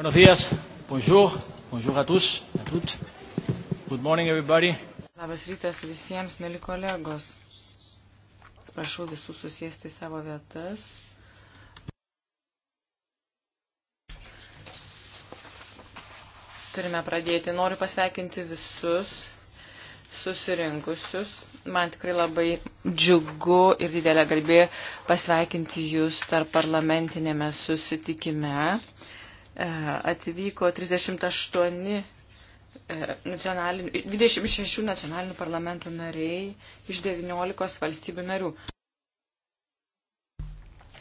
Buenos días, bonjour, bonjour à tous, à toutes. Good morning everybody. Labas rytas visiems, mėly kolegos. Prašau visus susėsti savo vietas. Turime pradėti. Noriu pasveikinti visus susirinkusius. Man tikrai labai džiugu ir didelė garbė pasveikinti jūs tarp parlamentinėme susitikime. E, atvyko 38 e, nacionalinių, 26 nacionalinių parlamentų nariai iš 19 valstybių narių.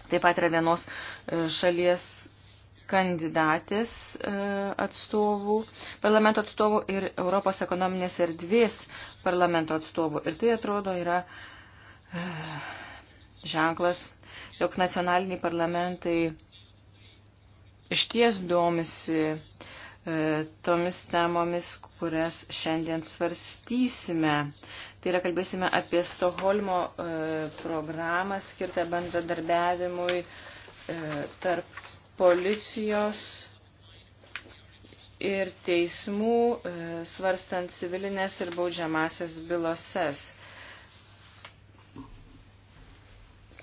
Taip pat yra vienos e, šalies kandidatės atstovų, parlamento atstovų ir Europos ekonominės erdvės parlamento atstovų. Ir tai atrodo yra ženklas, jog nacionaliniai parlamentai išties domisi e, tomis temomis, kurias šiandien svarstysime. Tai yra kalbėsime apie Stoholmo e, programą skirtą bendradarbiavimui e, tarp policijos ir teismų, svarstant civilinės ir baudžiamasias byloses.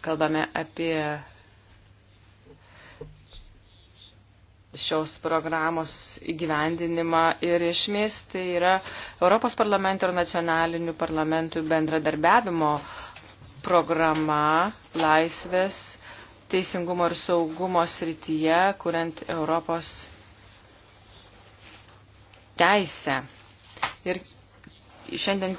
Kalbame apie šios programos įgyvendinimą ir išmės tai yra Europos parlamento ir nacionalinių parlamentų bendradarbiavimo programa laisvės, teisingumo ir saugumo srityje, kuriant Europos teisę. Ir šiandien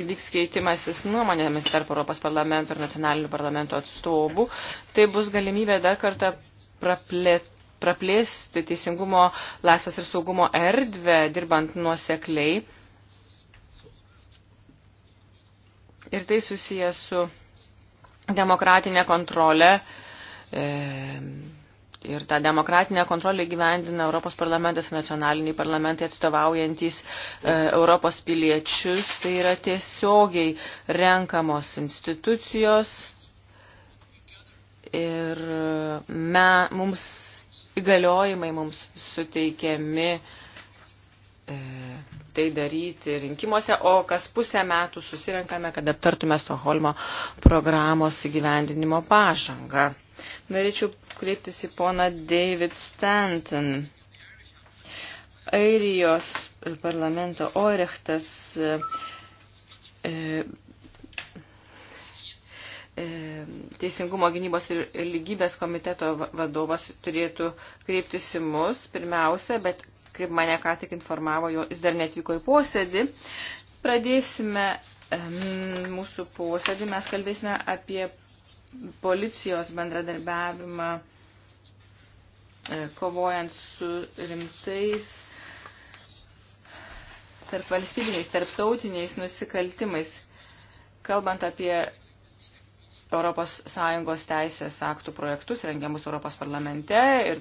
įvyks keitimasis nuomonėmis tarp Europos parlamento ir nacionalinių parlamento atstovų. Tai bus galimybė dar kartą praplėti praplėsti teisingumo, laisvės ir saugumo erdvę, dirbant nuosekliai. Ir tai susiję su demokratinė kontrolė. E, ir tą demokratinę kontrolę gyvendina Europos parlamentas, nacionaliniai parlamentai atstovaujantis e, Europos piliečius. Tai yra tiesiogiai renkamos institucijos ir e, me, mums įgaliojimai mums suteikiami e, tai daryti rinkimuose, o kas pusę metų susirenkame, kad aptartume Stoholmo programos įgyvendinimo pažangą. Norėčiau kreiptis į poną David Stanton. Airijos parlamento Orechtas e, E, Teisingumo gynybos ir lygybės komiteto vadovas turėtų kreiptis į mus pirmiausia, bet kaip mane ką tik informavo, jo, jis dar netvyko į posėdį. Pradėsime mūsų posėdį, mes kalbėsime apie policijos bendradarbiavimą e, kovojant su rimtais tarp valstybiniais, tarptautiniais nusikaltimais. Kalbant apie ES teisės aktų projektus rengiamus Europos parlamente ir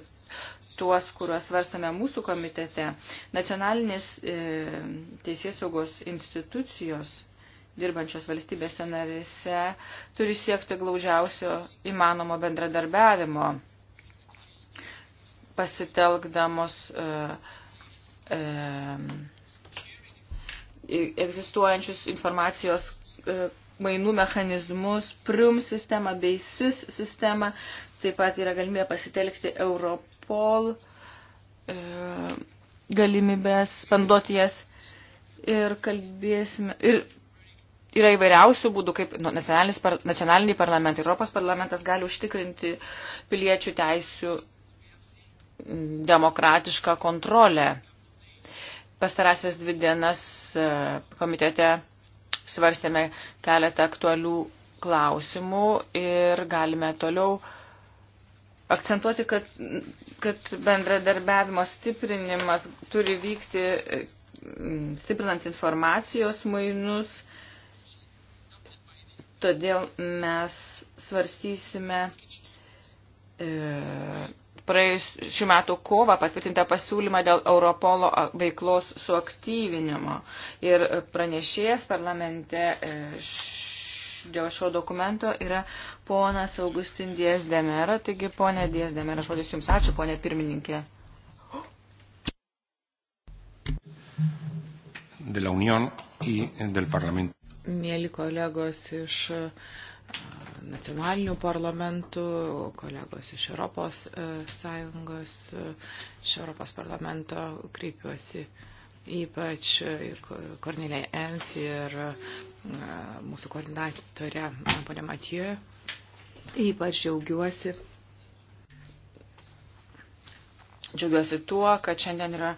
tuos, kuriuos svarstame mūsų komitete. Nacionalinės e, teisės saugos institucijos dirbančios valstybėse narėse turi siekti glaudžiausio įmanomo bendradarbiavimo, pasitelkdamos e, e, egzistuojančius informacijos e, mainų mechanizmus, prium sistemą bei SIS sistemą. Taip pat yra galimybė pasitelkti Europol e, galimybės, panduoti jas ir kalbėsime. Ir yra įvairiausių būdų, kaip nu, par, nacionaliniai parlamentai, Europos parlamentas gali užtikrinti piliečių teisių demokratišką kontrolę pastarąsias dvi dienas e, komitete svarstėme keletą aktualių klausimų ir galime toliau akcentuoti, kad, kad bendradarbiavimo stiprinimas turi vykti stiprinant informacijos mainus. Todėl mes svarstysime e, praėjus šių metų kovą patvirtintą pasiūlymą dėl Europolo veiklos suaktyvinimo. Ir pranešėjas parlamente e, š, dėl šio dokumento yra ponas Augustin Dies Demera. Taigi, ponė Dies Demera, žodis jums ačiū, ponė pirmininkė. De la Unión y del Parlamento. Mėly kolegos iš nacionalinių parlamentų, kolegos iš Europos e, Sąjungos, e, iš Europos parlamento kreipiuosi ypač Kornelė Ens ir e, mūsų koordinatorė ponė Matijo. Ypač džiaugiuosi. Džiaugiuosi tuo, kad šiandien yra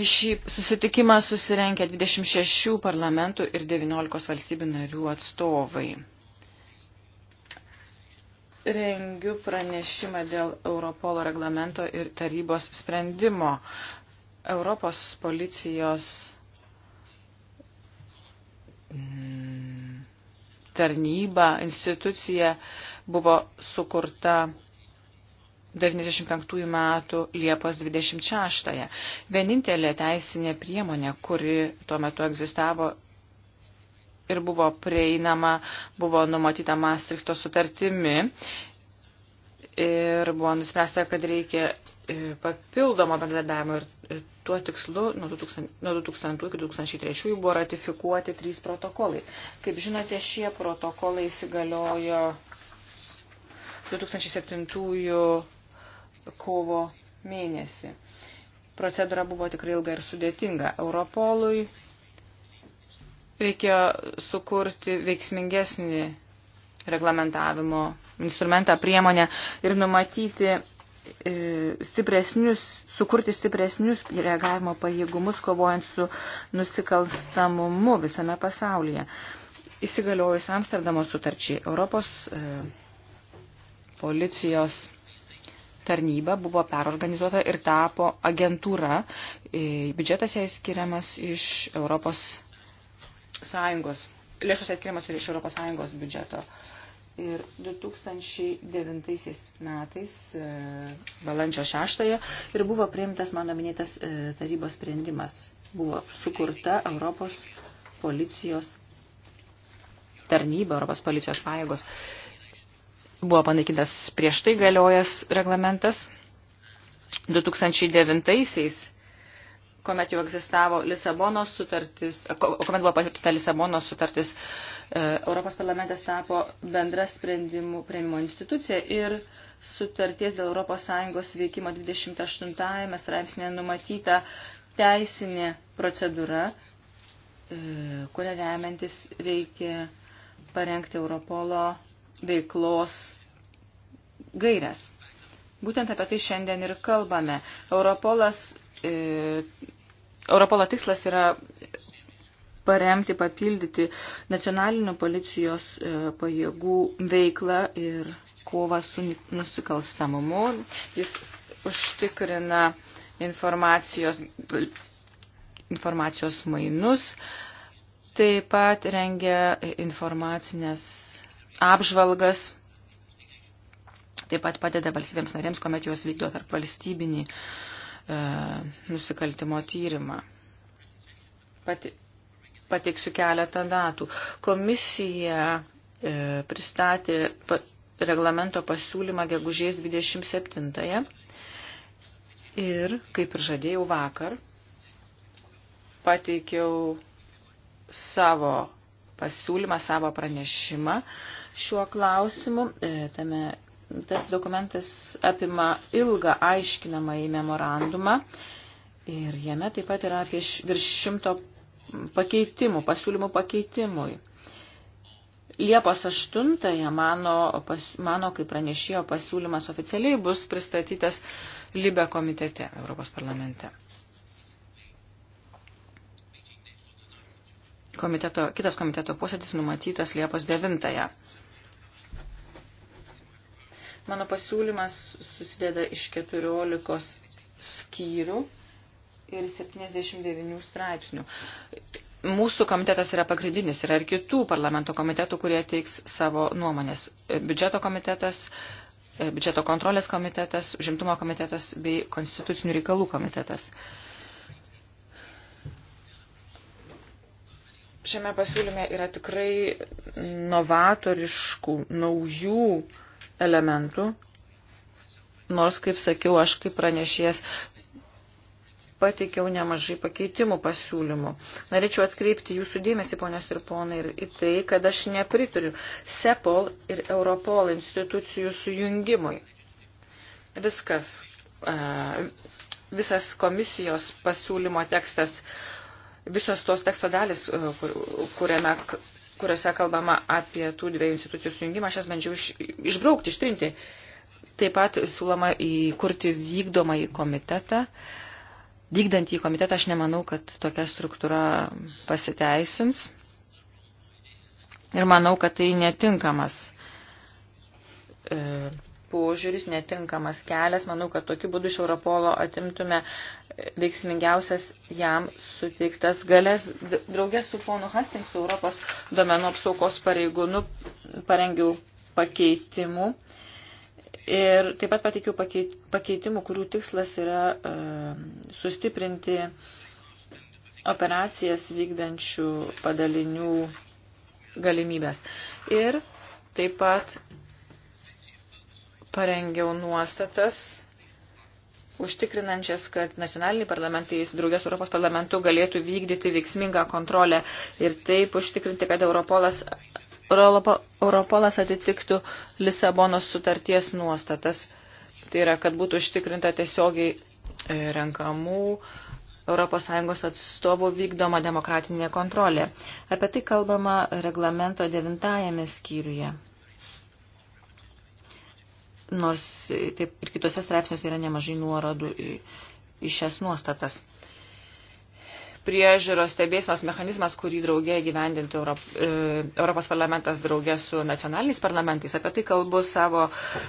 šį susitikimą susirenkę 26 parlamentų ir 19 valstybių narių atstovai rengiu pranešimą dėl Europolo reglamento ir tarybos sprendimo. Europos policijos mm, tarnyba, institucija buvo sukurta 95 metų Liepos 26. -ąją. Vienintelė teisinė priemonė, kuri tuo metu egzistavo, ir buvo prieinama, buvo numatyta Maastrichto sutartimi ir buvo nuspręsta, kad reikia e, papildomo bendradarbiavimo ir e, tuo tikslu nuo 2000 iki 2003 buvo ratifikuoti trys protokolai. Kaip žinote, šie protokolai įsigaliojo 2007 kovo mėnesį. Procedūra buvo tikrai ilga ir sudėtinga. Europolui Reikia sukurti veiksmingesnį reglamentavimo instrumentą, priemonę ir numatyti e, stipresnius, sukurti stipresnius reagavimo pajėgumus, kovojant su nusikalstamumu visame pasaulyje. Įsigaliojus Amsterdamo sutarčiai, Europos e, policijos tarnyba buvo perorganizuota ir tapo agentūra. E, biudžetas jai skiriamas iš Europos sąjungos, lėšos atskiriamas iš Europos sąjungos biudžeto. Ir 2009 metais, e, balandžio 6, ir buvo priimtas mano minėtas e, tarybos sprendimas. Buvo sukurta Europos policijos tarnyba, Europos policijos pajėgos. Buvo panaikintas prieš tai galiojęs reglamentas. 2009 kuomet jau egzistavo Lisabonos sutartis, e, kuomet buvo patvirtinta Lisabonos sutartis, e, Europos parlamentas tapo bendra sprendimų prieimimo institucija ir sutarties dėl ES veikimo 28 straipsnėje numatyta teisinė procedūra, e, kuria remiantis reikia parengti Europolo veiklos gairias. Būtent apie tai šiandien ir kalbame. Europolas e, Europolo tikslas yra paremti, papildyti nacionalinių policijos e, pajėgų veiklą ir kovą su nu-, nusikalstamumu. Jis užtikrina informacijos, informacijos mainus, taip pat rengia informacinės apžvalgas, taip pat padeda valstybėms narėms, kuomet juos vykdo tarp valstybinį uh, e, nusikaltimo tyrimą. Pati, pateiksiu keletą datų. Komisija e, pristatė pa, reglamento pasiūlymą gegužės 27 ir, kaip ir žadėjau vakar, pateikiau savo pasiūlymą, savo pranešimą šiuo klausimu. E, tame Tas dokumentas apima ilgą aiškinamąjį memorandumą ir jame taip pat yra apie virš šimto pakeitimų, pasiūlymų pakeitimui. Liepos 8-ąją mano, pas, mano kaip pranešėjo pasiūlymas oficialiai bus pristatytas Libe komitete Europos parlamente. Komiteto, kitas komiteto posėdis numatytas Liepos 9-ąją. Mano pasiūlymas susideda iš 14 skyrių ir 79 straipsnių. Mūsų komitetas yra pagrindinis, yra ir kitų parlamento komitetų, kurie teiks savo nuomonės. Biudžeto komitetas, e, biudžeto kontrolės komitetas, žimtumo komitetas bei konstitucinių reikalų komitetas. Šiame pasiūlyme yra tikrai novatoriškų, naujų elementų, nors, kaip sakiau, aš kaip pranešėjas pateikiau nemažai pakeitimų pasiūlymų. Norėčiau atkreipti jūsų dėmesį, ponios ir ponai, ir į tai, kad aš neprituriu SEPOL ir Europol institucijų sujungimui. Viskas, e, visas komisijos pasiūlymo tekstas, visos tos teksto dalis, e, kur, kuriame kuriuose kalbama apie tų dviejų institucijų sujungimą, aš jas bandžiau iš, išbraukti, ištrinti. Taip pat siūloma įkurti vykdomąjį komitetą. Vykdant į komitetą aš nemanau, kad tokia struktūra pasiteisins. Ir manau, kad tai netinkamas e, požiūris, netinkamas kelias. Manau, kad tokiu būdu iš Europolo atimtume veiksmingiausias jam suteiktas galės. Draugė su ponu Hastings, Europos domenų apsaugos pareigūnu, parengiau pakeitimų. Ir taip pat pateikiau pakeitimų, kurių tikslas yra uh, sustiprinti operacijas vykdančių padalinių galimybės. Ir taip pat parengiau nuostatas, užtikrinančias, kad nacionaliniai parlamentai draugės Europos parlamentu galėtų vykdyti veiksmingą kontrolę ir taip užtikrinti, kad Europolas, Europolas atitiktų Lisabonos sutarties nuostatas. Tai yra, kad būtų užtikrinta tiesiogiai e, renkamų ES atstovų vykdoma demokratinė kontrolė. Apie tai kalbama reglamento devintajame skyriuje nors taip ir kitose straipsniuose yra nemažai nuorodų į, į šias nuostatas. Priežiūros stebėsinos mechanizmas, kurį draugė gyvendintų Europ, e, Europos parlamentas draugė su nacionaliniais parlamentais, apie tai kalbu savo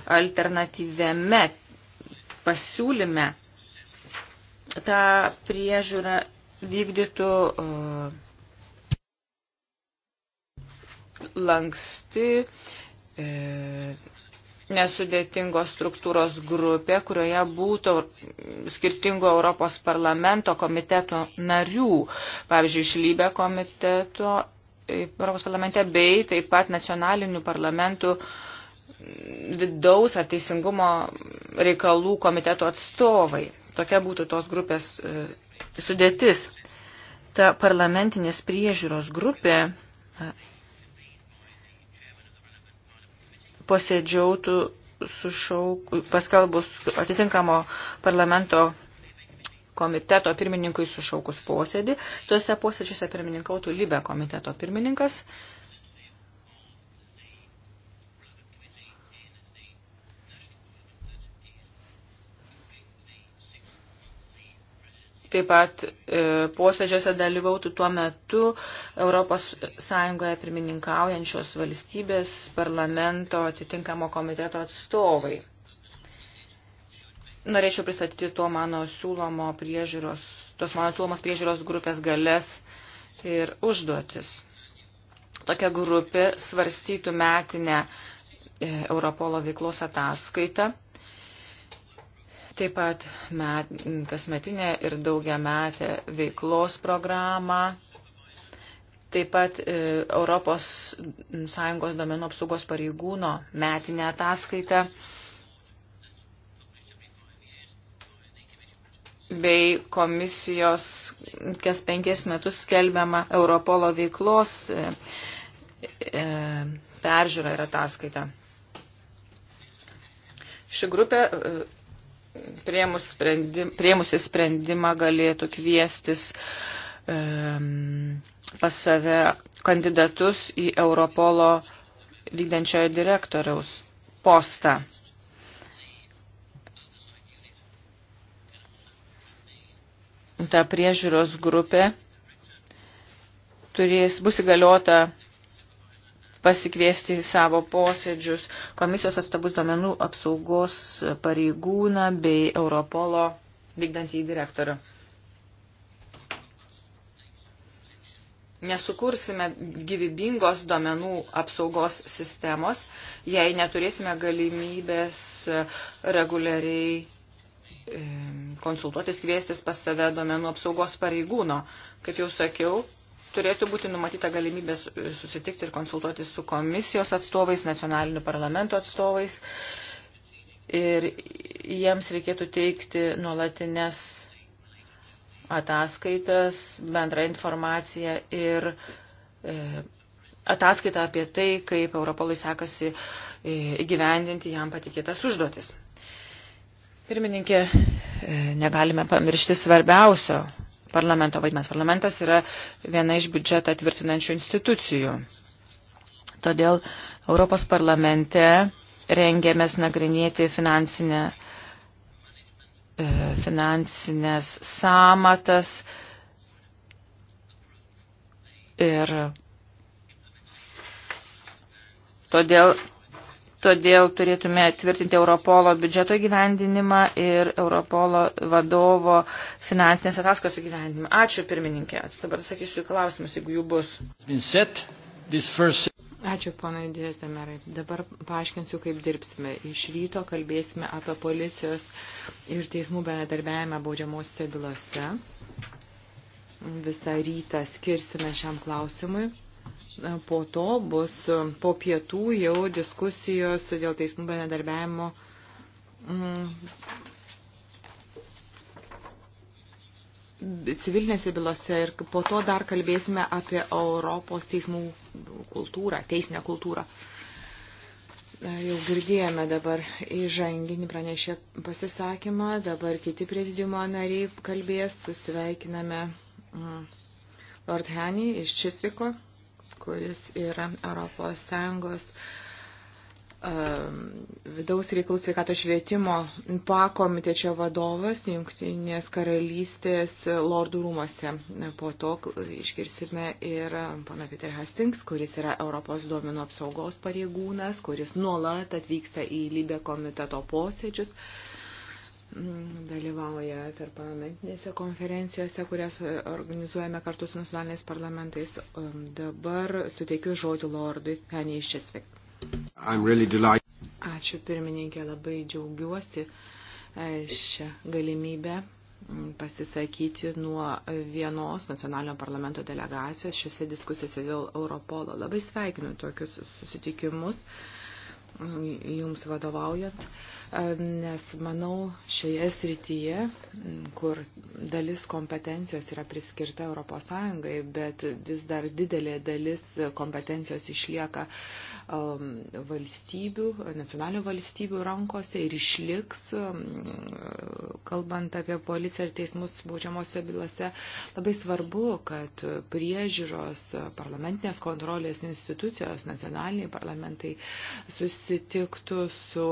alternatyviame pasiūlyme. Ta priežiūra vykdytų e, lanksti. E, nesudėtingos struktūros grupė, kurioje būtų skirtingų Europos parlamento komiteto narių, pavyzdžiui, išlybę komiteto Europos parlamente bei taip pat nacionalinių parlamentų vidaus ar teisingumo reikalų komiteto atstovai. Tokia būtų tos grupės e, sudėtis. Ta parlamentinės priežiūros grupė posėdžiautų sušauk, paskelbus atitinkamo parlamento komiteto pirmininkui sušaukus posėdį. Tuose posėdžiuose pirmininkautų Libe komiteto pirmininkas. Uh, taip pat e, posėdžiuose dalyvautų tuo metu ES pirmininkaujančios valstybės parlamento atitinkamo komiteto atstovai. Norėčiau pristatyti to mano siūlomo priežiūros, tos mano siūlomos priežiūros grupės galės ir užduotis. Tokia grupė svarstytų metinę e, Europolo veiklos ataskaitą Taip pat met, kasmetinę ir daugiametę veiklos programą. Taip pat e, Europos Sąjungos domenų apsaugos pareigūno metinę ataskaitą. bei komisijos kas penkias metus skelbiama Europolo veiklos e, e, peržiūra ir ataskaita. Ši grupė e, prieimus sprendim, prieimusi sprendimą galėtų kviestis um, pas save kandidatus į Europolo vykdančiojo direktoriaus postą. Ta priežiūros grupė turės, bus įgaliota pasikviesti į savo posėdžius komisijos atstabus domenų apsaugos pareigūną bei Europolo vykdantį direktorių. Nesukursime gyvybingos domenų apsaugos sistemos, jei neturėsime galimybės reguliariai konsultuotis kviestis pas save domenų apsaugos pareigūno. Kaip jau sakiau, turėtų būti numatyta galimybė susitikti ir konsultuoti su komisijos atstovais, nacionaliniu parlamento atstovais ir jiems reikėtų teikti nuolatinės ataskaitas, bendrą informaciją ir e, ataskaitą apie tai, kaip Europolai sekasi e, įgyvendinti jam patikėtas užduotis. Pirmininkė, e, negalime pamiršti svarbiausio parlamento vaidmens. Parlamentas yra viena iš biudžetą tvirtinančių institucijų. Todėl Europos parlamente rengėmės nagrinėti finansinę, e, finansinės samatas ir todėl Todėl turėtume tvirtinti Europolo biudžeto gyvendinimą ir Europolo vadovo finansinės ataskos gyvendinimą. Ačiū pirmininkė. Dabar atsakysiu į klausimus, jeigu jų bus. Ačiū, ponai Dėsdamerai. Dabar paaiškinsiu, kaip dirbsime. Iš ryto kalbėsime apie policijos ir teismų bendradarbiavimą baudžiamosiuose bylose. Visą rytą skirsime šiam klausimui po to bus po pietų jau diskusijos dėl teismų bendradarbiavimo. Mm, civilinėse bylose ir po to dar kalbėsime apie Europos teismų kultūrą, teisinę kultūrą. Jau girdėjome dabar įžanginį pranešę pasisakymą, dabar kiti prezidiumo nariai kalbės, sveikiname mm, Lord Henny iš Čisviko kuris yra ES um, vidaus reikalų sveikato švietimo pakomitečio vadovas Junktinės karalystės lordų rūmose. Po to iškirsime ir pana Peter Hastings, kuris yra Europos duomenų apsaugos pareigūnas, kuris nuolat atvyksta į Libę komiteto posėdžius. Uh, Mm, dalyvauja tarp parlamentinėse konferencijose, kurias e, organizuojame kartu su nacionaliniais parlamentais. Um, dabar suteikiu žodį Lordui Penny iš Česvik. Really delighted. Ačiū pirmininkė, labai džiaugiuosi e, šią galimybę mm, pasisakyti nuo vienos nacionalinio parlamento delegacijos šiuose diskusijose dėl Europolo. Labai sveikinu tokius susitikimus. Uh, jums vadovaujant, e, nes manau šioje srityje, kur dalis kompetencijos yra priskirta ES, bet vis dar didelė dalis kompetencijos išlieka uh, Um, valstybių, nacionalinių valstybių rankose ir išliks, um, kalbant apie policiją ir teismus baudžiamosiose bylose. Labai svarbu, kad priežiūros parlamentinės kontrolės institucijos, nacionaliniai parlamentai susitiktų su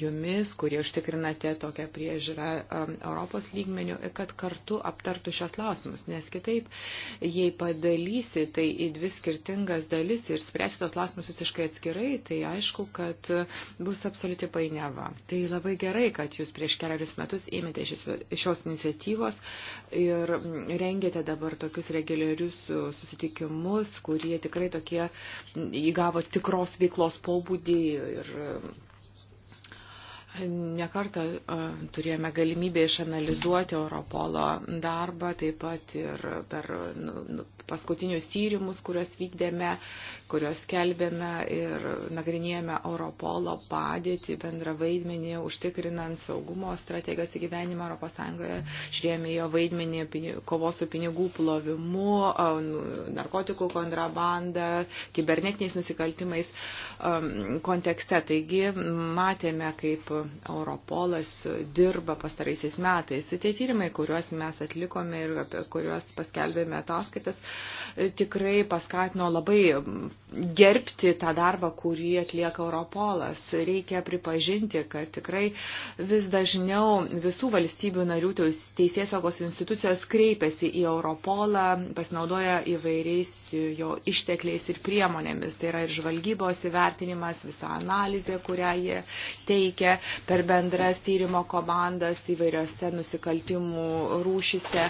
jumis, kurie užtikrinate tokią priežiūrą um, Europos lygmenių, kad kartu aptartų šios klausimus, nes kitaip, jei padalysi tai į dvi skirtingas dalis ir spręsi tos klausimus visiškai atskirai, tai aišku, kad bus absoliuti painiava. Tai labai gerai, kad jūs prieš keliarius metus ėmėte šios iniciatyvos ir rengėte dabar tokius reguliarius susitikimus, kurie tikrai tokie įgavo tikros veiklos pobūdį ir Nekartą turėjome galimybę išanalizuoti Europolo darbą, taip pat ir per nu, nu, paskutinius tyrimus, kuriuos vykdėme, kuriuos kelbėme ir nagrinėjame Europolo padėtį, bendrą vaidmenį, užtikrinant saugumo strategijos įgyvenimą ES, žiūrėjome jo vaidmenį kovos su pinigų plovimu, nu, narkotikų kontrabanda, kibernetiniais nusikaltimais kontekste. Taigi matėme, kaip Europolas dirba pastaraisiais metais. Tie tyrimai, kuriuos mes atlikome ir apie kuriuos paskelbėme ataskaitas, tikrai paskatino labai gerbti tą darbą, kurį atlieka Europolas. Reikia pripažinti, kad tikrai vis dažniau visų valstybių narių teisėsaugos institucijos kreipiasi į Europolą, pasinaudoja įvairiais jo ištekliais ir priemonėmis. Tai yra ir žvalgybos įvertinimas, visa analizė, kurią jie teikia per bendras tyrimo komandas įvairiose nusikaltimų rūšise.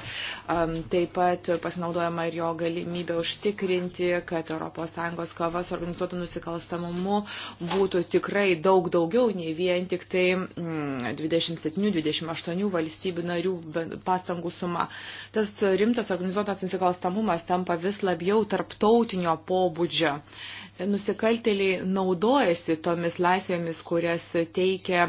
Taip pat pasinaudojama ir jo galimybę užtikrinti, kad ES kova su organizuotu nusikalstamumu būtų tikrai daug daugiau nei vien tik tai 27-28 mm, valstybių narių pastangų suma. Tas rimtas organizuotas nusikalstamumas tampa vis labiau tarptautinio pobūdžio. Uh, nusikaltėliai naudojasi tomis laisvėmis, kurias teikia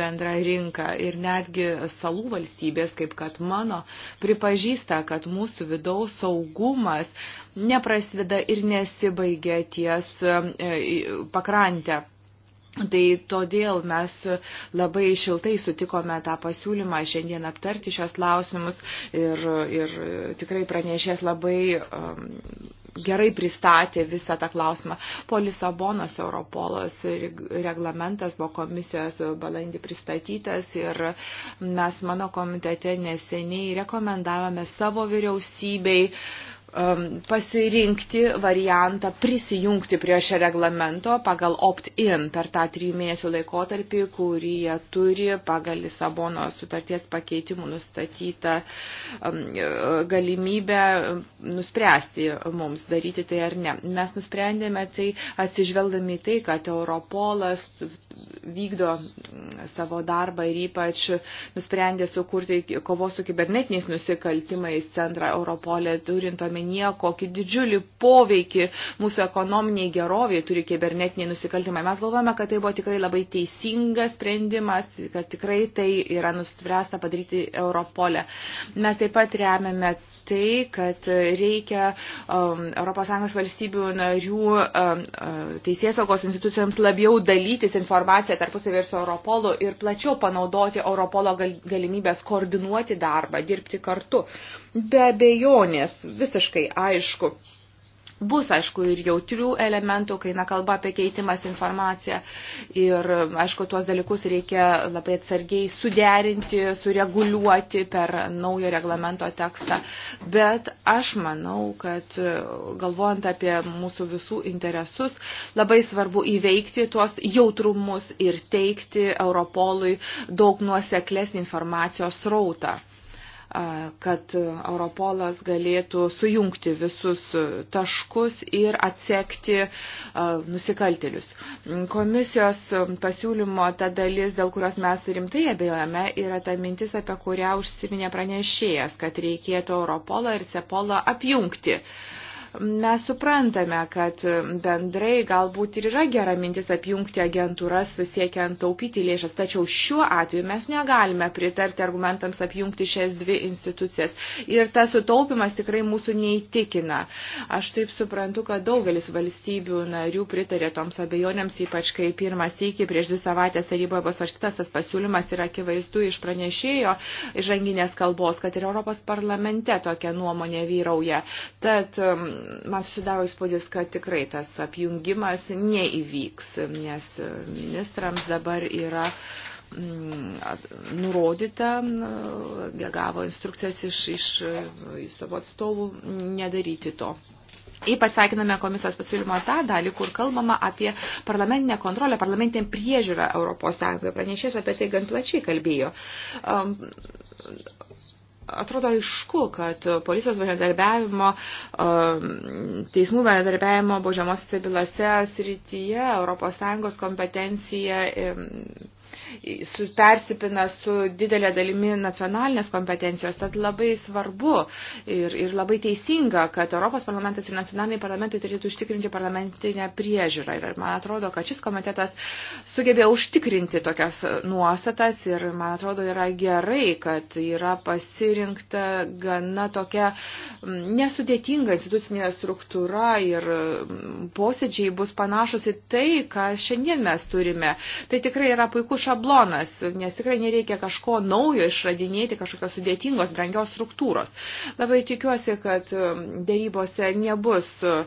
bendra rinka. Ir netgi salų valstybės, kaip kad mano, pripažįsta, kad mūsų vidaus saugumas neprasideda ir nesibaigia ties e, pakrantę. Tai todėl mes labai šiltai sutikome tą pasiūlymą šiandien aptarti šios klausimus ir, ir tikrai pranešės labai um, gerai pristatė visą tą klausimą. Po Lisabonos Europolos reglamentas buvo komisijos balandį pristatytas ir mes mano komitete neseniai rekomendavome savo vyriausybei Um, pasirinkti variantą prisijungti prie šio reglamento pagal opt-in per tą trijų mėnesių laikotarpį, kurį jie turi pagal Lisabono sutarties pakeitimų nustatytą um, galimybę um, nuspręsti mums daryti tai ar ne. Mes nusprendėme tai atsižvelgdami tai, kad Europolas vykdo mm, savo darbą ir ypač nusprendė sukurti kovos su kibernetiniais nusikaltimais centrą Europolė turint omeny omenyje, kokį didžiulį poveikį mūsų ekonominiai geroviai turi kibernetiniai nusikaltimai. Mes galvojame, kad tai buvo tikrai labai teisingas sprendimas, kad tikrai tai yra nuspręsta padaryti Europolę. Mes taip pat remiame tai, kad reikia um, ES valstybių narių um, uh, teisėsaugos institucijoms labiau dalytis informaciją tarpusavį ir su Europolu ir plačiau panaudoti Europolo gal, galimybės koordinuoti darbą, dirbti kartu be abejonės, visiškai aišku. Bus, aišku, ir jautrių elementų, kai na, kalba apie keitimas informaciją. Ir, aišku, tuos dalykus reikia labai atsargiai suderinti, sureguliuoti per naujo reglamento tekstą. Bet aš manau, kad galvojant apie mūsų visų interesus, labai svarbu įveikti tuos jautrumus ir teikti Europolui daug nuoseklesnį informacijos srautą kad Europolas galėtų sujungti visus taškus ir atsekti nusikaltelius. Komisijos pasiūlymo ta dalis, dėl kurios mes rimtai abejojame, yra ta mintis, apie kurią užsiminė pranešėjas, kad reikėtų Europolą ir Cepolą apjungti. Uh, Mes suprantame, kad bendrai galbūt ir yra gera mintis apjungti agentūras siekiant taupyti lėšas, tačiau šiuo atveju mes negalime pritarti argumentams apjungti šias dvi institucijas. Ir tas sutaupimas tikrai mūsų neįtikina. Aš taip suprantu, kad daugelis valstybių narių pritarė toms abejonėms, ypač kai pirmas iki prieš dvi savaitės taryboje buvo svarstytas tas pasiūlymas ir akivaizdu iš pranešėjo žanginės kalbos, kad ir Europos parlamente tokia nuomonė vyrauja. Tad, um, man susidaro įspūdis, kad tikrai tas apjungimas neįvyks, nes ministrams dabar yra mm, nurodyta, jie gavo instrukcijas iš, iš, iš savo atstovų nedaryti to. Ypač sveikiname komisijos pasiūlymo tą dalį, kur kalbama apie parlamentinę kontrolę, parlamentinę priežiūrą Europos Sąjungoje. Pranešės apie tai gan plačiai kalbėjo. Um, atrodo aišku, kad policijos bendradarbiavimo, um, teismų bendradarbiavimo baudžiamosiose bylose srityje ES kompetencija um, su, persipina su didelė dalimi nacionalinės kompetencijos. Tad labai svarbu ir, ir labai teisinga, kad Europos parlamentas ir nacionaliniai parlamentai turėtų užtikrinti parlamentinę priežiūrą. Ir man atrodo, kad šis komitetas sugebėjo užtikrinti tokias nuostatas ir man atrodo yra gerai, kad yra pasirinkta gana tokia mm, nesudėtinga institucinė struktūra ir mm, posėdžiai bus panašus į tai, ką šiandien mes turime. Tai tikrai yra puikus šablonas šablonas, nes tikrai nereikia kažko naujo išradinėti, kažkokios sudėtingos, brangios struktūros. Labai tikiuosi, kad um, dėrybose nebus uh,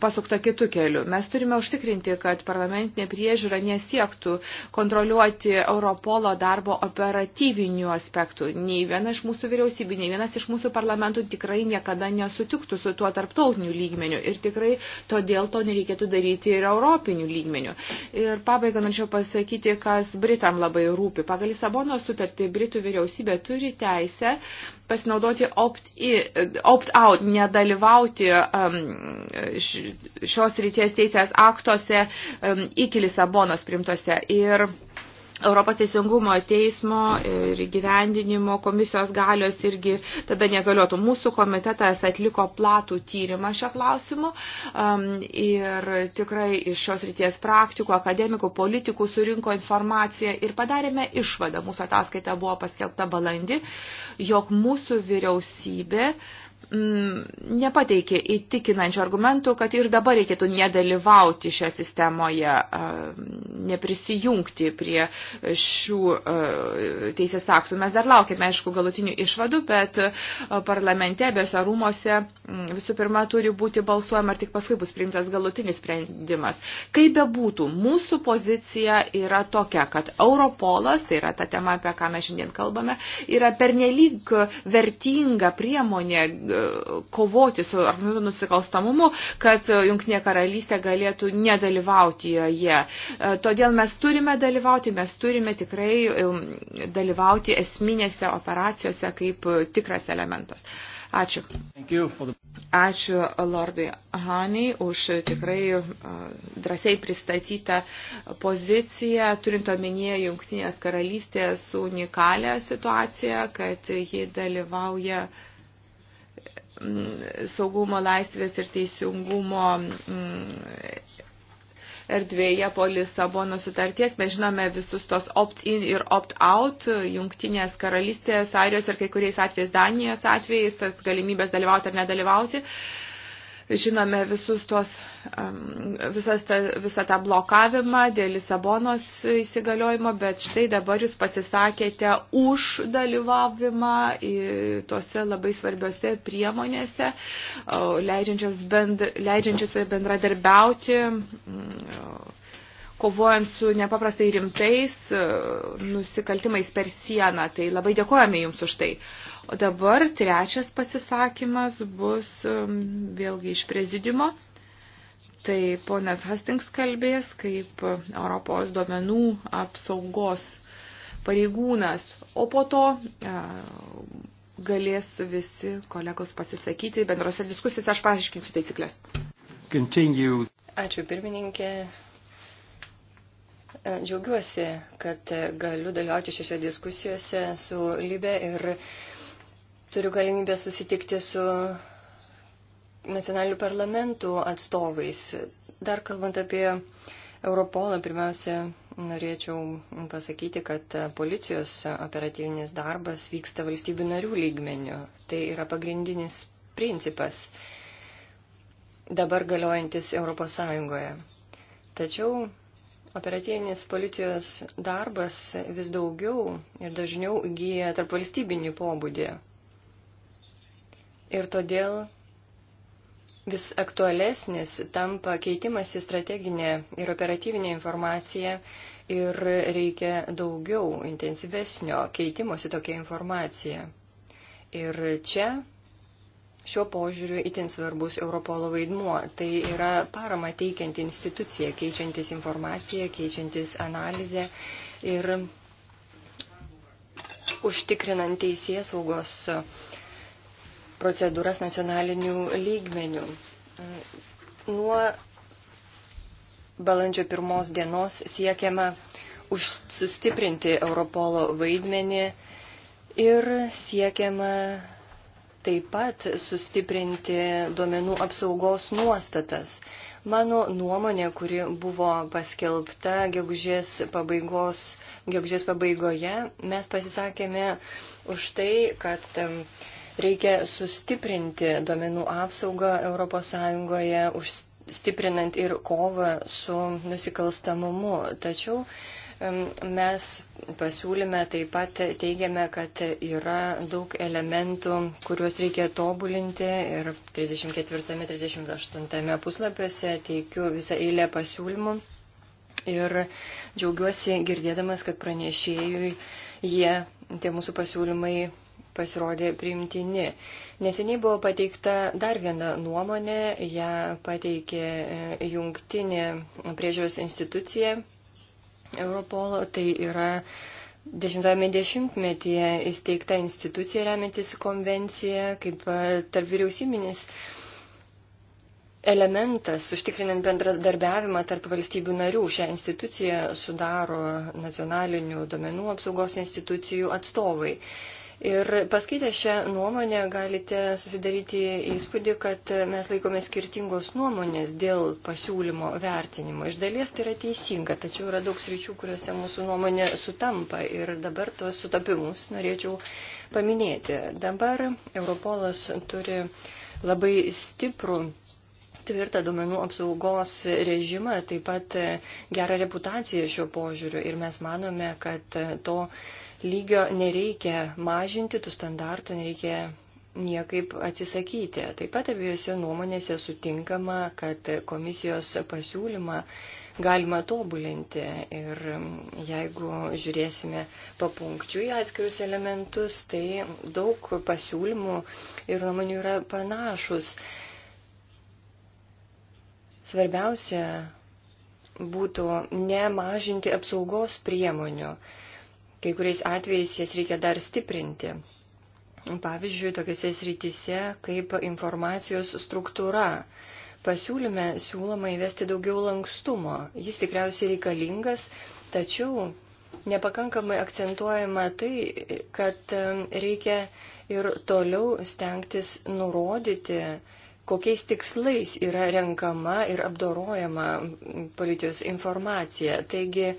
pasukta kitų kelių. Mes turime užtikrinti, kad parlamentinė priežiūra nesiektų kontroliuoti Europolo darbo operatyvinių aspektų. Nei viena iš mūsų vyriausybių, nei vienas iš mūsų parlamentų tikrai niekada nesutiktų su tuo tarptautiniu lygmeniu ir tikrai todėl to nereikėtų daryti ir europiniu lygmeniu. Ir pabaiga norėčiau pasakyti, kas Britai Britam labai rūpi. Pagal Lisabono sutartį Britų vyriausybė turi teisę pasinaudoti opt-out, opt nedalyvauti um, šios ryties teisės aktuose um, iki Lisabonos primtose. Ir Europos teisingumo teismo ir gyvendinimo komisijos galios irgi tada negaliotų. Mūsų komitetas atliko platų tyrimą šio klausimu um, ir tikrai iš šios ryties praktikų, akademikų, politikų surinko informaciją ir padarėme išvadą. Mūsų ataskaita buvo paskelbta balandį, jog mūsų vyriausybė uh, Mm, nepateikė įtikinančių argumentų, kad ir dabar reikėtų nedalyvauti šią sistemoje, mm, neprisijungti prie šių mm, teisės aktų. Mes dar laukime, aišku, galutinių išvadų, bet parlamente, abiejose rūmose visų pirma turi būti balsuojama ir tik paskui bus priimtas galutinis sprendimas. Kaip be būtų, mūsų pozicija yra tokia, kad Europolas, tai yra ta tema, apie ką mes šiandien kalbame, yra pernelyg vertinga priemonė E, kovoti su organizuotu nusikalstamumu, kad Junktinė karalystė galėtų nedalyvauti joje. E, todėl mes turime dalyvauti, mes turime tikrai dalyvauti esminėse operacijose kaip tikras elementas. Ačiū. Ačiū Lordui Haniai už tikrai e, drąsiai pristatytą poziciją, turint omenyje Junktinės karalystės unikalią situaciją, kad ji dalyvauja uh, Mm, saugumo, laisvės ir teisingumo mm, erdvėje po Lisabono sutarties. Mes žinome visus tos opt-in ir opt-out, jungtinės karalystės, Airijos ir kai kuriais atvejais Danijos atvejais, tas galimybės dalyvauti ar nedalyvauti. Uh, žinome visus tos, visas ta, visą tą blokavimą dėl Lisabonos įsigaliojimo, bet štai dabar jūs pasisakėte už dalyvavimą tuose labai svarbiose priemonėse, leidžiančios bend, leidžiančiose bendradarbiauti kovojant su nepaprastai rimtais e, nusikaltimais per sieną. Tai labai dėkojame Jums už tai. O dabar trečias pasisakymas bus vėlgi iš prezidiumo. Tai ponas Hastings kalbės kaip Europos duomenų apsaugos pareigūnas, o po to e, galės visi kolegos pasisakyti bendrose diskusijose, aš paaiškinsiu taisyklės. Continue. Ačiū pirmininkė, E, džiaugiuosi, kad galiu dalyvauti šiose diskusijose su Libė ir turiu galimybę susitikti su nacionalinių parlamentų atstovais. Dar kalbant apie Europolą, pirmiausia, norėčiau pasakyti, kad policijos operatyvinis darbas vyksta valstybių narių lygmenių. Tai yra pagrindinis principas dabar galiojantis ES. Tačiau Operatyvinis policijos darbas vis daugiau ir dažniau įgyja tarp valstybinį pobūdį. Ir todėl vis aktualesnis tampa keitimas į strateginę ir operatyvinę informaciją ir reikia daugiau intensyvesnio keitimosi tokia informacija. Ir čia Šiuo požiūriu itin svarbus Europolo vaidmuo. Tai yra parama teikianti institucija, keičiantis informaciją, keičiantis analizę ir užtikrinant teisės saugos procedūras nacionalinių lygmenių. Nuo balandžio pirmos dienos siekiama sustiprinti Europolo vaidmenį ir siekiama taip pat sustiprinti duomenų apsaugos nuostatas. Mano nuomonė, kuri buvo paskelbta gegužės, pabaigos, gegužės pabaigoje, mes pasisakėme už tai, kad reikia sustiprinti duomenų apsaugą ES, stiprinant ir kovą su nusikalstamumu. Tačiau Mes pasiūlyme taip pat teigiame, kad yra daug elementų, kuriuos reikia tobulinti ir 34-38 puslapiuose teikiu visą eilę pasiūlymų. Ir džiaugiuosi girdėdamas, kad pranešėjui jie, tie mūsų pasiūlymai pasirodė priimtini. Neseniai buvo pateikta dar viena nuomonė, ją pateikė e, jungtinė priežiūros institucija Europolo. Tai yra 10-ame dešimtmetyje įsteigta institucija remiantis konvencija kaip e, tarp vyriausybinis elementas, užtikrinant bendradarbiavimą tarp valstybių narių. Šią instituciją sudaro nacionalinių domenų apsaugos institucijų atstovai. Ir paskaitę šią nuomonę galite susidaryti įspūdį, kad mes laikome skirtingos nuomonės dėl pasiūlymo vertinimo. Iš dalies tai yra teisinga, tačiau yra daug sričių, kuriuose mūsų nuomonė sutampa. Ir dabar tuos sutapimus norėčiau paminėti. Dabar Europolas turi labai stiprų tvirtą duomenų apsaugos režimą, taip pat gerą reputaciją šiuo požiūriu. Ir mes manome, kad to lygio nereikia mažinti, tų standartų nereikia niekaip atsisakyti. Taip pat abiejose nuomonėse sutinkama, kad komisijos pasiūlymą galima tobulinti ir jeigu žiūrėsime papunkčių į atskirius elementus, tai daug pasiūlymų ir nuomonių yra panašus. Svarbiausia būtų nemažinti apsaugos priemonių Kai kuriais atvejais jas reikia dar stiprinti. Pavyzdžiui, tokiuose srityse kaip informacijos struktūra. Pasiūlyme siūloma įvesti daugiau lankstumo. Jis tikriausiai reikalingas, tačiau nepakankamai akcentuojama tai, kad reikia ir toliau stengtis nurodyti, kokiais tikslais yra renkama ir apdorojama policijos informacija. Taigi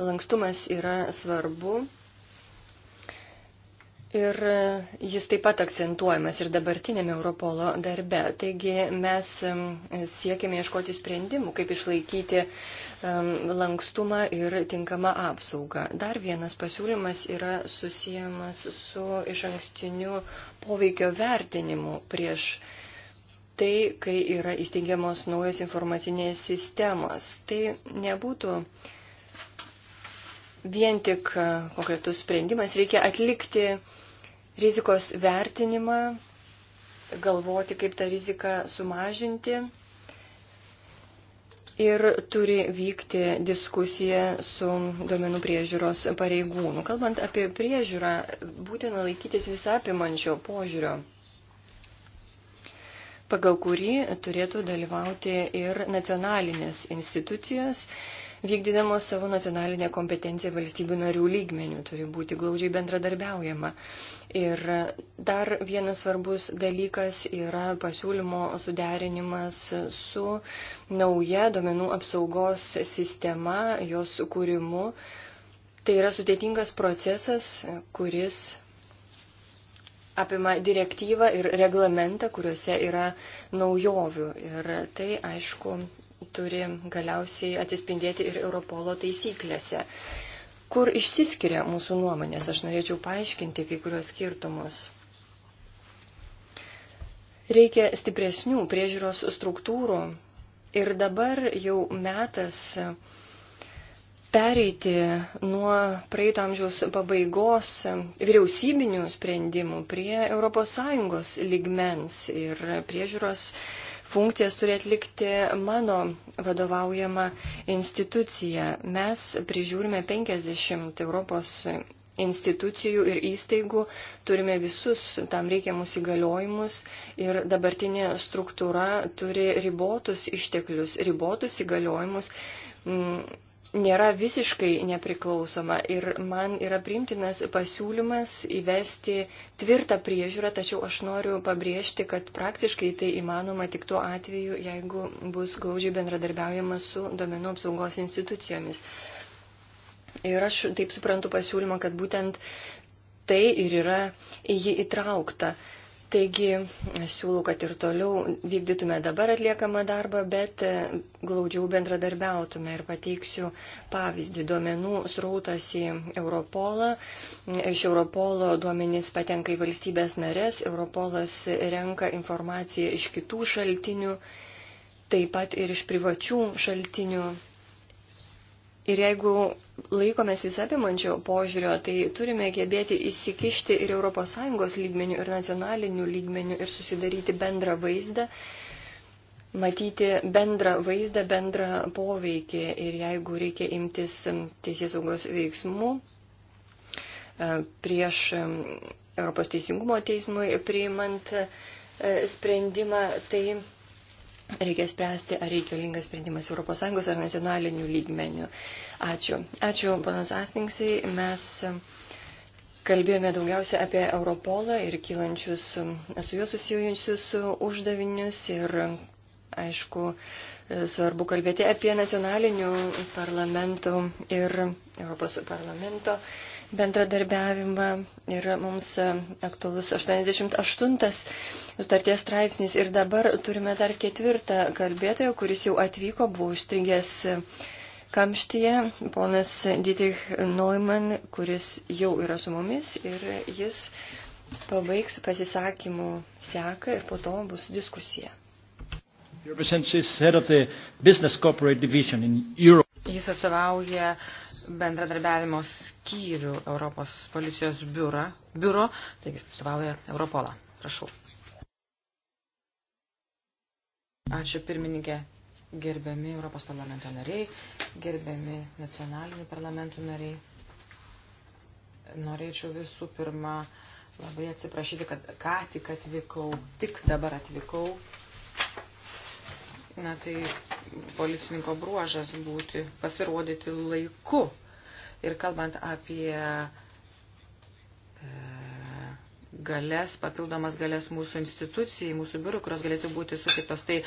Lankstumas yra svarbu. Ir jis taip pat akcentuojamas ir dabartinėme Europolo darbe. Taigi mes siekiame ieškoti sprendimų, kaip išlaikyti lankstumą ir tinkamą apsaugą. Dar vienas pasiūlymas yra susijęs su iš ankstiniu poveikio vertinimu prieš tai, kai yra įsteigiamos naujos informacinės sistemos. Tai nebūtų vien tik e, konkretus sprendimas, reikia atlikti rizikos vertinimą, galvoti, kaip tą riziką sumažinti. Ir turi vykti diskusija su duomenų priežiūros pareigūnų. Kalbant apie priežiūrą, būtina laikytis visapimančio požiūrio, pagal kurį turėtų dalyvauti ir nacionalinės institucijos vykdydamos savo nacionalinę kompetenciją valstybių narių lygmenių, turi būti glaudžiai bendradarbiaujama. Ir dar vienas svarbus dalykas yra pasiūlymo suderinimas su nauja domenų apsaugos sistema, jos sukūrimu. Tai yra sudėtingas procesas, kuris apima direktyvą ir reglamentą, kuriuose yra naujovių. Ir tai, aišku, turi galiausiai atsispindėti ir Europolo taisyklėse. Kur išsiskiria mūsų nuomonės, aš norėčiau paaiškinti kai kurios skirtumus. Reikia stipresnių priežiūros struktūrų ir dabar jau metas pereiti nuo praeito amžiaus pabaigos vyriausybinių sprendimų prie ES ligmens ir priežiūros struktūrų funkcijas turi atlikti mano vadovaujama institucija. Mes prižiūrime 50 Europos institucijų ir įstaigų, turime visus tam reikiamus įgaliojimus ir dabartinė struktūra turi ribotus išteklius, ribotus įgaliojimus nėra visiškai nepriklausoma ir man yra priimtinas pasiūlymas įvesti tvirtą priežiūrą, tačiau aš noriu pabrėžti, kad praktiškai tai įmanoma tik tuo atveju, jeigu bus glaudžiai bendradarbiaujama su domenų apsaugos institucijomis. Ir aš taip suprantu pasiūlymą, kad būtent tai ir yra į jį įtraukta. Taigi siūlau, kad ir toliau vykdytume dabar atliekamą darbą, bet e, glaudžiau bendradarbiautume ir pateiksiu pavyzdį duomenų srautas į Europolą. Iš Europolo duomenys patenka į valstybės narės, Europolas renka informaciją iš kitų šaltinių, taip pat ir iš privačių šaltinių Ir jeigu laikomės visapimančio požiūrio, tai turime gebėti įsikišti ir ES lygmenių, ir nacionalinių lygmenių, ir susidaryti bendrą vaizdą, matyti bendrą vaizdą, bendrą poveikį. Ir jeigu reikia imtis teisės saugos veiksmų e, prieš e, Europos teisingumo teismui priimant e, sprendimą, tai reikia spręsti, ar reikalingas sprendimas ES ar nacionalinių lygmenių. Ačiū. Ačiū, panas Astingsai. Mes um, kalbėjome daugiausia apie Europolą ir kylančius um, su juo susijusius um, uždavinius ir, aišku, svarbu kalbėti apie nacionalinių parlamentų ir Europos parlamento bendradarbiavimą ir mums aktualus 88 sutarties straipsnis. Ir dabar turime dar ketvirtą kalbėtoją, kuris jau atvyko, buvo užstringęs kamštyje, ponas Dietrich Neumann, kuris jau yra su mumis ir jis pabaigs pasisakymų seką ir po to bus diskusija. Jis atstovauja bendradarbiavimo skyrių Europos policijos biuro, biuro taigi atstovauja Europolą. Prašau. Ačiū pirmininkė, gerbiami Europos parlamento nariai, gerbiami nacionalinių parlamentų nariai. Norėčiau visų pirma labai atsiprašyti, kad ką tik atvykau, tik dabar atvykau na tai policininko bruožas būti, pasirodyti laiku. Ir kalbant apie e, galės, papildomas galės mūsų institucijai, mūsų biurų, kurios galėtų būti sukitos. Tai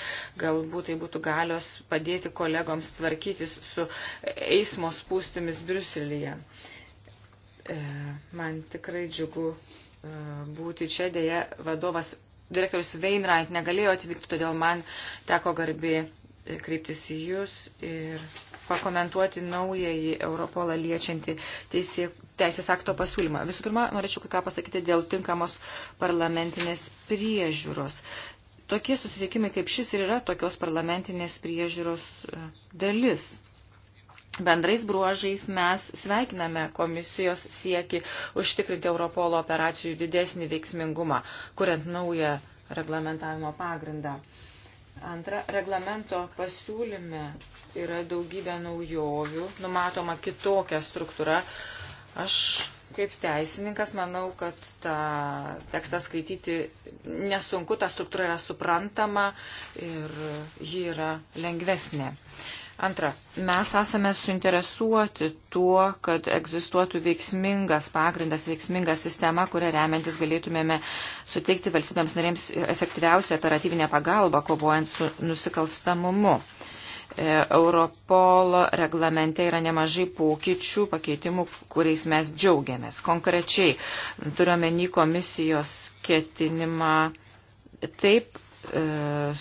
galbūt tai būtų galios padėti kolegoms tvarkytis su eismo spūstimis Briuselyje. E, man tikrai džiugu e, būti čia, dėja vadovas direktorius Veinrait negalėjo atvykti, todėl man teko garbė kreiptis į Jūs ir pakomentuoti naująjį Europolą liečiantį teisė, teisės akto pasiūlymą. Visų pirma, norėčiau ką pasakyti dėl tinkamos parlamentinės priežiūros. Tokie susitikimai kaip šis ir yra tokios parlamentinės priežiūros e, dalis. Bendrais bruožais mes sveikiname komisijos sieki užtikrinti Europolo operacijų didesnį veiksmingumą, kuriant naują reglamentavimo pagrindą. Antra, reglamento pasiūlyme yra daugybė naujovių, numatoma kitokia struktūra. Aš kaip teisininkas manau, kad tą tekstą skaityti nesunku, ta struktūra yra suprantama ir ji yra lengvesnė. Antra, mes esame suinteresuoti tuo, kad egzistuotų veiksmingas pagrindas, veiksminga sistema, kurią remiantis galėtumėme suteikti valstybėms narėms efektyviausią operatyvinę pagalbą, kovojant su nusikalstamumu. E, Europolo reglamente yra nemažai pokyčių, pakeitimų, kuriais mes džiaugiamės. Konkrečiai turiuomenį komisijos ketinimą taip E,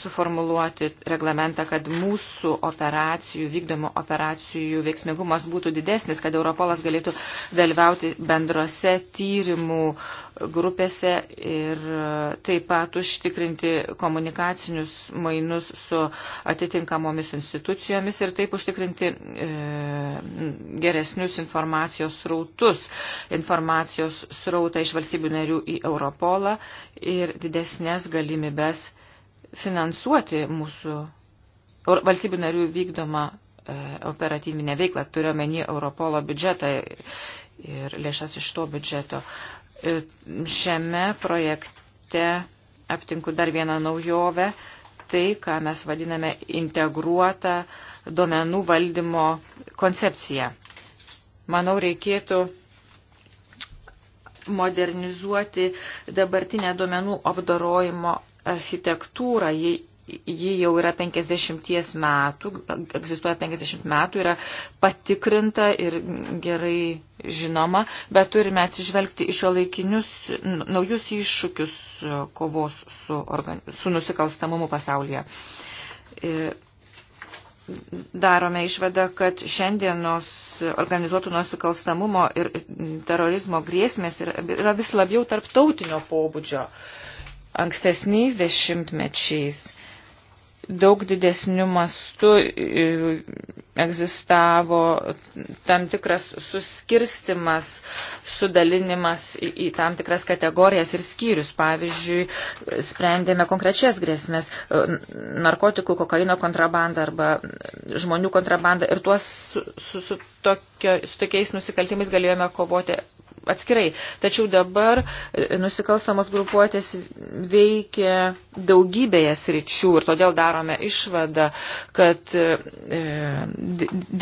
suformuluoti reglamentą, kad mūsų operacijų, vykdomų operacijų veiksmingumas būtų didesnis, kad Europolas galėtų dalyvauti bendrose tyrimų grupėse ir e, taip pat užtikrinti komunikacinius mainus su atitinkamomis institucijomis ir taip užtikrinti e, geresnius informacijos srautus, informacijos srautą iš valstybių narių į Europolą ir didesnės galimybės finansuoti mūsų valstybių narių vykdomą e, operatyvinę veiklą, turiuomenį Europolo biudžetą ir lėšas iš to biudžeto. Šiame projekte aptinku dar vieną naujovę, tai, ką mes vadiname integruotą duomenų valdymo koncepciją. Manau, reikėtų modernizuoti dabartinę duomenų apdarojimo architektūrą, ji, ji jau yra 50 metų, egzistuoja 50 metų, yra patikrinta ir gerai žinoma, bet turime atsižvelgti iš laikinius naujus iššūkius kovos su, organ, su nusikalstamumu pasaulyje. E, darome išvadą, kad šiandienos organizuotų nusikalstamumo ir terorizmo grėsmės yra vis labiau tarptautinio pobūdžio. Uh, ankstesniais dešimtmečiais daug didesnių mastų e, egzistavo tam tikras suskirstimas, sudalinimas į, į tam tikras kategorijas ir skyrius. Pavyzdžiui, sprendėme konkrečias grėsmės e, - narkotikų, kokaino kontrabandą arba žmonių kontrabandą ir tuos su, su, su, tokio, su tokiais nusikaltimais galėjome kovoti atskirai. Tačiau dabar e, nusikalstamos grupuotės veikia daugybėje sričių ir todėl darome išvadą, kad e,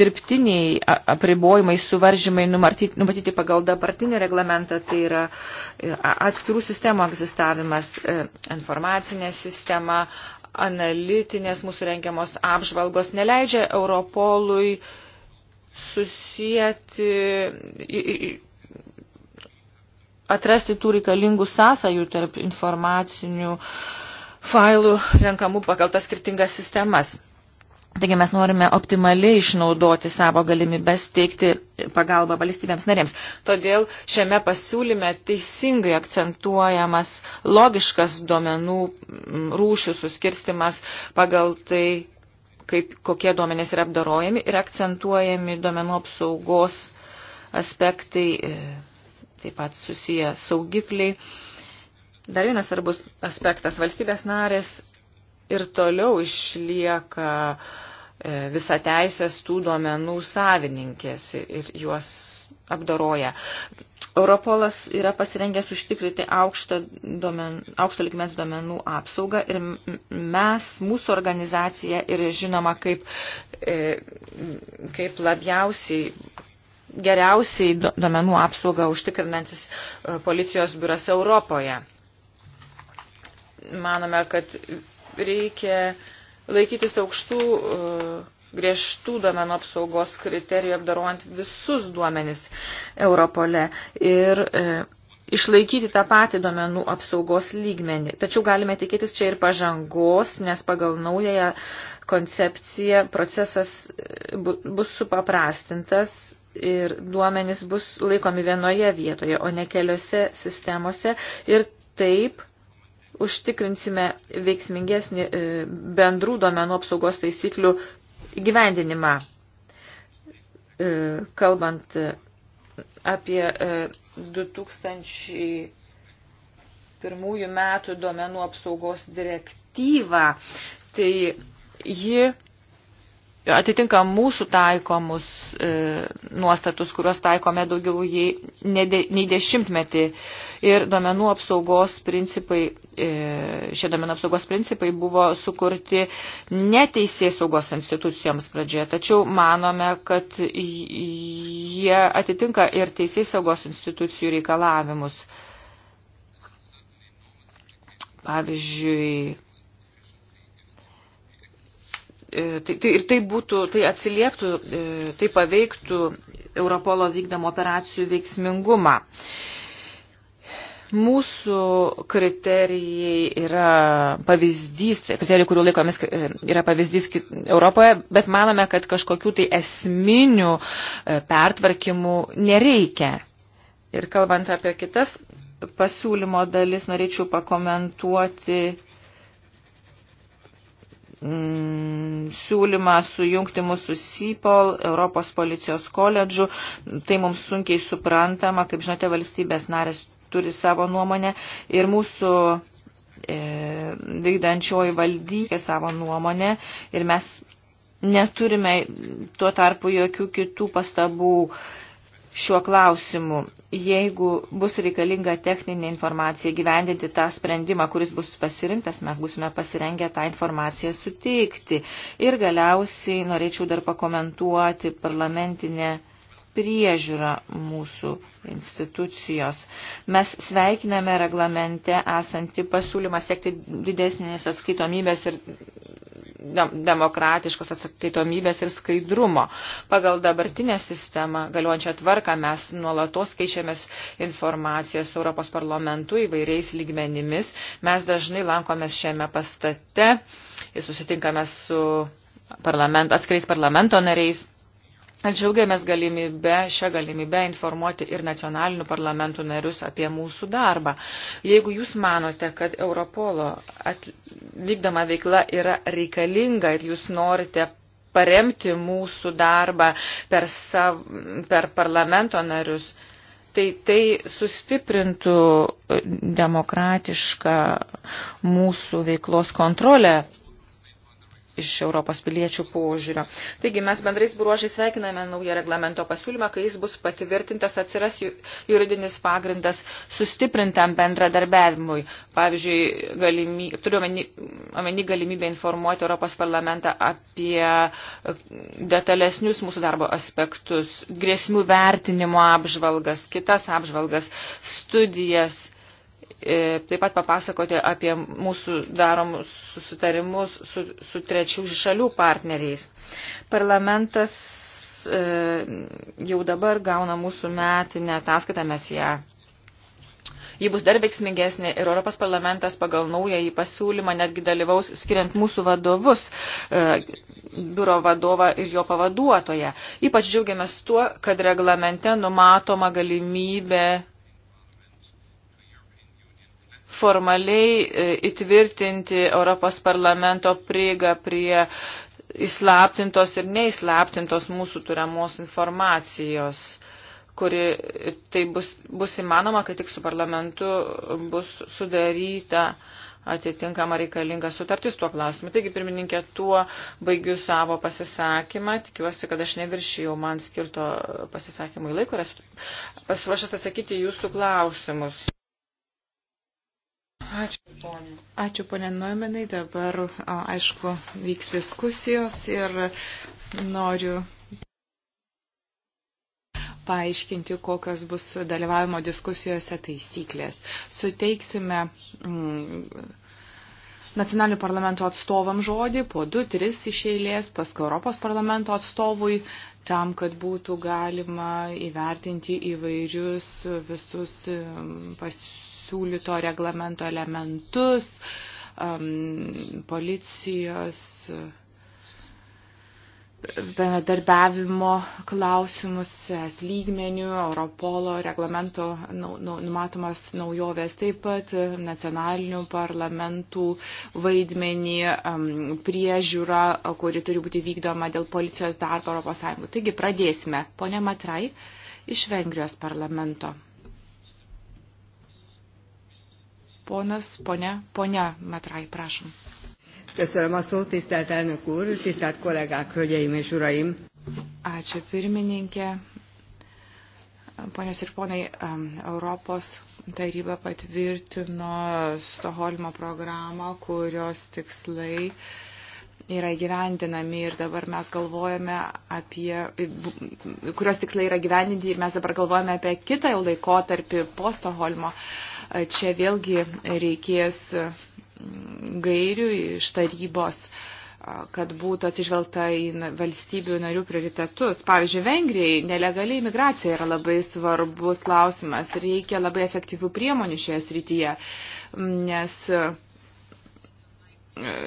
dirbtiniai apribojimai, suvaržymai numatyti, numatyti pagal dabartinį reglamentą, tai yra e, atskirų sistemų egzistavimas, e, informacinė sistema, analitinės mūsų rengiamos apžvalgos neleidžia Europolui susijęti atrasti tų reikalingų sąsajų tarp informacinių failų renkamų pagal tas skirtingas sistemas. Taigi mes norime optimaliai išnaudoti savo galimybės teikti pagalbą valstybėms narėms. Todėl šiame pasiūlyme teisingai akcentuojamas logiškas duomenų rūšių suskirstimas pagal tai, kaip, kokie duomenės yra apdarojami ir akcentuojami duomenų apsaugos aspektai e, taip pat susiję saugikliai. Dar vienas svarbus aspektas - valstybės narės ir toliau išlieka e, visą teisės tų duomenų savininkės ir juos apdoroja. Europolas yra pasirengęs užtikrinti aukštą, duomen, aukštą likmens duomenų apsaugą ir mes, mūsų organizacija ir žinoma kaip, e, kaip labiausiai geriausiai duomenų apsaugą užtikrinantis e, policijos biuras Europoje. Manome, kad reikia laikytis aukštų e, griežtų duomenų apsaugos kriterijų apdaruojant visus duomenis Europole ir e, išlaikyti tą patį duomenų apsaugos lygmenį. Tačiau galime tikėtis čia ir pažangos, nes pagal naująją koncepciją procesas e, bus supaprastintas ir duomenys bus laikomi vienoje vietoje, o ne keliose sistemose ir taip užtikrinsime veiksmingesnį e, bendrų duomenų apsaugos taisyklių gyvendinimą. E, kalbant apie 2001 metų duomenų apsaugos direktyvą. Tai ji atitinka mūsų taikomus e, nuostatus, kuriuos taikome daugiau jei, ne de, nei dešimtmetį. Ir domenų apsaugos principai, e, šie domenų apsaugos principai buvo sukurti neteisės saugos institucijoms pradžioje, tačiau manome, kad jie atitinka ir teisės saugos institucijų reikalavimus. Pavyzdžiui, E, tai, tai, ir tai būtų, tai atsilieptų, e, tai paveiktų Europolo vykdomų operacijų veiksmingumą. Mūsų kriterijai yra pavyzdys, kriterijai, kurių laikomis e, yra pavyzdys Europoje, bet manome, kad kažkokių tai esminių pertvarkimų nereikia. Ir kalbant apie kitas pasiūlymo dalis, norėčiau pakomentuoti mm, siūlymą sujungti mūsų SIPOL, Europos policijos koledžų. Tai mums sunkiai suprantama, kaip žinote, valstybės narės turi savo nuomonę ir mūsų e, vykdančioji valdykė savo nuomonę ir mes neturime tuo tarpu jokių kitų pastabų. E, šiuo klausimu. Jeigu bus reikalinga techninė informacija gyvendinti tą sprendimą, kuris bus pasirinktas, mes būsime pasirengę tą informaciją suteikti. Ir galiausiai norėčiau dar pakomentuoti parlamentinę priežiūrą mūsų institucijos. Mes sveikiname reglamente esantį pasiūlymą siekti didesnės atskaitomybės ir demokratiškos atsakytomybės ir skaidrumo. Pagal dabartinę sistemą galiuojančią tvarką mes nuolatos keičiamės informaciją su Europos parlamentu įvairiais lygmenimis. Mes dažnai lankomės šiame pastate ir susitinkame su parlament, atskiriais parlamento nariais Džiaugiamės galimybę, šią galimybę informuoti ir nacionalinių parlamentų narius apie mūsų darbą. Jeigu jūs manote, kad Europolo at, vykdoma veikla yra reikalinga ir jūs norite paremti mūsų darbą per, sav, per parlamento narius, tai tai sustiprintų demokratišką mūsų veiklos kontrolę iš Europos piliečių požiūrio. Taigi mes bendrais bruožais sveikiname naują reglamento pasiūlymą, kai jis bus patvirtintas, atsiras juridinis pagrindas sustiprintam bendradarbiavimui. Pavyzdžiui, galimy, turiu omeny, omeny galimybę informuoti Europos parlamentą apie e, detalesnius mūsų darbo aspektus, grėsmių vertinimo apžvalgas, kitas apžvalgas, studijas E, taip pat papasakoti apie mūsų daromus susitarimus su, su trečių šalių partneriais. Parlamentas e, jau dabar gauna mūsų metinę ataskaitą, mes ją. Ji bus dar veiksmingesnė ir Europos parlamentas pagal naująjį pasiūlymą netgi dalyvaus skiriant mūsų vadovus, e, biuro vadovą ir jo pavaduotoją. Ypač džiaugiamės tuo, kad reglamente numatoma galimybė formaliai e, įtvirtinti Europos parlamento prieigą prie įslaptintos ir neįslaptintos mūsų turiamos informacijos, kuri e, tai bus, bus įmanoma, kad tik su parlamentu bus sudaryta atitinkama reikalinga sutartis tuo klausimu. Taigi, pirmininkė, tuo baigiu savo pasisakymą. Tikiuosi, kad aš neviršijau man skirto pasisakymui laiko ir esu pasiruošęs atsakyti jūsų klausimus. Ačiū, ponė. Ačiū, ponė Noimenai. Dabar, aišku, vyks diskusijos ir noriu paaiškinti, kokios bus dalyvavimo diskusijose taisyklės. Suteiksime mm, nacionalinių parlamento atstovam žodį po 2-3 iš eilės, paskui Europos parlamento atstovui tam, kad būtų galima įvertinti įvairius visus mm, pasiūlymus pasiūlyto reglamento elementus, um, policijos bendradarbiavimo klausimus, es lygmenių, Europolo reglamento numatomas naujovės, taip pat nacionalinių parlamentų vaidmenį, priežiūrą, kuri turi būti vykdoma dėl policijos darbo ES. Taigi pradėsime. Pone Matrai iš Vengrijos parlamento. Ponas, ponia, ponia Matrai, prašom. Köszönöm a szót, tisztelt elnök úr, tisztelt kollégák, hölgyeim és uraim. Ačiū pirmininkė. Ponios ir ponai, Europos taryba patvirtino Stoholmo programą, kurios tikslai yra gyvendinami ir dabar mes galvojame apie, kurios tikslai yra gyvendinti ir mes dabar galvojame apie kitą jau laikotarpį po Stoholmo. Uh, Čia vėlgi reikės mm, gairių iš tarybos kad būtų atsižvelgta į valstybių narių prioritetus. Pavyzdžiui, Vengrijai nelegaliai imigracija yra labai svarbus klausimas. Reikia labai efektyvių priemonių šioje srityje, mm, nes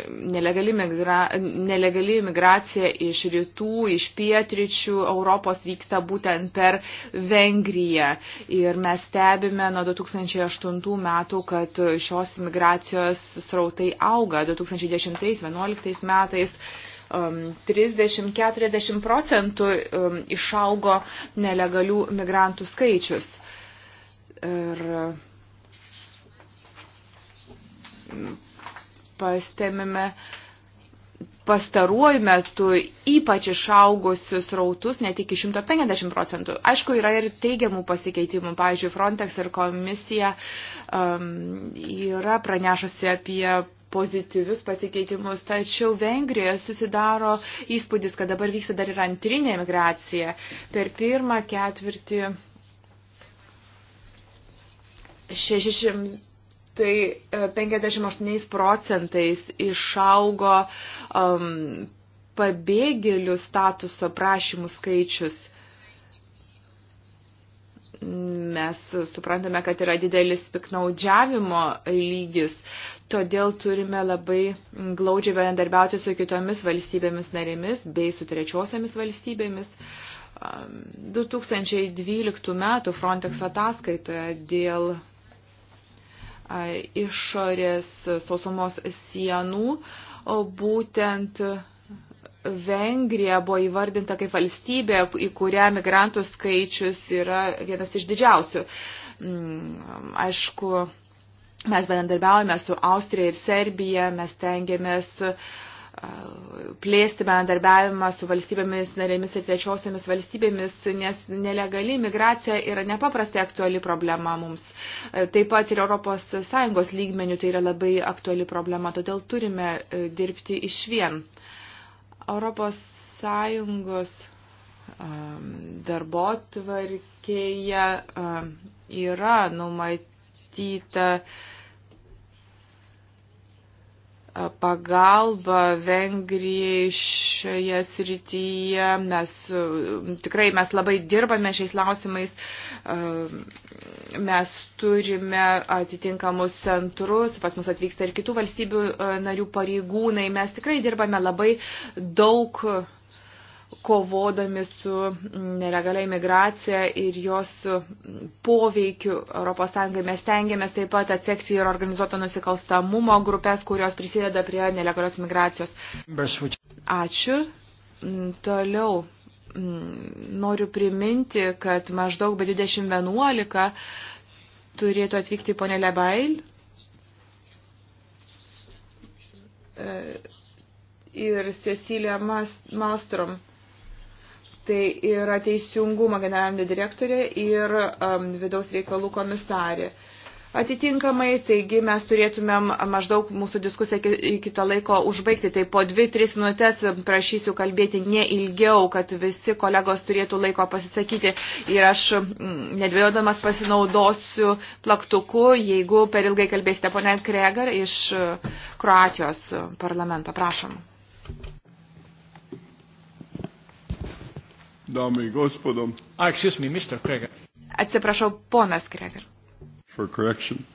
nelegali, migra, nelegali migracija iš rytų, iš pietryčių Europos vyksta būtent per Vengriją. Ir mes stebime nuo 2008 metų, kad šios migracijos srautai auga 2010-2011 metais. 30-40 um, procentų um, išaugo nelegalių migrantų skaičius. Ir pastebime pastaruoju metu ypač išaugusius rautus net iki 150 procentų. Aišku, yra ir teigiamų pasikeitimų. Pavyzdžiui, Frontex ir komisija um, yra pranešusi apie pozityvius pasikeitimus, tačiau Vengrijoje susidaro įspūdis, kad dabar vyksta dar ir antrinė migracija. Per pirmą ketvirtį 600 tai 58 e, procentais išaugo um, pabėgėlių statuso prašymų skaičius mes suprantame, kad yra didelis piknaudžiavimo lygis, todėl turime labai glaudžiai bendarbiauti su kitomis valstybėmis narėmis bei su trečiosiomis valstybėmis. 2012 metų Frontex ataskaitoje dėl išorės sausumos sienų, būtent Vengrija buvo įvardinta kaip valstybė, į kurią migrantų skaičius yra vienas iš didžiausių. Mm, aišku, mes bendradarbiaujame su Austrija ir Serbija, mes tengiamės uh, plėsti bendarbiavimą su valstybėmis narėmis ir trečiosiomis valstybėmis, nes nelegali migracija yra nepaprastai aktuali problema mums. Taip pat ir ES lygmenių tai yra labai aktuali problema, todėl turime e, dirbti iš vien. ES e, darbo tvarkėje e, yra numatyta pagalba Vengrijai šioje srityje. Mes e, tikrai mes labai dirbame šiais klausimais. E, mes turime atitinkamus centrus, pas mus atvyksta ir kitų valstybių e, narių pareigūnai. Mes tikrai dirbame labai daug kovodami su nelegalia imigracija ir jos poveikiu ES. Mes tengiamės taip pat atsekti ir organizuoto nusikalstamumo grupės, kurios prisideda prie nelegalios imigracijos. Ačiū. Toliau noriu priminti, kad maždaug be 2011 turėtų atvykti ponė Lebail. E, ir Cecilija Malstrom. Tai yra teisingumo generalinė direktorė ir um, vidaus reikalų komisarė. Atitinkamai, taigi mes turėtumėm maždaug mūsų diskusiją iki, iki to laiko užbaigti, tai po 2-3 minutės prašysiu kalbėti ne ilgiau, kad visi kolegos turėtų laiko pasisakyti ir aš mm, nedvėjodamas pasinaudosiu plaktuku, jeigu per ilgai kalbėsite, ponia Kregar iš uh, Kroatijos parlamento, prašom. Dame i gospodo. Ah, excuse me, Mr. Kreger. Atsiprašau, ponas Kreger. For correction.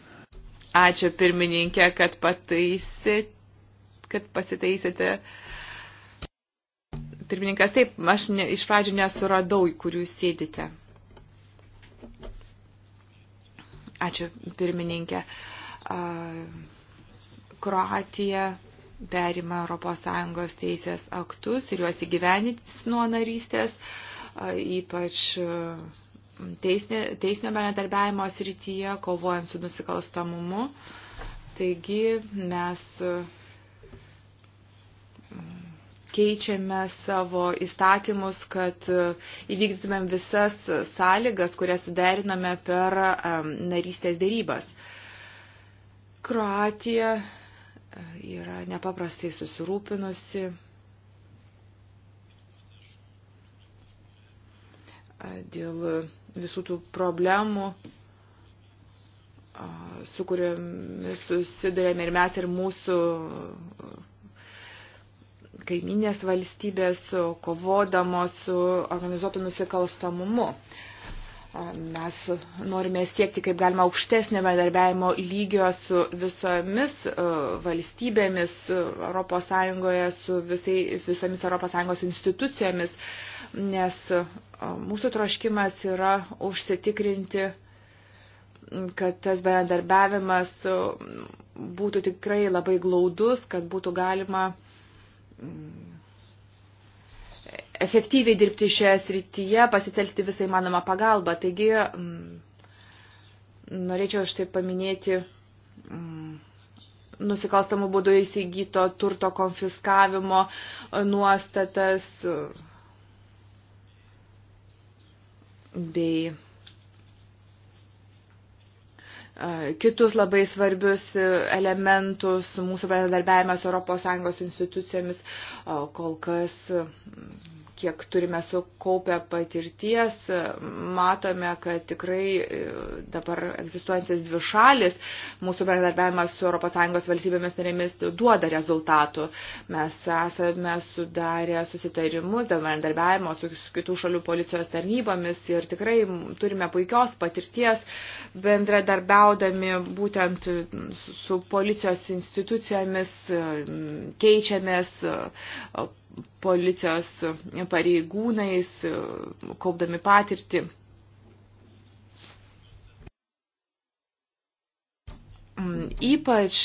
Ačiū pirmininkė, kad pataisit, kad pasitaisite. Pirmininkas, taip, aš ne, iš pradžių nesuradau, kur jūs sėdite. Ačiū pirmininkė. Uh, Kroatija perima ES teisės aktus ir juos įgyvenys nuo narystės, ypač teisinė, teisinio bendradarbiavimo srityje, kovojant su nusikalstamumu. Taigi mes keičiame savo įstatymus, kad įvykdytumėm visas sąlygas, kurias suderiname per narystės dėrybas. Kroatija yra nepaprastai susirūpinusi. Dėl visų tų problemų, su kuriomis susidurėme ir mes, ir mūsų kaiminės valstybės kovodamos su organizuotu nusikalstamumu. Uh, Mes norime siekti kaip galima aukštesnio bendarbiavimo lygio su visomis e, valstybėmis ES, su visai, visomis ES institucijomis, nes e, mūsų troškimas yra užsitikrinti, kad tas bendarbiavimas e, būtų tikrai labai glaudus, kad būtų galima efektyviai dirbti šioje srityje, pasitelkti visą įmanomą pagalbą. Taigi, m, mm, norėčiau štai paminėti m, mm, nusikalstamų būdų įsigyto turto konfiskavimo e, nuostatas e, bei e, kitus labai svarbius elementus mūsų bendradarbiavime su ES institucijomis. Kol kas mm, kiek turime sukaupę patirties, matome, kad tikrai e, dabar egzistuojantis dvi šalis, mūsų bendradarbiavimas su ES valstybėmis narėmis duoda rezultatų. Mes esame sudarę susitarimus dėl bendradarbiavimo su kitų šalių policijos tarnybomis ir tikrai turime puikios patirties bendradarbiaudami būtent su policijos institucijomis, keičiamės policijos pareigūnais, kaupdami patirtį. Mm, ypač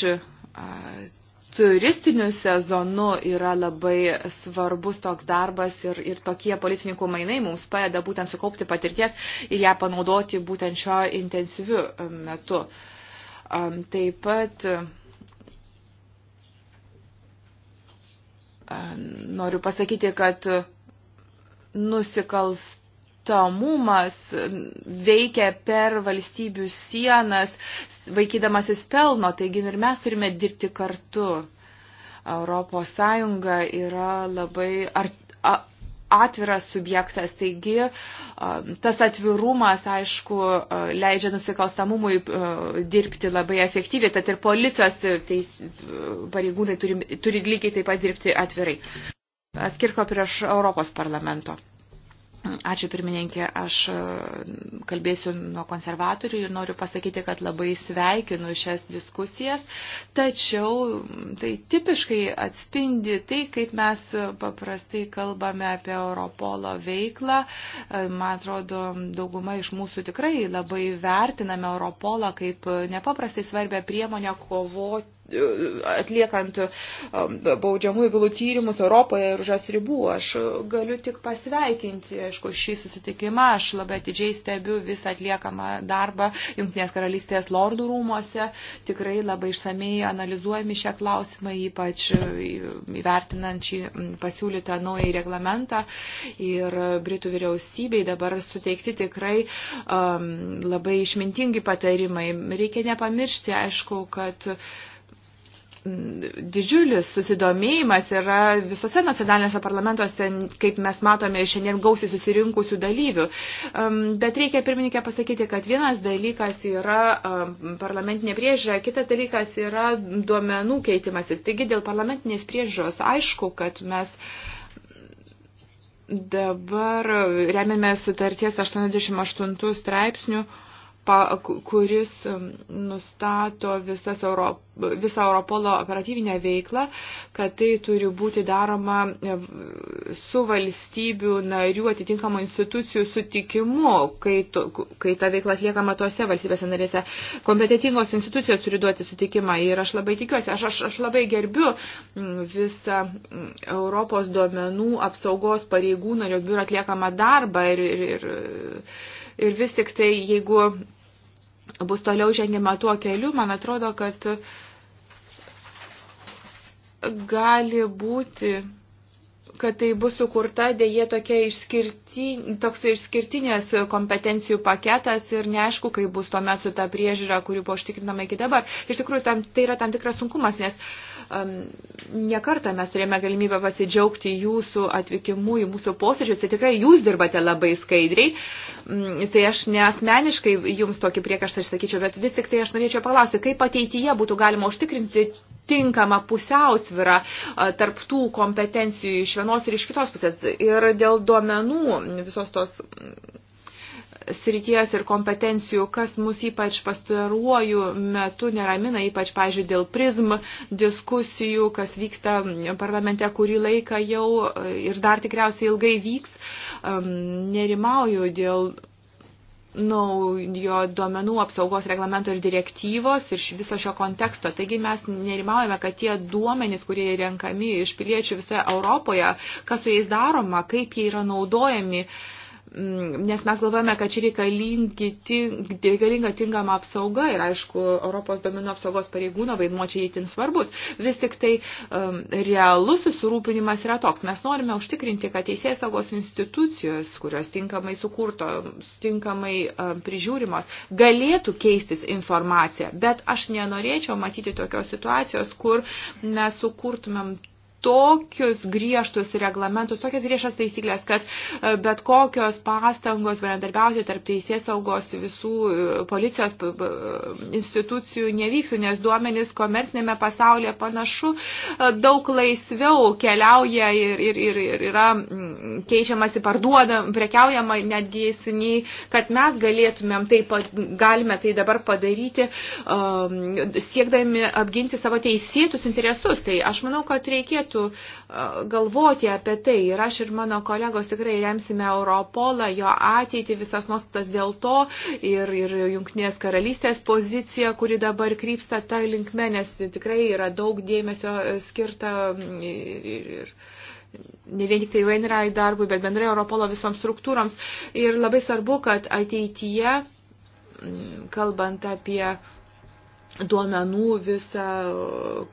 turistiniu sezonu yra labai svarbus toks darbas ir, ir tokie policininkų mainai mums padeda būtent sukaupti patirties ir ją panaudoti būtent šio intensyviu metu. Taip pat noriu pasakyti, kad nusikalst tamumas veikia per valstybių sienas, vaikydamasis pelno, taigi ir mes turime dirbti kartu. Europos Sąjunga yra labai ar, a, atviras subjektas, taigi tas atvirumas, aišku, leidžia nusikalstamumui dirbti labai efektyviai, tad ir policijos e, teis, e, pareigūnai turi, turi lygiai taip pat dirbti atvirai. Skirko prieš Europos parlamento. Ačiū pirmininkė, aš e, kalbėsiu nuo konservatorių ir noriu pasakyti, kad labai sveikinu šias diskusijas, tačiau tai tipiškai atspindi tai, kaip mes paprastai kalbame apie Europolo veiklą. E, man atrodo, dauguma iš mūsų tikrai labai vertiname Europolą kaip nepaprastai svarbę priemonę kovoti atliekant um, baudžiamųjų bylų tyrimus Europoje ir už jos ribų. Aš galiu tik pasveikinti, aišku, šį susitikimą. Aš labai atidžiai stebiu visą atliekamą darbą Junktinės karalystės lordų rūmose. Tikrai labai išsamei analizuojami šie klausimai, ypač e, įvertinant šį pasiūlytą naują reglamentą. Ir Britų vyriausybei dabar suteikti tikrai um, labai išmintingi patarimai. Reikia nepamiršti, aišku, kad uh, Mm, didžiulis susidomėjimas yra visose nacionalinėse parlamentuose, kaip mes matome šiandien gausiai susirinkusių dalyvių. Bet reikia pirmininkė pasakyti, kad vienas dalykas yra parlamentinė priežiūra, kitas dalykas yra duomenų keitimasis. Taigi dėl parlamentinės priežiūros aišku, kad mes dabar remiame sutarties 88 straipsnių pa, kuris um, nustato visas Euro, visą Europolo operatyvinę veiklą, kad tai turi būti daroma e, su valstybių narių atitinkamų institucijų sutikimu, kai, to, kai ta veikla atliekama tose valstybėse narėse. Kompetitingos institucijos turi duoti sutikimą ir aš labai tikiuosi, aš, aš, aš labai gerbiu visą Europos duomenų apsaugos pareigūnų ir biuro atliekamą darbą. Ir, ir, ir, ir vis tik tai, jeigu bus toliau žengima tuo keliu, man atrodo, kad gali būti kad tai bus sukurta dėje tokia išskirtin, toks išskirtinės kompetencijų paketas ir neaišku, kaip bus tuomet su ta priežiūra, kuri buvo užtikrinama iki dabar. Iš tikrųjų, tam, tai yra tam tikras sunkumas, nes uh, Nekartą mes turėjome galimybę pasidžiaugti jūsų atvykimu į mūsų posėdžius. Tai tikrai jūs dirbate labai skaidriai. Mm, tai aš neasmeniškai jums tokį priekaštą išsakyčiau, bet vis tik tai aš norėčiau paklausti, kaip ateityje būtų galima užtikrinti tinkamą pusiausvyrą tarp tų kompetencijų iš vienos ir iš kitos pusės. Ir dėl duomenų visos tos srities ir kompetencijų, kas mus ypač pastaruoju metu neramina, ypač, pažiūrėjau, dėl prizm diskusijų, kas vyksta parlamente kurį laiką jau ir dar tikriausiai ilgai vyks, nerimauju dėl naujo duomenų apsaugos reglamento ir direktyvos ir viso šio konteksto. Taigi mes nerimaujame, kad tie duomenys, kurie renkami iš piliečių visoje Europoje, kas su jais daroma, kaip jie yra naudojami, uh, Mm, nes mes galvojame, kad čia reikalinga tinkama apsauga ir, aišku, Europos domino apsaugos pareigūno vaidmuo čia įtin svarbus. Vis tik tai um, realus susirūpinimas yra toks. Mes norime užtikrinti, kad teisės saugos institucijos, kurios tinkamai sukurtos, tinkamai um, prižiūrimos, galėtų keistis informaciją. Bet aš nenorėčiau matyti tokios situacijos, kur mes sukurtumėm tokius griežtus reglamentus, tokias griežtas taisyklės, kad e, bet kokios pastangos bendarbiauti tarp teisės saugos visų e, policijos institucijų nevyktų, nes duomenys komercinėme pasaulyje panašu e, daug laisviau keliauja ir, ir, ir, ir yra mm, keičiamasi parduodam, prekiaujama netgi jais nei, kad mes galėtumėm tai, galime tai dabar padaryti, siekdami apginti savo teisėtus interesus. Tai aš manau, kad reikėtų reikėtų galvoti apie tai. Ir aš ir mano kolegos tikrai remsime Europolą, jo ateitį, visas nuostatas dėl to ir, ir Junktinės karalystės pozicija, kuri dabar krypsta tą linkme, nes tikrai yra daug dėmesio e, skirta. Ir, ir, ne vien tik tai Vainrai darbui, bet bendrai Europolo visoms struktūroms. Ir labai svarbu, kad ateityje, kalbant apie duomenų visą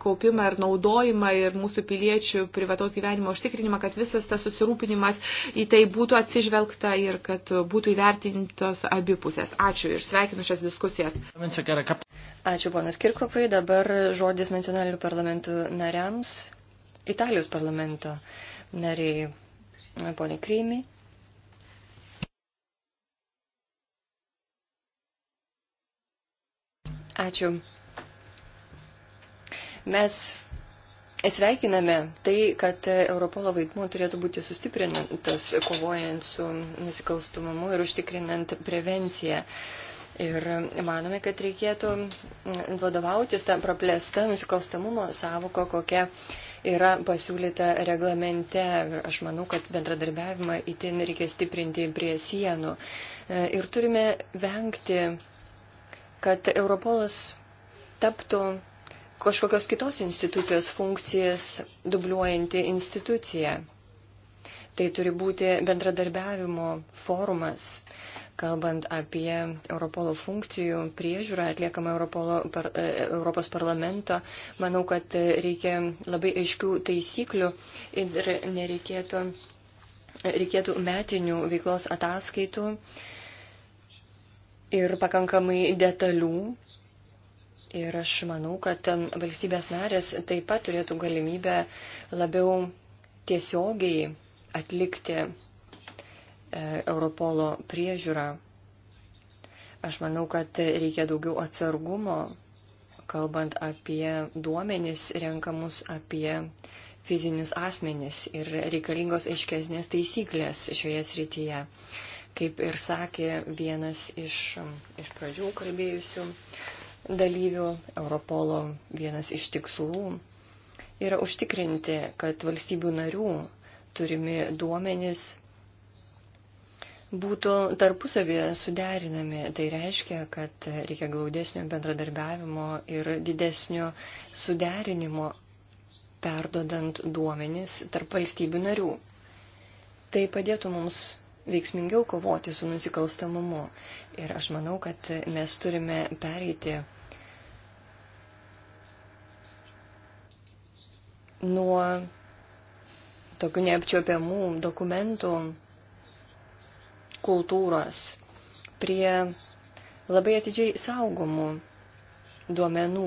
kaupimą ir naudojimą ir mūsų piliečių privataus gyvenimo užtikrinimą, kad visas tas susirūpinimas į tai būtų atsižvelgta ir kad būtų įvertintos abipusės. Ačiū ir sveikinu šias diskusijas. Ačiū ponas Kirkopai. Dabar žodis nacionalinių parlamentų nariams. Italijos parlamento nariai, ponė Krymi, Ačiū. Mes sveikiname tai, kad Europolo vaidmuo turėtų būti sustiprintas, kovojant su nusikalstumumu ir užtikrinant prevenciją. Ir manome, kad reikėtų vadovautis tą praplėstą nusikalstamumo savoką, kokia yra pasiūlyta reglamente. Aš manau, kad bendradarbiavimą itin reikia stiprinti prie sienų. E, ir turime vengti kad Europolas taptų kažkokios kitos institucijos funkcijas dubliuojanti institucija. Tai turi būti bendradarbiavimo forumas, kalbant apie Europolo funkcijų priežiūrą atliekamą Europolo, par, e, Europos parlamento. Manau, kad reikia labai aiškių taisyklių ir nereikėtų reikėtų metinių veiklos ataskaitų ir pakankamai detalių. Ir aš manau, kad valstybės narės taip pat turėtų galimybę labiau tiesiogiai atlikti e, Europolo priežiūrą. Aš manau, kad reikia daugiau atsargumo, kalbant apie duomenis renkamus apie fizinius asmenis ir reikalingos aiškesnės taisyklės šioje srityje. Kaip ir sakė vienas iš, iš pradžių kalbėjusių dalyvių, Europolo vienas iš tikslų yra užtikrinti, kad valstybių narių turimi duomenys būtų tarpusavėje suderinami. Tai reiškia, kad reikia glaudesnio bendradarbiavimo ir didesnio suderinimo perdodant duomenys tarp valstybių narių. Tai padėtų mums veiksmingiau kovoti su nusikalstamumu. Ir aš manau, kad mes turime pereiti nuo tokių neapčiopiamų dokumentų kultūros prie labai atidžiai saugomų duomenų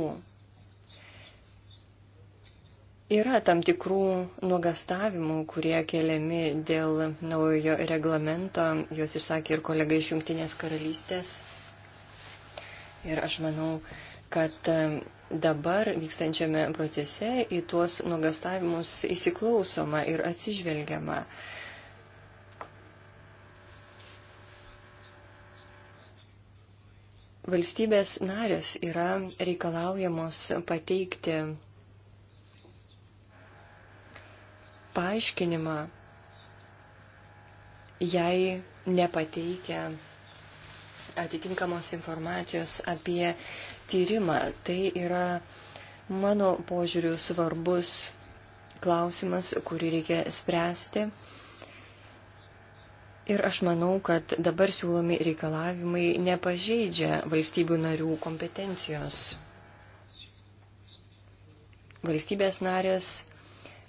Yra tam tikrų nuogastavimų, kurie keliami dėl naujojo reglamento, juos išsakė ir kolega iš Junktinės karalystės. Ir aš manau, kad e, dabar vykstančiame procese į tuos nuogastavimus įsiklausoma ir atsižvelgiama. Valstybės narės yra reikalaujamos pateikti paaiškinimą jai nepateikia atitinkamos informacijos apie tyrimą. Tai yra mano požiūriu svarbus klausimas, kurį reikia spręsti. Ir aš manau, kad dabar siūlomi reikalavimai nepažeidžia valstybių narių kompetencijos. Valstybės narės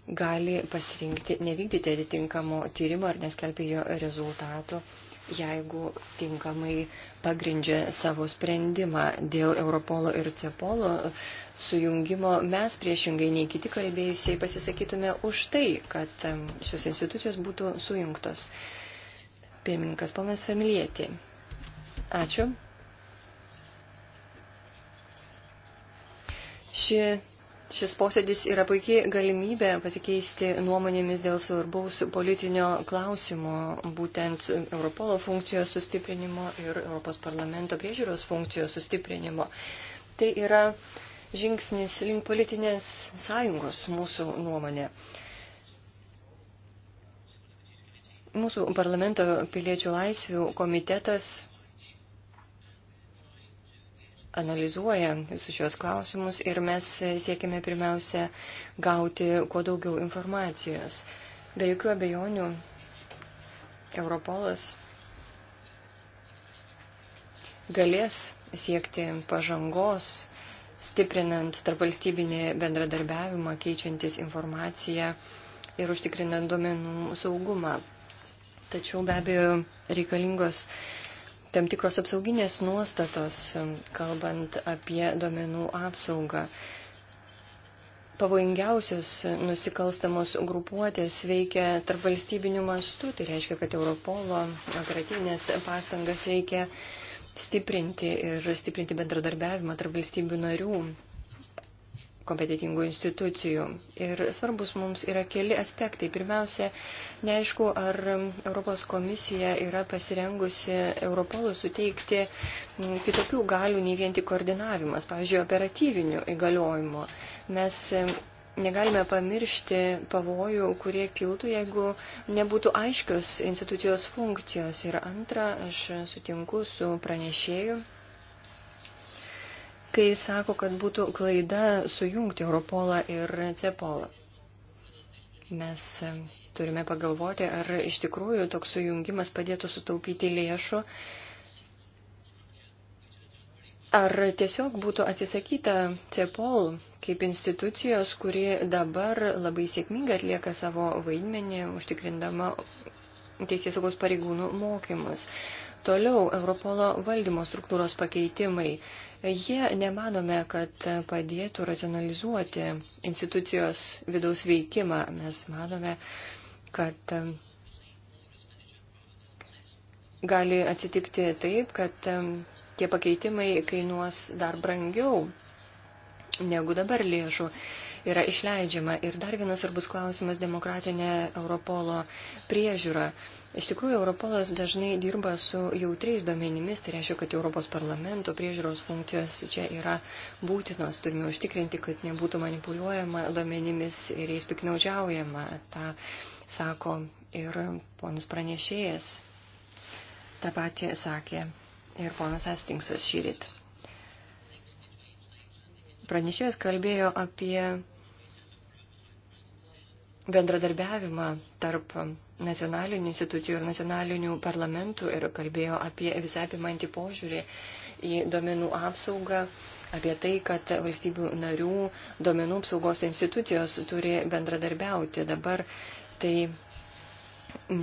gali pasirinkti nevykdyti atitinkamo tyrimo ar neskelbti jo rezultatų, jeigu tinkamai pagrindžia savo sprendimą dėl Europolo ir Cepolo sujungimo. Mes priešingai nei kiti kalbėjusiai pasisakytume už tai, kad šios institucijos būtų sujungtos. Pirmininkas ponas Familietė. Ačiū. Ši Šis posėdis yra puikiai galimybė pasikeisti nuomonėmis dėl svarbaus politinio klausimo, būtent Europolo funkcijos sustiprinimo ir Europos parlamento priežiūros funkcijos sustiprinimo. Tai yra žingsnis link politinės sąjungos mūsų nuomonė. Mūsų parlamento piliečių laisvių komitetas analizuoja visus šios klausimus ir mes siekime pirmiausia gauti kuo daugiau informacijos. Be jokių abejonių, Europolas galės siekti pažangos, stiprinant tarpvalstybinį bendradarbiavimą, keičiantis informaciją ir užtikrinant duomenų saugumą. Tačiau be abejo reikalingos tam tikros apsauginės nuostatos, kalbant apie duomenų apsaugą. Pavojingiausios nusikalstamos grupuotės veikia tarp valstybinių mastų, tai reiškia, kad Europolo operatyvinės pastangas reikia stiprinti ir stiprinti bendradarbiavimą tarp valstybių narių kompetitingų institucijų. Ir svarbus mums yra keli aspektai. Pirmiausia, neaišku, ar Europos komisija yra pasirengusi Europolui suteikti kitokių galių, nei vien tik koordinavimas, pavyzdžiui, operatyvinių įgaliojimų. Mes Negalime pamiršti pavojų, kurie kiltų, jeigu nebūtų aiškios institucijos funkcijos. Ir antra, aš sutinku su pranešėju kai sako, kad būtų klaida sujungti Europolą ir Cepolą. Mes e, turime pagalvoti, ar iš tikrųjų toks sujungimas padėtų sutaupyti lėšų, ar tiesiog būtų atsisakyta CEPOL kaip institucijos, kuri dabar labai sėkmingai atlieka savo vaidmenį, užtikrindama teisėsaugos pareigūnų mokymus. Toliau Europolo valdymo struktūros pakeitimai. Jie nemanome, kad padėtų racionalizuoti institucijos vidaus veikimą. Mes manome, kad gali atsitikti taip, kad tie pakeitimai kainuos dar brangiau negu dabar lėšų yra išleidžiama. Ir dar vienas svarbus klausimas - demokratinė Europolo priežiūra. Iš tikrųjų, Europolas dažnai dirba su jautriais duomenimis, tai reiškia, kad Europos parlamento priežiūros funkcijos čia yra būtinos. Turime užtikrinti, kad nebūtų manipuliuojama duomenimis ir jais piknaudžiaujama. Ta sako ir ponas pranešėjas. Ta pati sakė ir ponas Astingsas šyrit. Pranešėjas kalbėjo apie bendradarbiavimą tarp nacionalinių institucijų ir nacionalinių parlamentų ir kalbėjo apie visą apimantį požiūrį į domenų apsaugą, apie tai, kad valstybių narių domenų apsaugos institucijos turi bendradarbiauti. Dabar tai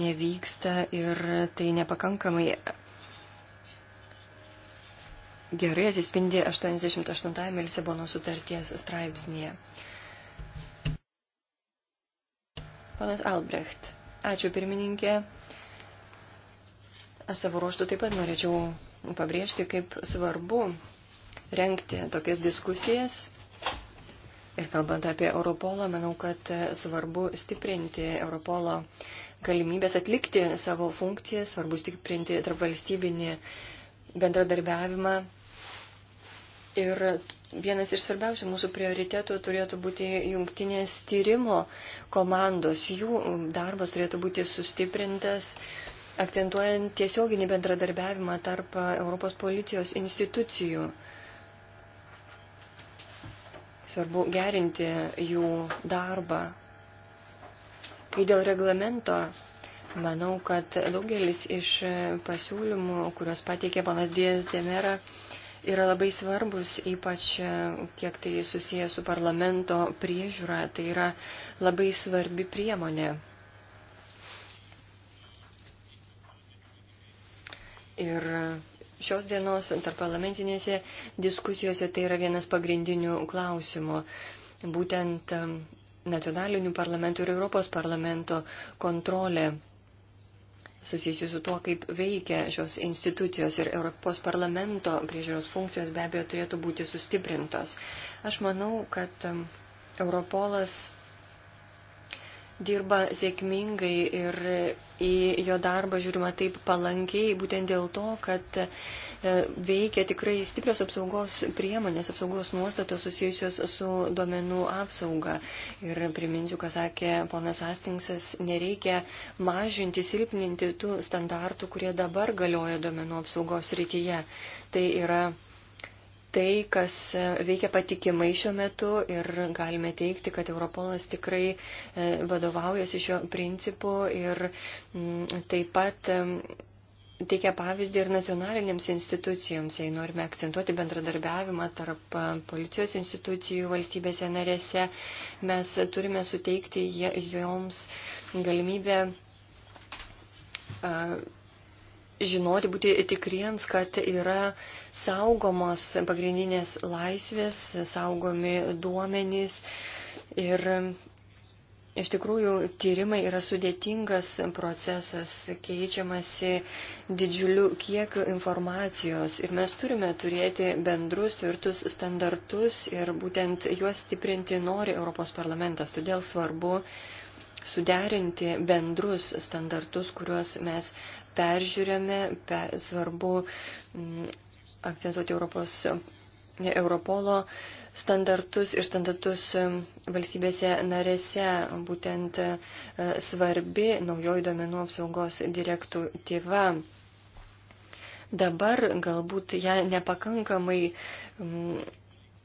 nevyksta ir tai nepakankamai gerai atsispindi 88 Lisabono sutarties straipsnėje. Panas Albrecht. Ačiū pirmininkė. Aš savo ruoštų taip pat norėčiau pabrėžti, kaip svarbu renkti tokias diskusijas. Ir kalbant apie Europolą, manau, kad svarbu stiprinti Europolo galimybės atlikti savo funkcijas, svarbu stiprinti tarpvalstybinį bendradarbiavimą Ir vienas iš svarbiausių mūsų prioritetų turėtų būti jungtinės tyrimo komandos. Jų um, darbas turėtų būti sustiprintas, akcentuojant tiesioginį bendradarbiavimą tarp uh, Europos policijos institucijų. Svarbu gerinti jų darbą. Kai dėl reglamento Manau, kad daugelis iš uh, pasiūlymų, kuriuos pateikė panas Dijas Demera, yra labai svarbus, ypač e, kiek tai susiję su parlamento priežiūra. Tai yra labai svarbi priemonė. Ir šios dienos tarparlamentinėse diskusijose tai yra vienas pagrindinių klausimų. Būtent e, nacionalinių parlamentų ir Europos parlamento kontrolė susijusių su tuo, kaip veikia šios institucijos ir Europos parlamento priežiūros funkcijos be abejo turėtų būti sustiprintos. Aš manau, kad um, Europolas dirba sėkmingai ir į jo darbą žiūrima taip palankiai, būtent dėl to, kad e, veikia tikrai stiprios apsaugos priemonės, apsaugos nuostatos susijusios su duomenų apsauga. Ir priminsiu, ką sakė ponas Astingsas, nereikia mažinti, silpninti tų standartų, kurie dabar galioja duomenų apsaugos rytyje. Tai yra tai, kas e, veikia patikimai šiuo metu ir galime teikti, kad Europolas tikrai e, vadovaujasi šiuo principu ir mm, taip pat e, teikia pavyzdį ir nacionalinėms institucijoms, jei norime akcentuoti bendradarbiavimą tarp policijos institucijų valstybėse narėse, mes turime suteikti joms galimybę žinoti, būti tikriems, kad yra saugomos pagrindinės laisvės, saugomi duomenys. Ir Iš tikrųjų, tyrimai yra sudėtingas procesas, keičiamasi didžiuliu kiekiu informacijos ir mes turime turėti bendrus tvirtus standartus ir būtent juos stiprinti nori Europos parlamentas. Todėl svarbu uh, suderinti bendrus standartus, kuriuos mes peržiūrėme, pe, svarbu mm, akcentuoti Europos, Europolo standartus ir standartus mm, valstybėse narėse. Būtent e, svarbi naujoji domenų apsaugos direktyva. Dabar galbūt ją nepakankamai mm,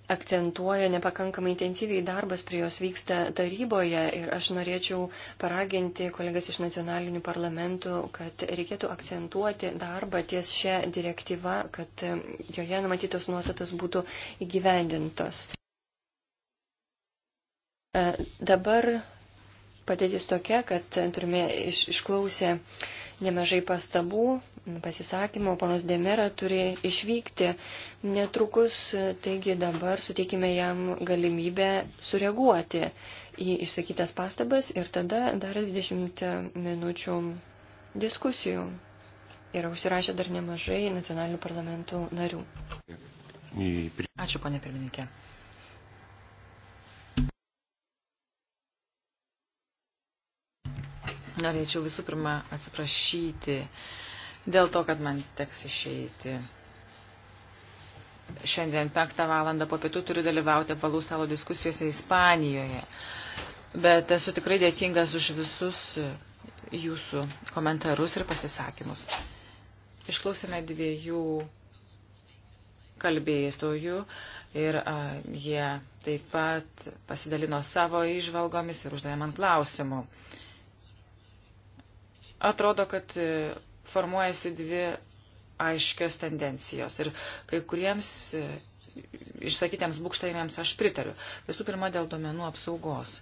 akcentuoja nepakankamai intensyviai darbas prie jos vyksta taryboje ir aš norėčiau paraginti kolegas iš nacionalinių parlamentų, kad reikėtų akcentuoti darbą ties šią direktyvą, kad e, joje numatytos nuostatos būtų įgyvendintos. E, dabar padėtis tokia, kad turime iš, išklausę nemažai pastabų, pasisakymų. Panas Demera turi išvykti netrukus, taigi dabar suteikime jam galimybę sureaguoti į išsakytas pastabas ir tada dar 20 minučių diskusijų. Yra užsirašę dar nemažai nacionalinių parlamentų narių. Ačiū, ponė pirmininkė. Norėčiau visų pirma atsiprašyti dėl to, kad man teks išeiti. Šiandien 5 valandą po pietų turiu dalyvauti apvalų stalo diskusijose Ispanijoje. Bet esu tikrai dėkingas už visus jūsų komentarus ir pasisakymus. Išklausėme dviejų kalbėtojų ir a, jie taip pat pasidalino savo išvalgomis ir uždavė man klausimų. A, Atrodo, kad e, formuojasi dvi aiškios tendencijos ir kai kuriems e, išsakytiems būkštavimėms aš pritariu. Visų pirma, dėl domenų apsaugos.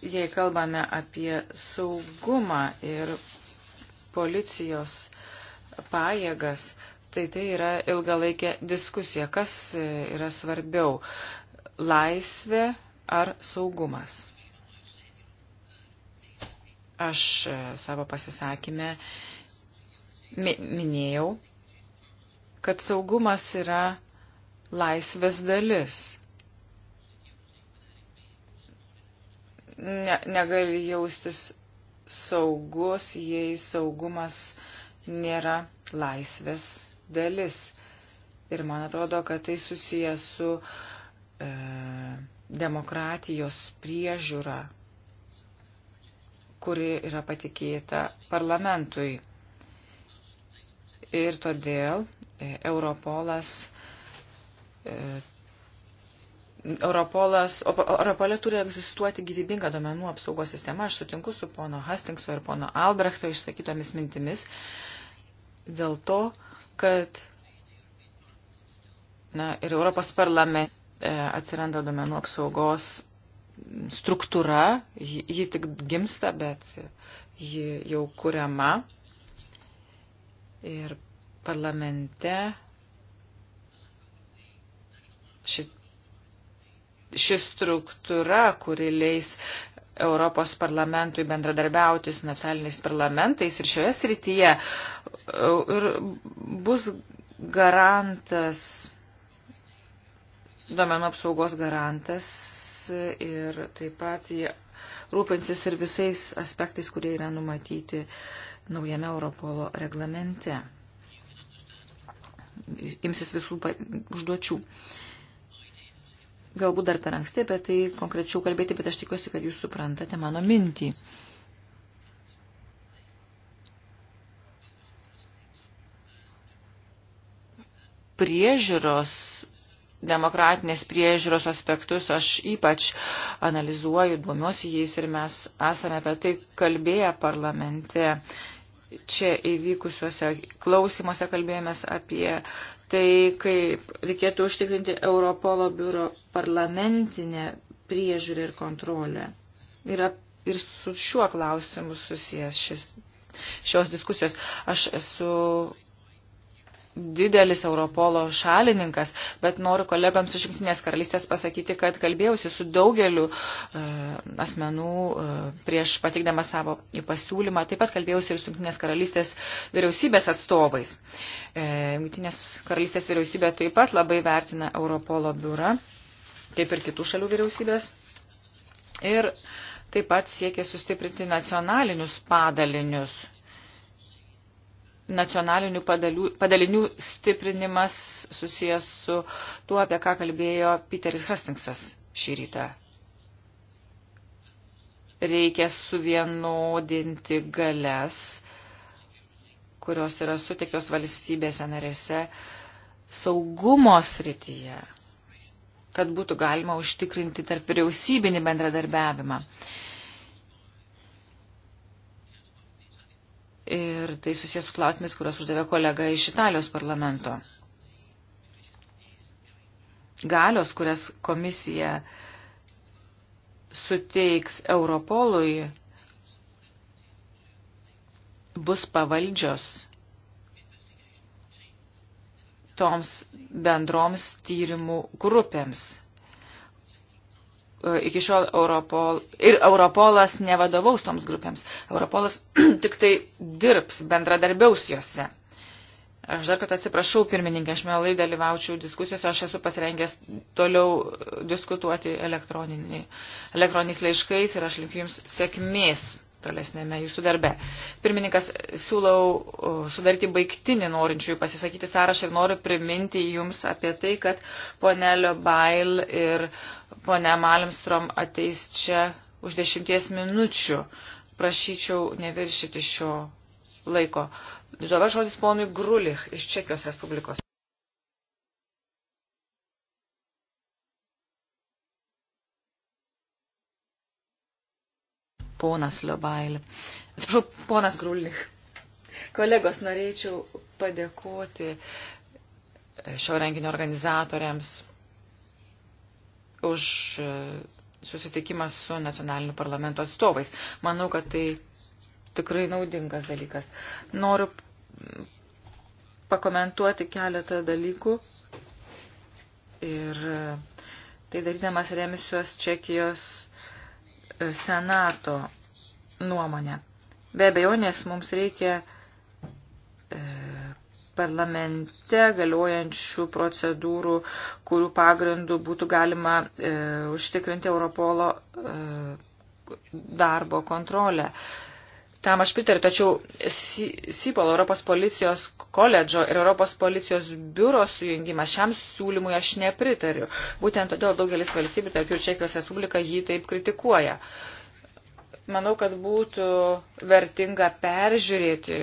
Jei kalbame apie saugumą ir policijos pajėgas, tai tai yra ilgalaikė diskusija. Kas e, yra svarbiau? Laisvė ar saugumas. Aš e, savo pasisakymę minėjau, kad saugumas yra laisvės dalis. Ne, negali jaustis saugus, jei saugumas nėra laisvės dalis. Ir man atrodo, kad tai susijęs su e, demokratijos priežiūra, kuri yra patikėta parlamentui. Ir todėl e, Europolas e, Europolas, Europolė turi egzistuoti gyvybinga domenų apsaugos sistema. Aš sutinku su pono Hastingso ir pono Albrechto išsakytomis mintimis dėl to, kad na, ir Europos parlamente E, atsiranda domenų apsaugos struktūra, ji, ji tik gimsta, bet ji jau kuriama. Ir parlamente ši, ši struktūra, kuri leis Europos parlamentui bendradarbiauti su nacionaliniais parlamentais ir šioje srityje e, ir bus garantas duomenų apsaugos garantas ir taip pat jie rūpinsis ir visais aspektais, kurie yra numatyti naujame Europolo reglamente. Imsis visų užduočių. Galbūt dar per anksti apie tai konkrečiau kalbėti, bet aš tikiuosi, kad jūs suprantate mano mintį. priežiūros demokratinės priežiūros aspektus aš ypač analizuoju, duomiuosi jais ir mes esame apie tai kalbėję parlamente. Čia įvykusiuose klausimuose kalbėjomės apie tai, kaip reikėtų užtikrinti Europolo biuro parlamentinę priežiūrą ir kontrolę. Yra ir su šiuo klausimu susijęs šis, šios diskusijos. Aš esu didelis Europolo šalininkas, bet noriu kolegams iš Junktinės karalystės pasakyti, kad kalbėjausi su daugeliu e, asmenų e, prieš patikdama savo pasiūlymą, taip pat kalbėjausi ir su Junktinės karalystės vyriausybės atstovais. E, Junktinės karalystės vyriausybė taip pat labai vertina Europolo biurą, kaip ir kitų šalių vyriausybės. Ir taip pat siekia sustiprinti nacionalinius padalinius nacionalinių padalių, padalinių stiprinimas susijęs su tuo, apie ką kalbėjo Peteris Hastingsas šį rytą. Reikia suvienodinti galės, kurios yra sutiktos valstybėse narėse saugumo srityje, kad būtų galima užtikrinti tarp vyriausybinį bendradarbiavimą. Uh, ir tai susijęs su klausimais, kuriuos uždavė kolega iš Italijos parlamento. Galios, kurias komisija suteiks Europolui, bus pavaldžios toms bendroms tyrimų grupėms. E, iki šiol Europol, ir Europolas nevadovaus toms grupėms. Europolas tik tai dirbs, bendradarbiaus juose. Aš dar kad atsiprašau, pirmininkė, aš mielai dalyvaučiau diskusijose, aš esu pasirengęs toliau diskutuoti elektroniniais laiškais ir aš linkiu Jums sėkmės tolesnėme jūsų darbe. Pirmininkas, siūlau sudaryti baigtinį norinčiųjų pasisakyti sąrašą ir noriu priminti jums apie tai, kad ponelio Bail ir ponė Malimstrom ateis čia už dešimties minučių. Prašyčiau neviršyti šio laiko. Dabar žodis ponui Grulich iš Čekijos Respublikos. ponas Lobail. Atsiprašau, ponas Grulnik. Kolegos, norėčiau padėkoti šio renginio organizatoriams už e, susitikimą su nacionaliniu parlamento atstovais. Manau, kad tai tikrai naudingas dalykas. Noriu pakomentuoti keletą dalykų ir e, tai darydamas remisiuos Čekijos senato nuomonę. Be abejonės mums reikia e, parlamente galiojančių procedūrų, kurių pagrindų būtų galima e, užtikrinti Europolo e, darbo kontrolę. E, Tam aš pritariu, tačiau SIPOL Europos policijos koledžo ir Europos policijos biuro sujungimas šiam siūlymui aš nepritariu. Būtent todėl daugelis valstybių, tarp jų Čekijos Respublika, jį taip kritikuoja. Manau, kad būtų vertinga peržiūrėti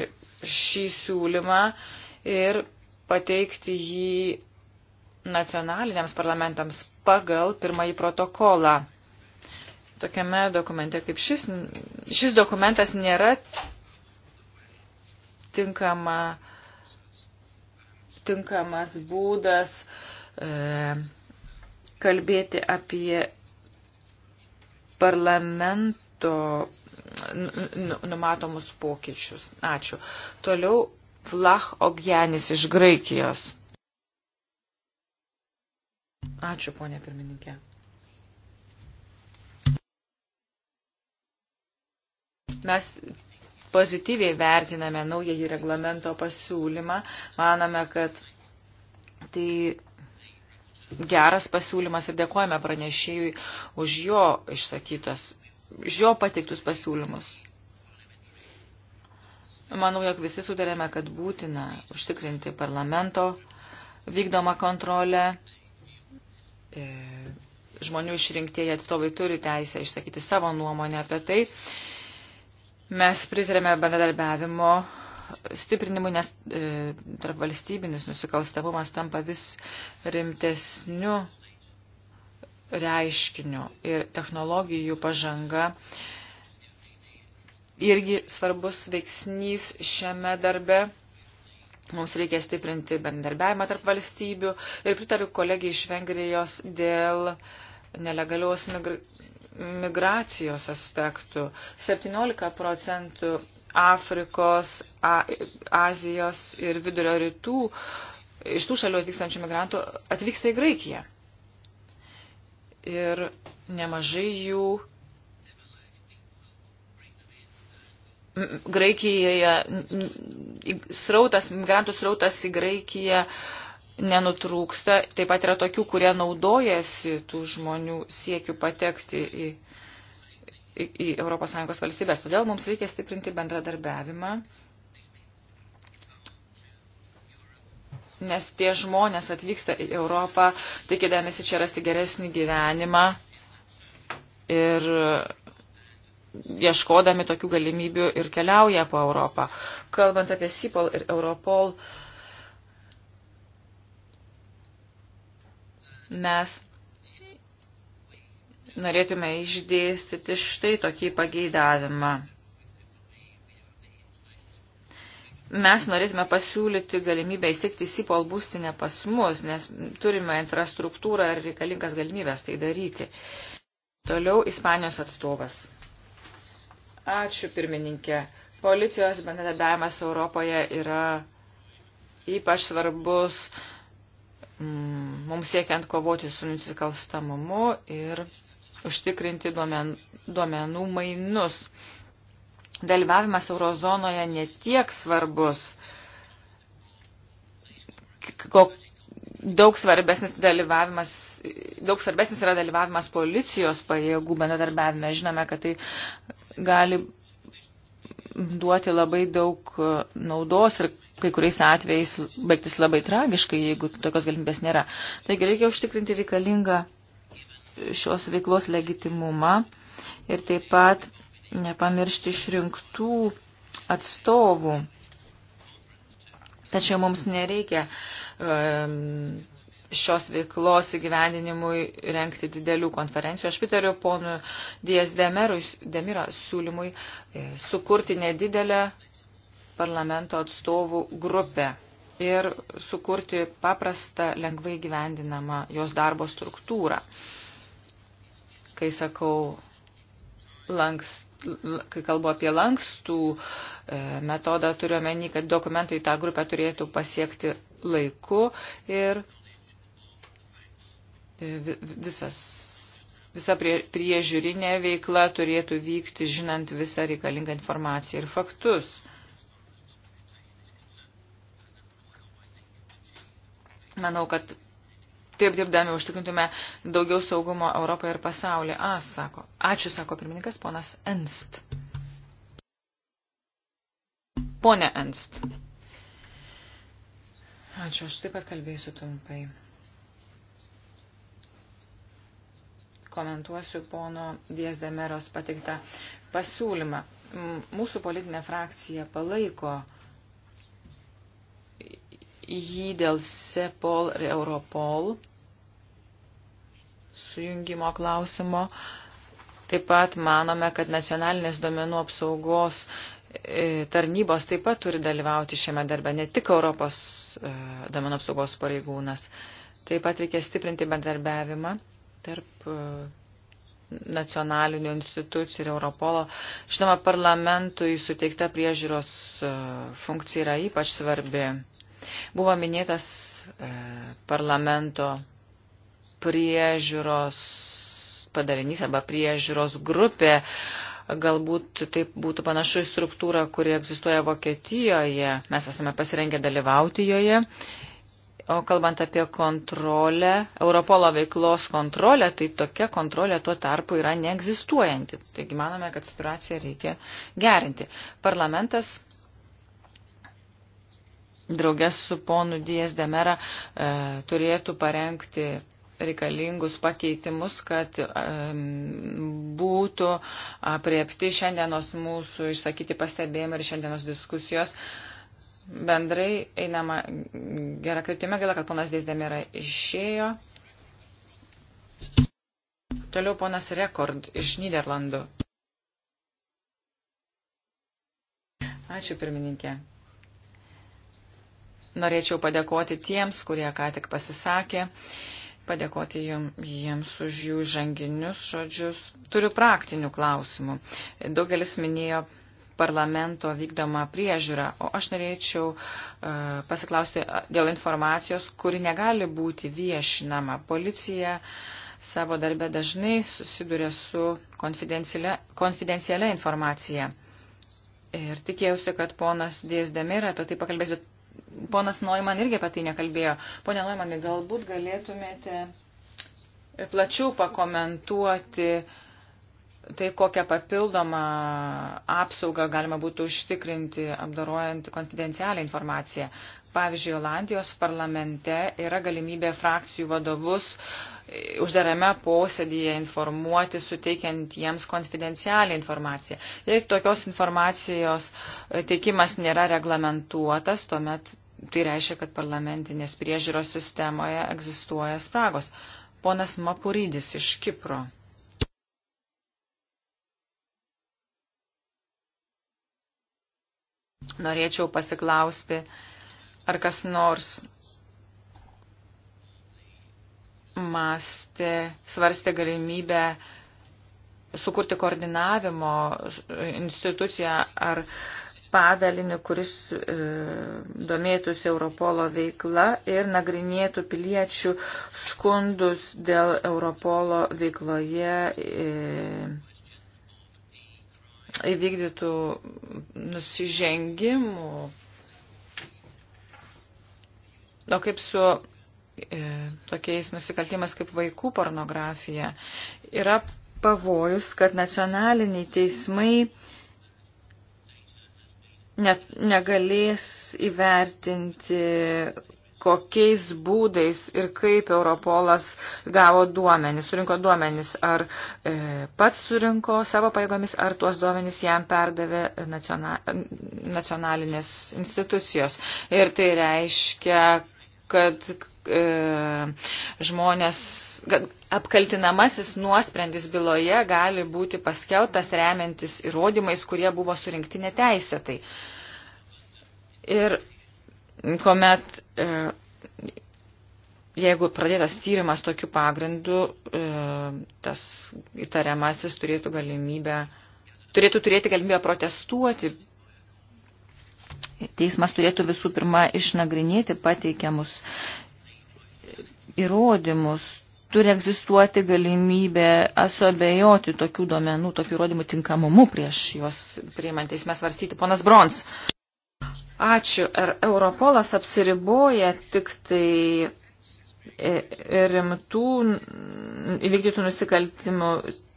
šį siūlymą ir pateikti jį nacionaliniams parlamentams pagal pirmąjį protokolą tokiame dokumente kaip šis, šis dokumentas nėra tinkama, tinkamas būdas e, kalbėti apie parlamento numatomus pokyčius. Ačiū. Toliau Vlach Objanis iš Graikijos. Ačiū, ponė pirmininkė. Mes pozityviai vertiname naująjį reglamento pasiūlymą. Manome, kad tai geras pasiūlymas ir dėkojame pranešėjui už jo išsakytas, už jo pateiktus pasiūlymus. Manau, jog visi sudarėme, kad būtina užtikrinti parlamento vykdomą kontrolę. E, žmonių išrinktieji atstovai turi teisę išsakyti savo nuomonę apie tai. Mes pritarėme bendradarbiavimo stiprinimui, nes e, tarp valstybinis nusikalstamumas tampa vis rimtesniu reiškiniu ir technologijų pažanga irgi svarbus veiksnys šiame darbe. Mums reikia stiprinti bendarbiavimą tarp valstybių ir pritariu kolegijai iš Vengrijos dėl nelegalios migracijos migracijos aspektų. 17 procentų Afrikos, A, Azijos ir Vidurio rytų iš tų šalių atvykstančių migrantų atvyksta į Graikiją. Ir nemažai jų Graikijoje, srautas, migrantų srautas į Graikiją uh, nenutrūksta. Taip pat yra tokių, kurie naudojasi tų žmonių siekių patekti į, į, į ES valstybės. Todėl mums reikia stiprinti bendradarbiavimą, nes tie žmonės atvyksta į Europą, tikėdamėsi čia rasti geresnį gyvenimą ir ieškodami tokių galimybių ir keliauja po Europą. Kalbant apie SIPOL ir Europol, uh, mes norėtume išdėstyti štai tokį pageidavimą. Mes norėtume pasiūlyti galimybę įsteigti SIPOL būstinę pas mus, nes turime infrastruktūrą ir reikalingas galimybės tai daryti. Toliau Ispanijos atstovas. Ačiū pirmininkė. Policijos bendradarbiavimas Europoje yra ypač svarbus uh, Mm, mums siekiant kovoti su nusikalstamumu ir užtikrinti duomen, duomenų mainus. Dalyvavimas eurozonoje netiek svarbus, daug svarbesnis, dalyvavimas, daug svarbesnis yra dalyvavimas policijos pajėgų bendradarbiavime. Žinome, kad tai gali duoti labai daug naudos ir kai kuriais atvejais baigtis labai tragiškai, jeigu tokios galimybės nėra. Taigi reikia užtikrinti reikalingą šios veiklos legitimumą ir taip pat nepamiršti išrinktų atstovų. Tačiau mums nereikia um, šios veiklos įgyvendinimui renkti didelių konferencijų. Aš pritariu ponui Dijas Demirui siūlymui e, sukurti nedidelę parlamento atstovų grupę ir sukurti paprastą, lengvai gyvendinamą jos darbo struktūrą. Kai sakau, lanks, kai kalbu apie lankstų e, metodą, turiu menį, kad dokumentai tą grupę turėtų pasiekti laiku ir e, visas, visa prie, priežiūrinė veikla turėtų vykti, žinant visą reikalingą informaciją ir faktus. Manau, kad taip dirbdami užtikrintume daugiau saugumo Europoje ir pasaulyje. A, sako. Ačiū, sako pirmininkas ponas Enst. Pone Enst. Ačiū, aš taip pat kalbėsiu trumpai. Komentuosiu pono Diezdemeros pateiktą pasiūlymą. Mūsų politinė frakcija palaiko jį dėl SEPOL ir Europol sujungimo klausimo. Taip pat manome, kad nacionalinės domenų apsaugos e, tarnybos taip pat turi dalyvauti šiame darbe, ne tik Europos e, domenų apsaugos pareigūnas. Taip pat reikia stiprinti bendarbiavimą tarp e, nacionalinių institucijų ir Europolo. Žinoma, parlamentui suteikta priežiūros funkcija yra ypač svarbi. Buvo minėtas e, parlamento priežiūros padarinys arba priežiūros grupė, galbūt taip būtų panašu į struktūrą, kuri egzistuoja Vokietijoje. Mes esame pasirengę dalyvauti joje. O kalbant apie kontrolę, Europolo veiklos kontrolę, tai tokia kontrolė tuo tarpu yra neegzistuojanti. Taigi manome, kad situaciją reikia gerinti. Parlamentas draugės su ponu Dijas Demera e, turėtų parengti reikalingus pakeitimus, kad e, būtų apriepti šiandienos mūsų išsakyti pastebėjimai ir šiandienos diskusijos. Bendrai einama gera kryptime, gaila, kad ponas Dijas Demera išėjo. Toliau ponas Rekord iš Niderlandų. Ačiū pirmininkė. Norėčiau padėkoti tiems, kurie ką tik pasisakė, padėkoti jiems už jų žanginius žodžius. Turiu praktinių klausimų. Daugelis minėjo parlamento vykdomą priežiūrą, o aš norėčiau uh, pasiklausti dėl informacijos, kuri negali būti viešinama. Policija savo darbę dažnai susiduria su konfidencialia, konfidencialia informacija. Ir tikėjausi, kad ponas Dėjas Demir apie tai pakalbės, bet ponas Noiman irgi apie tai nekalbėjo. Pone Noimanai, galbūt galėtumėte plačiau pakomentuoti uh, tai kokią papildomą apsaugą galima būtų užtikrinti, apdarojant konfidencialią informaciją. Pavyzdžiui, Olandijos parlamente yra galimybė frakcijų vadovus e, uždarame posėdėje informuoti, suteikiant jiems konfidencialią informaciją. Jei tokios informacijos e, teikimas nėra reglamentuotas, tuomet tai reiškia, kad parlamentinės priežiūros sistemoje egzistuoja spragos. Ponas Mapurydis iš Kipro. norėčiau pasiklausti, ar kas nors mąstė, svarstė galimybę sukurti koordinavimo instituciją ar padalinį, kuris e, domėtųsi Europolo veikla ir nagrinėtų piliečių skundus dėl Europolo veikloje. E, įvykdytų nusižengimų. O kaip su e, tokiais nusikaltimas kaip vaikų pornografija? Yra pavojus, kad nacionaliniai teismai net negalės įvertinti kokiais būdais ir kaip Europolas gavo duomenis, surinko duomenis, ar e, pats surinko savo paėgomis, ar tuos duomenis jam perdavė nacionalinės institucijos. Ir tai reiškia, kad e, žmonės, kad apkaltinamasis nuosprendis byloje gali būti paskeltas remiantis įrodymais, kurie buvo surinkti neteisėtai. Ir kuomet e, jeigu pradėtas tyrimas tokiu pagrindu, e, tas įtariamasis turėtų galimybę, turėtų turėti galimybę protestuoti. Teismas turėtų visų pirma išnagrinėti pateikiamus įrodymus. Turi egzistuoti galimybė asabejoti tokių duomenų, tokių įrodymų tinkamumu prieš juos priimant teismę svarstyti. Ponas Brons. Ačiū. Ar Europolas apsiriboja tik tai e, rimtų įvykdytų nusikaltimų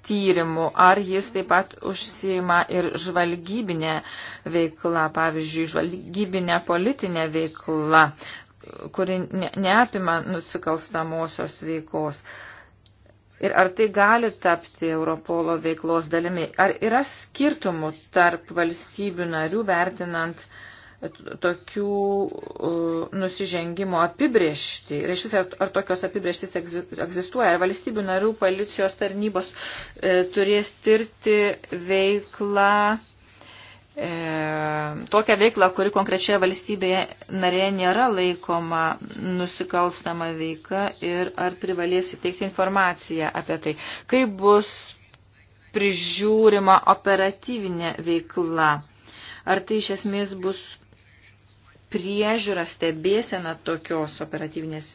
tyrimų, ar jis taip pat užsima ir žvalgybinė veikla, pavyzdžiui, žvalgybinė politinė veikla, kuri neapima nusikalstamosios veikos. Ir ar tai gali tapti Europolo veiklos dalimi? Ar yra skirtumų tarp valstybių narių vertinant uh, tokių e, nusižengimo apibriešti. Ir iš vis, ar, ar tokios apibrieštis egzistuoja, ar valstybių narių policijos tarnybos e, turės tirti veiklą, e, tokią veiklą, kuri konkrečioje valstybėje narėje nėra laikoma nusikalstama veika ir ar privalės įteikti informaciją apie tai. Kaip bus prižiūrima operatyvinė veikla? Ar tai iš esmės bus priežiūra stebėsena tokios operatyvinės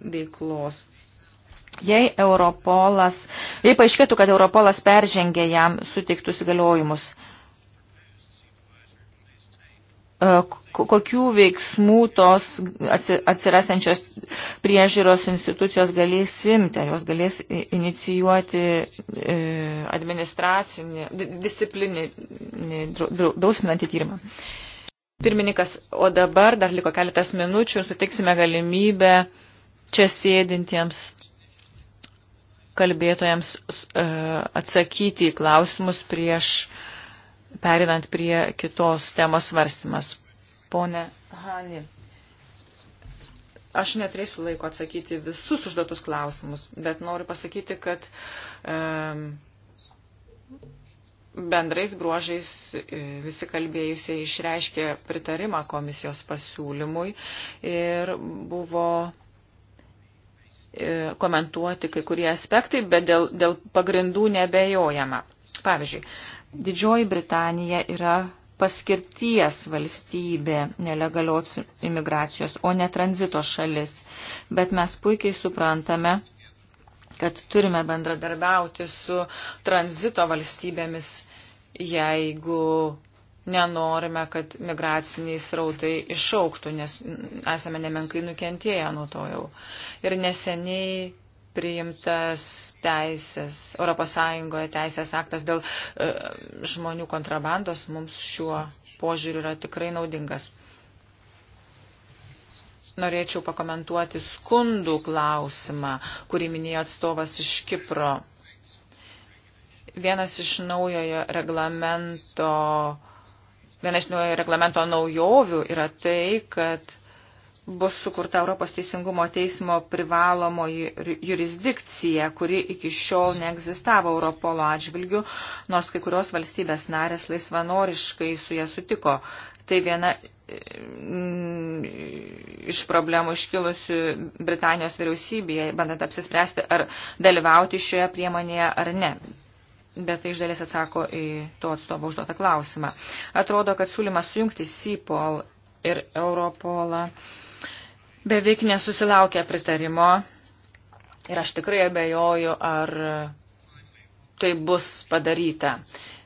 veiklos. Jei Europolas, jei paaiškėtų, kad Europolas peržengė jam suteiktus įgaliojimus, e, kokių veiksmų tos atsirasančios priežiūros institucijos galės simti, ar jos galės inicijuoti e, administracinį, disciplinį drausminantį tyrimą. Pirmininkas, o dabar dar liko keletas minučių ir sutiksime galimybę čia sėdintiems kalbėtojams e, atsakyti į klausimus prieš perinant prie kitos temos svarstymas. Pone Hani, aš neturėsiu laiko atsakyti visus užduotus klausimus, bet noriu pasakyti, kad um, bendrais bruožais e, visi kalbėjusiai išreiškė pritarimą komisijos pasiūlymui ir buvo e, komentuoti kai kurie aspektai, bet dėl, dėl pagrindų nebejojama. Pavyzdžiui, Didžioji Britanija yra paskirties valstybė nelegalios imigracijos, o ne tranzito šalis, bet mes puikiai suprantame, kad turime bendradarbiauti su tranzito valstybėmis, jeigu nenorime, kad migraciniai srautai išauktų, nes esame nemenkai nukentėję nuo to jau. Ir neseniai priimtas teisės, ES teisės aktas dėl e, žmonių kontrabandos mums šiuo požiūriu yra tikrai naudingas norėčiau pakomentuoti skundų klausimą, kurį minėjo atstovas iš Kipro. Vienas iš naujojo reglamento, viena iš naujojo reglamento naujovių yra tai, kad bus sukurta Europos teisingumo teismo privalomo jurisdikcija, kuri iki šiol neegzistavo Europolo atžvilgių, nors kai kurios valstybės narės laisvanoriškai su jie sutiko. Tai viena mm, iš problemų iškilusių Britanijos vyriausybėje, bandant apsispręsti, ar dalyvauti šioje priemonėje ar ne bet tai iš dalies atsako į to atstovo užduotą klausimą. Atrodo, kad siūlymas sujungti SIPOL ir Europolą beveik nesusilaukia pritarimo ir aš tikrai abejoju, ar tai bus padaryta.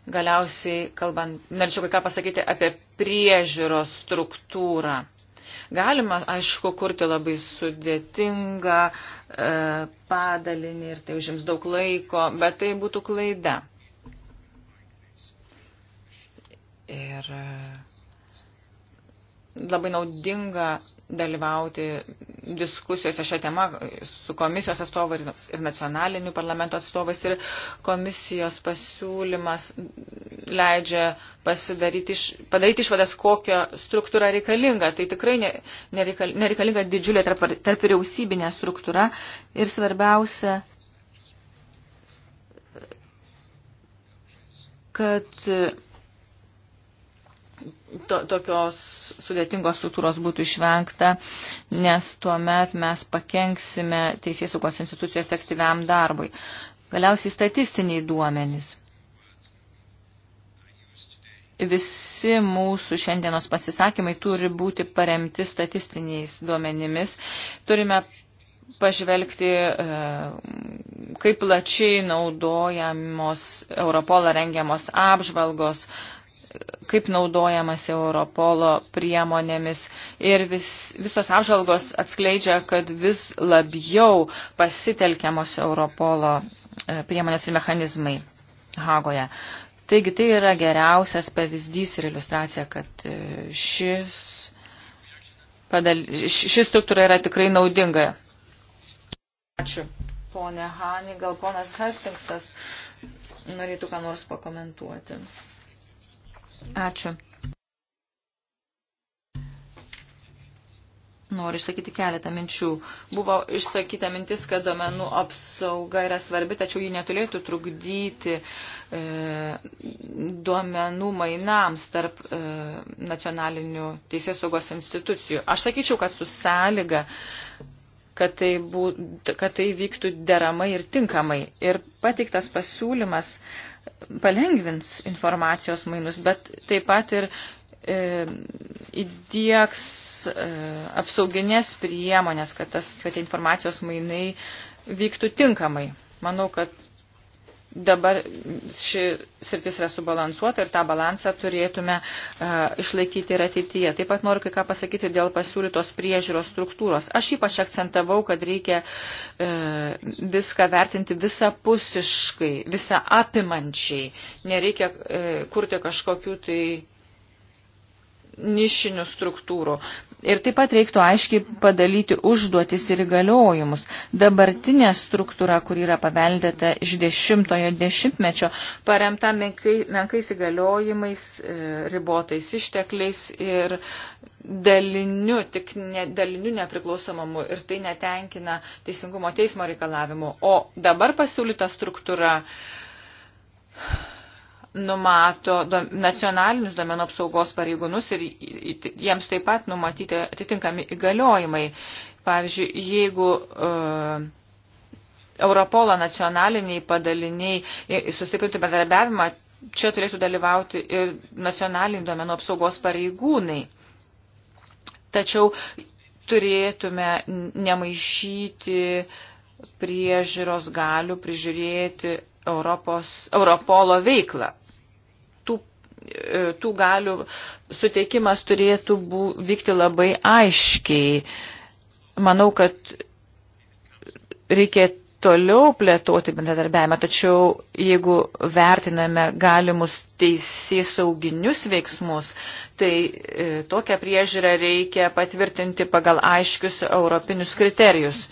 Galiausiai, kalbant, norėčiau ką pasakyti apie priežiūros struktūrą. Galima, aišku, kurti labai sudėtingą e, padalinį ir tai užims daug laiko, bet tai būtų klaida. Ir e, labai naudinga dalyvauti diskusijose šią temą su komisijos atstovais ir nacionaliniu parlamento atstovais ir komisijos pasiūlymas leidžia pasidaryti, padaryti išvadas, kokią struktūrą reikalinga. Tai tikrai nereikalinga didžiulė tarp, tarp vyriausybinė struktūra ir svarbiausia, kad to, tokios sudėtingos struktūros būtų išvengta, nes tuomet mes pakenksime teisės saugos institucijų efektyviam darbui. Galiausiai statistiniai duomenys. Visi mūsų šiandienos pasisakymai turi būti paremti statistiniais duomenimis. Turime pažvelgti, e, kaip plačiai naudojamos Europolo rengiamos apžvalgos, kaip naudojamas Europolo priemonėmis ir vis, visos apžalgos atskleidžia, kad vis labiau pasitelkiamos Europolo e, priemonės ir mechanizmai Hagoje. Taigi tai yra geriausias pavyzdys ir iliustracija, kad e, šis, padal, šis struktūra yra tikrai naudinga. Ačiū. Pone Hani, gal ponas Hastingsas norėtų ką nors pakomentuoti. Ačiū. Noriu išsakyti keletą minčių. Buvo išsakyta mintis, kad domenų apsauga yra svarbi, tačiau ji neturėtų trukdyti e, duomenų mainams tarp e, nacionalinių teisės saugos institucijų. Aš sakyčiau, kad su sąlyga, kad tai, bū, kad tai vyktų deramai ir tinkamai. Ir pateiktas pasiūlymas e, palengvins informacijos mainus, bet taip pat ir e, įdėks e, apsauginės priemonės, kad, tas, kad informacijos mainai vyktų tinkamai. Manau, kad dabar ši sritis yra subalansuota ir tą balansą turėtume uh, išlaikyti ir ateityje. Taip pat noriu kai ką pasakyti dėl pasiūlytos priežiūros struktūros. Aš ypač akcentavau, kad reikia uh, viską vertinti visapusiškai, visą apimančiai. Nereikia uh, kurti kažkokių tai nišinių struktūrų. Ir taip pat reiktų aiškiai padalyti užduotis ir įgaliojimus. Dabartinė struktūra, kur yra paveldėta iš dešimtojo dešimtmečio, paremta menkai, menkais įgaliojimais, e, ribotais ištekliais ir daliniu, tik ne, daliniu nepriklausomumu. Ir tai netenkina teisingumo teismo reikalavimu. O dabar pasiūlyta struktūra numato nacionalinius domenų apsaugos pareigūnus ir jiems taip pat numatyti atitinkami įgaliojimai. Pavyzdžiui, jeigu uh, Europolo nacionaliniai padaliniai sustiprinti bendradarbiavimą, čia turėtų dalyvauti ir nacionaliniai domenų apsaugos pareigūnai. Tačiau turėtume nemaišyti priežiūros galių prižiūrėti Europos, Europolo veiklą. E, tų galių suteikimas turėtų bū, vykti labai aiškiai. Manau, kad reikia toliau plėtoti bendradarbiavimą, tačiau jeigu vertiname galimus teisės sauginius veiksmus, tai e, tokią priežiūrą reikia patvirtinti pagal aiškius europinius kriterijus.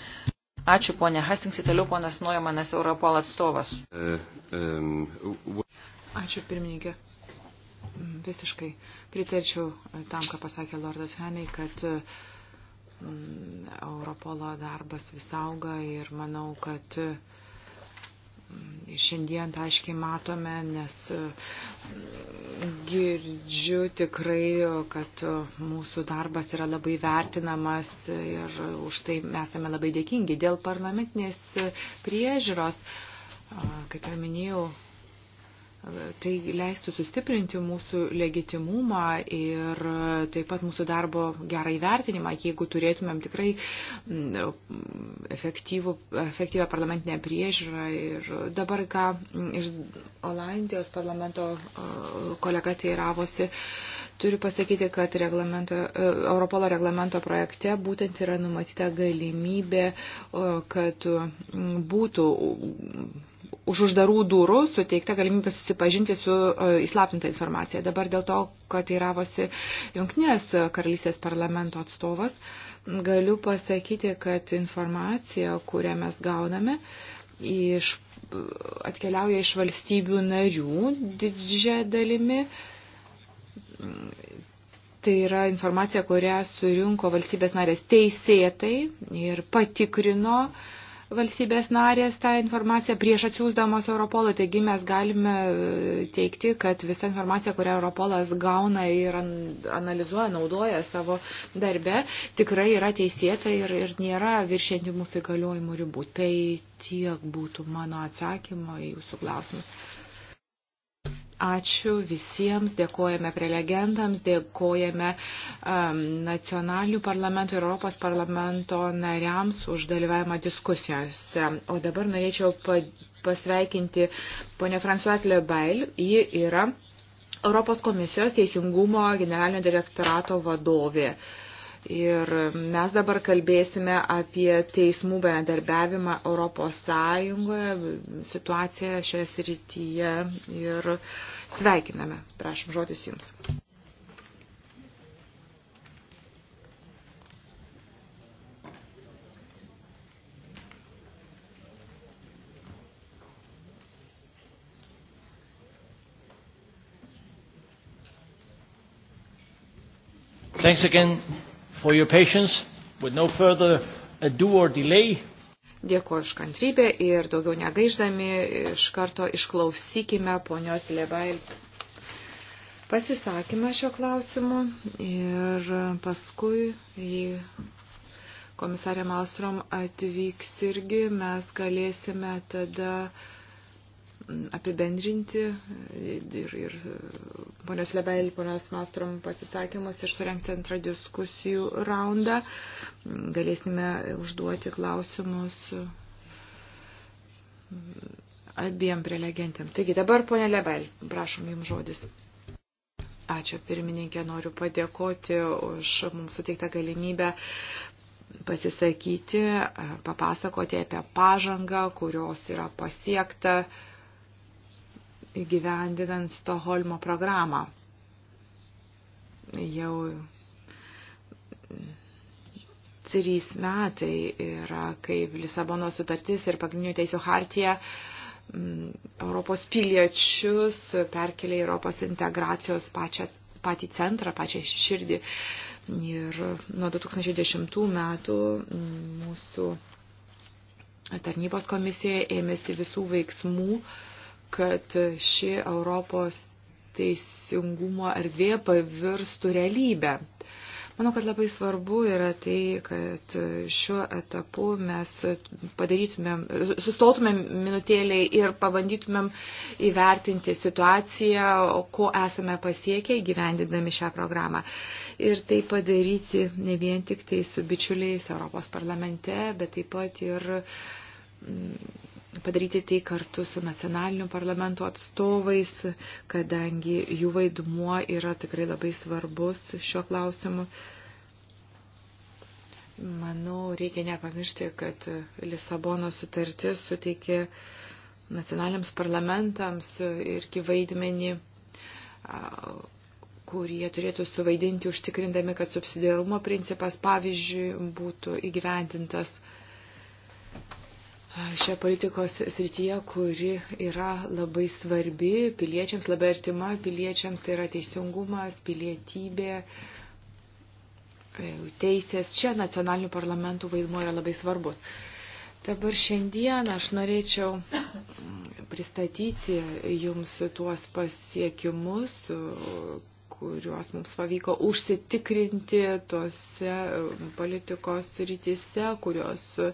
Ačiū ponė Hastings, toliau ponas Nojamanas, Europol atstovas. E, Ačiū pirmininkė visiškai pritarčiau tam, ką pasakė Lordas Henai, kad mm, Europolo darbas vis auga ir manau, kad mm, šiandien tai aiškiai matome, nes mm, girdžiu tikrai, kad mūsų darbas yra labai vertinamas ir už tai esame labai dėkingi. Dėl parlamentinės priežiūros, kaip jau minėjau, Tai leistų sustiprinti mūsų legitimumą ir taip pat mūsų darbo gerą įvertinimą, jeigu turėtumėm tikrai mm, efektyvų, efektyvę parlamentinę priežiūrą. Ir dabar, ką iš Olandijos parlamento kolega teiravosi, Turiu pasakyti, kad reglamento, e, Europolo reglamento projekte būtent yra numatyta galimybė, kad mm, būtų už uždarų durų suteikta galimybė susipažinti su e, įslaptinta informacija. Dabar dėl to, kad teiravosi Junktinės karalystės parlamento atstovas, galiu pasakyti, kad informacija, kurią mes gauname, iš, atkeliauja iš valstybių narių didžią dalimi. Tai yra informacija, kurią surinko valstybės narės teisėtai ir patikrino uh, valstybės narės tą informaciją prieš atsiūsdamos Europolą, taigi mes galime e, teikti, kad visa informacija, kurią Europolas gauna ir analizuoja, naudoja savo darbe, tikrai yra teisėta ir, ir nėra viršinti mūsų įgaliojimų ribų. Tai tiek būtų mano atsakymo į jūsų klausimus. Ačiū visiems, dėkojame prelegentams, dėkojame um, nacionalinių parlamentų ir Europos parlamento nariams už dalyvavimą diskusijose. O dabar norėčiau pa, pasveikinti ponę Fransuas Lebail. Ji yra Europos komisijos teisingumo generalinio direktorato vadovė. Uh, Ir mes dabar kalbėsime apie teismų bendarbiavimą Europos Sąjungoje, situaciją šioje srityje ir sveikiname. Prašom, žodis jums. Thanks again for your patience with no further ado or delay. Dėkuoju iš kantrybę ir daugiau negaiždami iš karto išklausykime ponios Levail pasisakymą šio klausimu ir paskui į komisarę Malstrom atvyks irgi mes galėsime tada uh, apibendrinti e, ir, ir e, ponios Lebel, ponios Mastrom pasisakymus ir surenkti antrą diskusijų raundą. Galėsime užduoti klausimus e, abiem prelegentėm. Taigi dabar, ponė Lebel, prašom jums žodis. Ačiū pirmininkė, noriu padėkoti už mums suteiktą galimybę pasisakyti, papasakoti apie pažangą, kurios yra pasiekta įgyvendinant Stoholmo programą. Jau trys metai yra, kaip Lisabono sutartis ir pagrindinių teisų hartija mm, Europos piliečius perkelia Europos integracijos pačią, patį centrą, pačią širdį. Ir nuo 2010 metų mm, mūsų tarnybos komisija ėmėsi visų veiksmų, uh, kad ši Europos teisingumo erdvė pavirstų realybę. Manau, kad labai svarbu yra tai, kad šiuo etapu mes padarytumėm, sustotumėm minutėliai ir pabandytumėm įvertinti situaciją, ko esame pasiekę įgyvendindami šią programą. Ir tai padaryti ne vien tik tai su bičiuliais Europos parlamente, bet taip pat ir padaryti tai kartu su nacionaliniu parlamento atstovais, kadangi jų vaidmuo yra tikrai labai svarbus šiuo klausimu. Manau, reikia nepamiršti, kad Lisabono sutartis suteikė nacionaliniams parlamentams irgi vaidmenį, kurie turėtų suvaidinti užtikrindami, kad subsidiarumo principas, pavyzdžiui, būtų įgyvendintas šią politikos srityje, kuri yra labai svarbi piliečiams, labai artima piliečiams, tai yra teisingumas, pilietybė, teisės. Čia nacionalinių parlamentų vaidmuo yra labai svarbus. Dabar šiandien aš norėčiau pristatyti jums tuos pasiekimus, kuriuos mums pavyko užsitikrinti tose politikos rytise, kurios uh,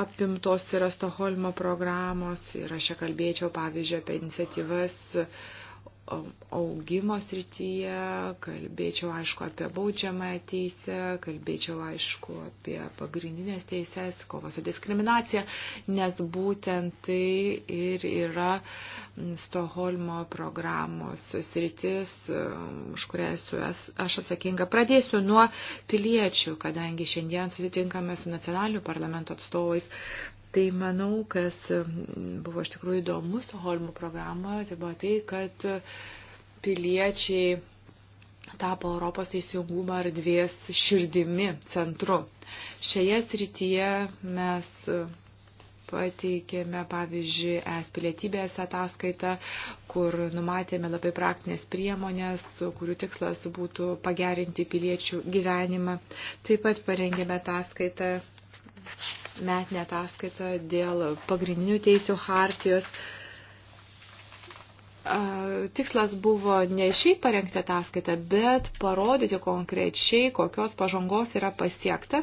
apimtos yra Stoholmo programos ir aš čia kalbėčiau, pavyzdžiui, apie iniciatyvas augimo srityje, kalbėčiau aišku apie baudžiamąją teisę, kalbėčiau aišku apie pagrindinės teisės, kovą su diskriminacija, nes būtent tai ir yra Stoholmo programos sritis, už kurią esu aš atsakinga. Pradėsiu nuo piliečių, kadangi šiandien susitinkame su nacionaliniu parlamento atstovais Tai manau, kas buvo iš tikrųjų įdomu su Holmų programa, tai buvo tai, kad piliečiai tapo Europos teisingumo erdvės širdimi, centru. Šioje srityje mes pateikėme, pavyzdžiui, es pilietybės ataskaitą, kur numatėme labai praktinės priemonės, kurių tikslas būtų pagerinti piliečių gyvenimą. Taip pat parengėme ataskaitą metinę ataskaitą dėl pagrindinių teisių hartijos. Tikslas buvo ne šiaip parengti ataskaitą, bet parodyti konkrečiai, kokios pažangos yra pasiekta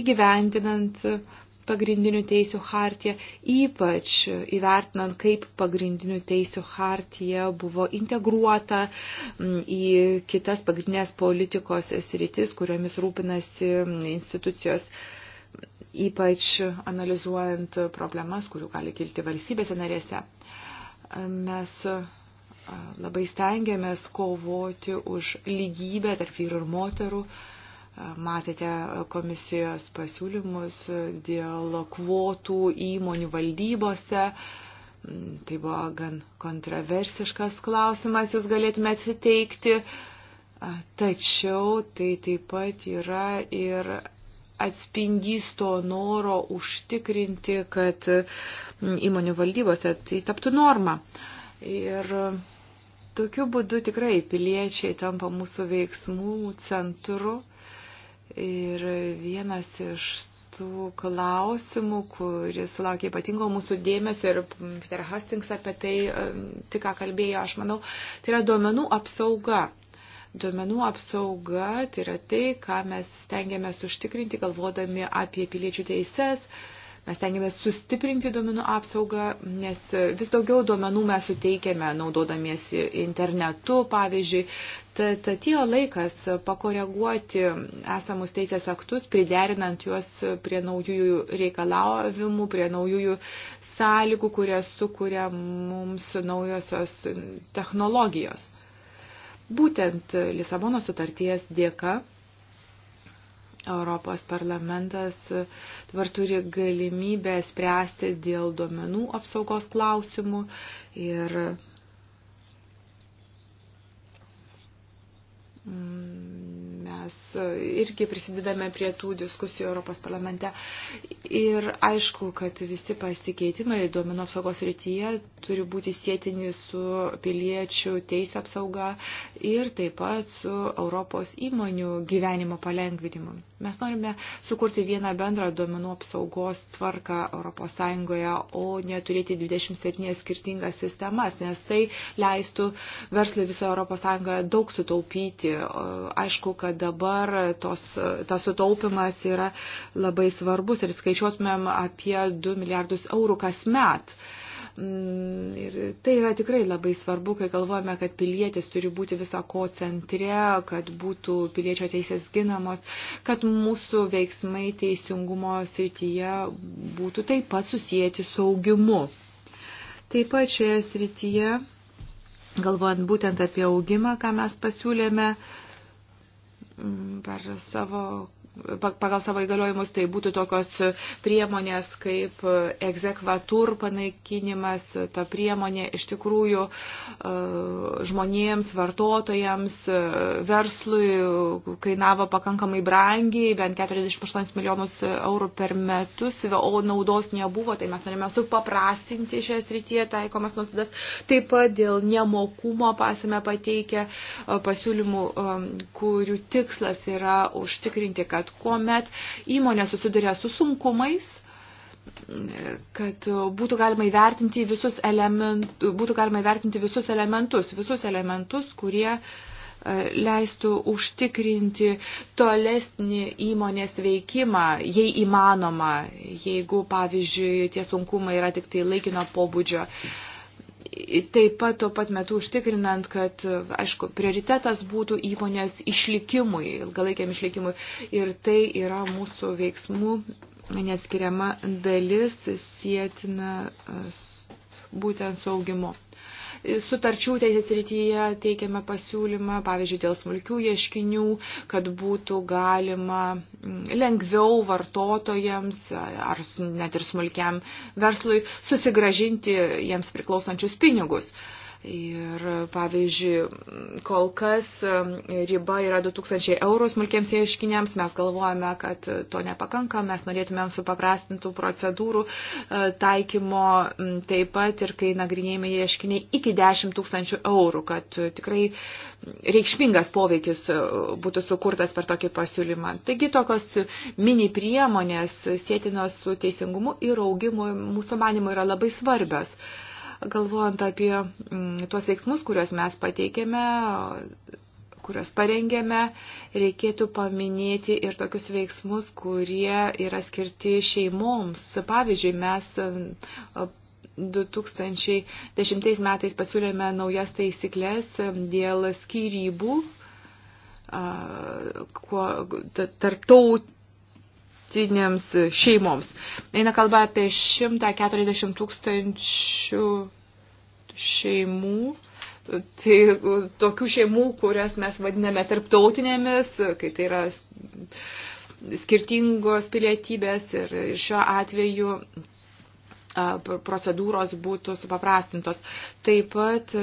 įgyvendinant pagrindinių teisių hartiją, ypač įvertinant, kaip pagrindinių teisių hartija buvo integruota į kitas pagrindinės politikos sritis, kuriomis rūpinasi institucijos. Uh, ypač analizuojant problemas, kurių gali kilti valstybėse narėse. Mes labai stengiamės kovoti už lygybę tarp vyrų ir moterų. Matėte komisijos pasiūlymus dėl kvotų įmonių valdybose. Tai buvo gan kontroversiškas klausimas, jūs galėtumėte atsiteikti. Tačiau tai taip pat yra ir atspindys to noro užtikrinti, kad mm, įmonių valdybose tai taptų norma. Ir tokiu būdu tikrai piliečiai tampa mūsų veiksmų centru. Ir vienas iš tų klausimų, kuris sulaukė ypatingo mūsų dėmesio ir Peter Hastings apie tai e, tik ką kalbėjo, aš manau, tai yra duomenų apsauga. Duomenų apsauga tai yra tai, ką mes stengiamės užtikrinti, galvodami apie piliečių teises. Mes stengiamės sustiprinti duomenų apsaugą, nes vis daugiau duomenų mes suteikiame naudodamiesi internetu, pavyzdžiui. Tad atėjo laikas pakoreguoti esamus teisės aktus, priderinant juos prie naujųjų reikalavimų, prie naujųjų sąlygų, kurias sukuria mums naujosios technologijos. Būtent Lisabono sutarties dėka Europos parlamentas dabar turi galimybę spręsti dėl duomenų apsaugos klausimų ir mm, mes irgi prisidedame prie tų diskusijų Europos parlamente. Ir aišku, kad visi pasikeitimai duomenų apsaugos rytyje turi būti sėtini su piliečių teisė apsauga ir taip pat su Europos įmonių gyvenimo palengvinimu. Mes norime sukurti vieną bendrą duomenų apsaugos tvarką Europos Sąjungoje, o neturėti 27 skirtingas sistemas, nes tai leistų verslui visoje Europos Sąjungoje daug sutaupyti. Aišku, kad dabar dabar tos, tas sutaupimas yra labai svarbus ir skaičiuotumėm apie 2 milijardus eurų kasmet. Mm, ir tai yra tikrai labai svarbu, kai galvojame, kad pilietis turi būti visako centre, kad būtų piliečio teisės ginamos, kad mūsų veiksmai teisingumo srityje būtų taip pat susijęti su augimu. Taip pat šioje srityje, galvojant būtent apie augimą, ką mes pasiūlėme, per savo pagal savo įgaliojimus, tai būtų tokios priemonės kaip egzekvatur panaikinimas, ta priemonė iš tikrųjų e, žmonėms, vartotojams, e, verslui kainavo pakankamai brangiai, bent 48 milijonus eurų per metus, o naudos nebuvo, tai mes norime supaprastinti šioje srityje taikomas nusidas. Taip pat dėl nemokumo pasime pateikę e, pasiūlymų, kurių tikslas yra užtikrinti, kad kad kuomet įmonė susiduria su sunkumais, kad būtų galima įvertinti visus, element, būtų galima įvertinti visus elementus, visus elementus, kurie e, leistų užtikrinti tolesnį įmonės veikimą, jei įmanoma, jeigu, pavyzdžiui, tie sunkumai yra tik tai laikino pobūdžio. Uh, Taip pat tuo pat metu užtikrinant, kad, aišku, prioritetas būtų įmonės išlikimui, ilgalaikiam išlikimui. Ir tai yra mūsų veiksmų neskiriama dalis sėtina būtent saugimu sutarčių teisės rytyje teikiame pasiūlymą, pavyzdžiui, dėl smulkių ieškinių, kad būtų galima mm, lengviau vartotojams ar net ir smulkiam verslui susigražinti jiems priklausančius pinigus. Uh, Ir pavyzdžiui, kol kas um, riba yra 2000 eurų smulkiems ieškiniams, mes galvojame, kad to nepakanka, mes norėtumėm supaprastintų procedūrų uh, taikymo mm, taip pat ir kai nagrinėjame ieškiniai iki 10 tūkstančių eurų, kad uh, tikrai reikšmingas poveikis uh, būtų sukurtas per tokį pasiūlymą. Taigi tokios mini priemonės sėtinos su teisingumu ir augimu mūsų manimu yra labai svarbios galvojant apie mm, tuos veiksmus, kuriuos mes pateikėme, kuriuos parengėme, reikėtų paminėti ir tokius veiksmus, kurie yra skirti šeimoms. Pavyzdžiui, mes 2010 e, metais pasiūlėme naujas taisyklės dėl skyrybų tarptautinių paprastinėms šeimoms. Eina kalba apie 140 tūkstančių šeimų. Tai tokių šeimų, kurias mes vadiname tarptautinėmis, kai tai yra skirtingos pilietybės ir šiuo atveju procedūros būtų supaprastintos. Taip pat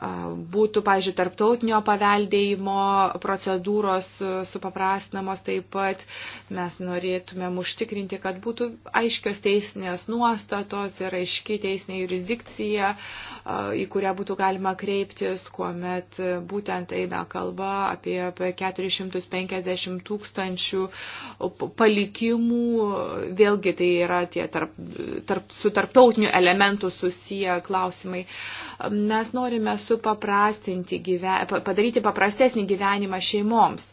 būtų, pažiūrėjau, tarptautinio paveldėjimo procedūros supaprastinamos taip pat. Mes norėtumėm užtikrinti, kad būtų aiškios teisinės nuostatos ir aiški teisinė jurisdikcija, į kurią būtų galima kreiptis, kuomet būtent eina kalba apie 450 tūkstančių palikimų. Vėlgi tai yra tie tarp, tarp, su tarptautiniu elementu susiję klausimai. Mes norime supaprastinti, gyve, padaryti paprastesnį gyvenimą šeimoms.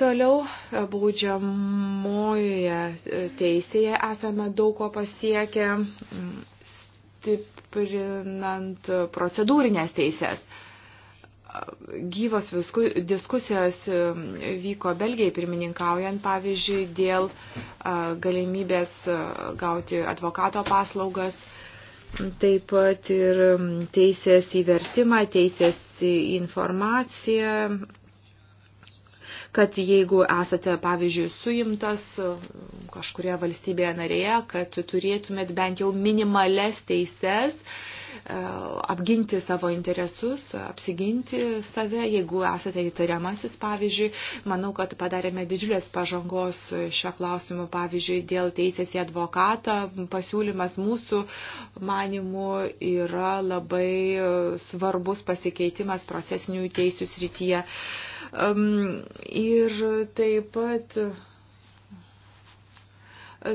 Toliau e, baudžiamojoje e, teisėje esame daug ko pasiekę, stiprinant procedūrinės teisės gyvos visku, diskusijos e, vyko Belgijai pirmininkaujant, pavyzdžiui, dėl galimybės gauti advokato paslaugas taip pat ir um, teisės įvertimą, teisės informaciją, kad jeigu esate, pavyzdžiui, suimtas um, kažkurioje valstybėje narėje, kad turėtumėt bent jau minimales teises E, apginti savo interesus, apsiginti save, jeigu esate įtariamasis, pavyzdžiui. Manau, kad padarėme didžiulės pažangos šio klausimu, pavyzdžiui, dėl teisės į advokatą. Pasiūlymas mūsų manimų yra labai svarbus pasikeitimas procesinių teisų srityje. Ir taip pat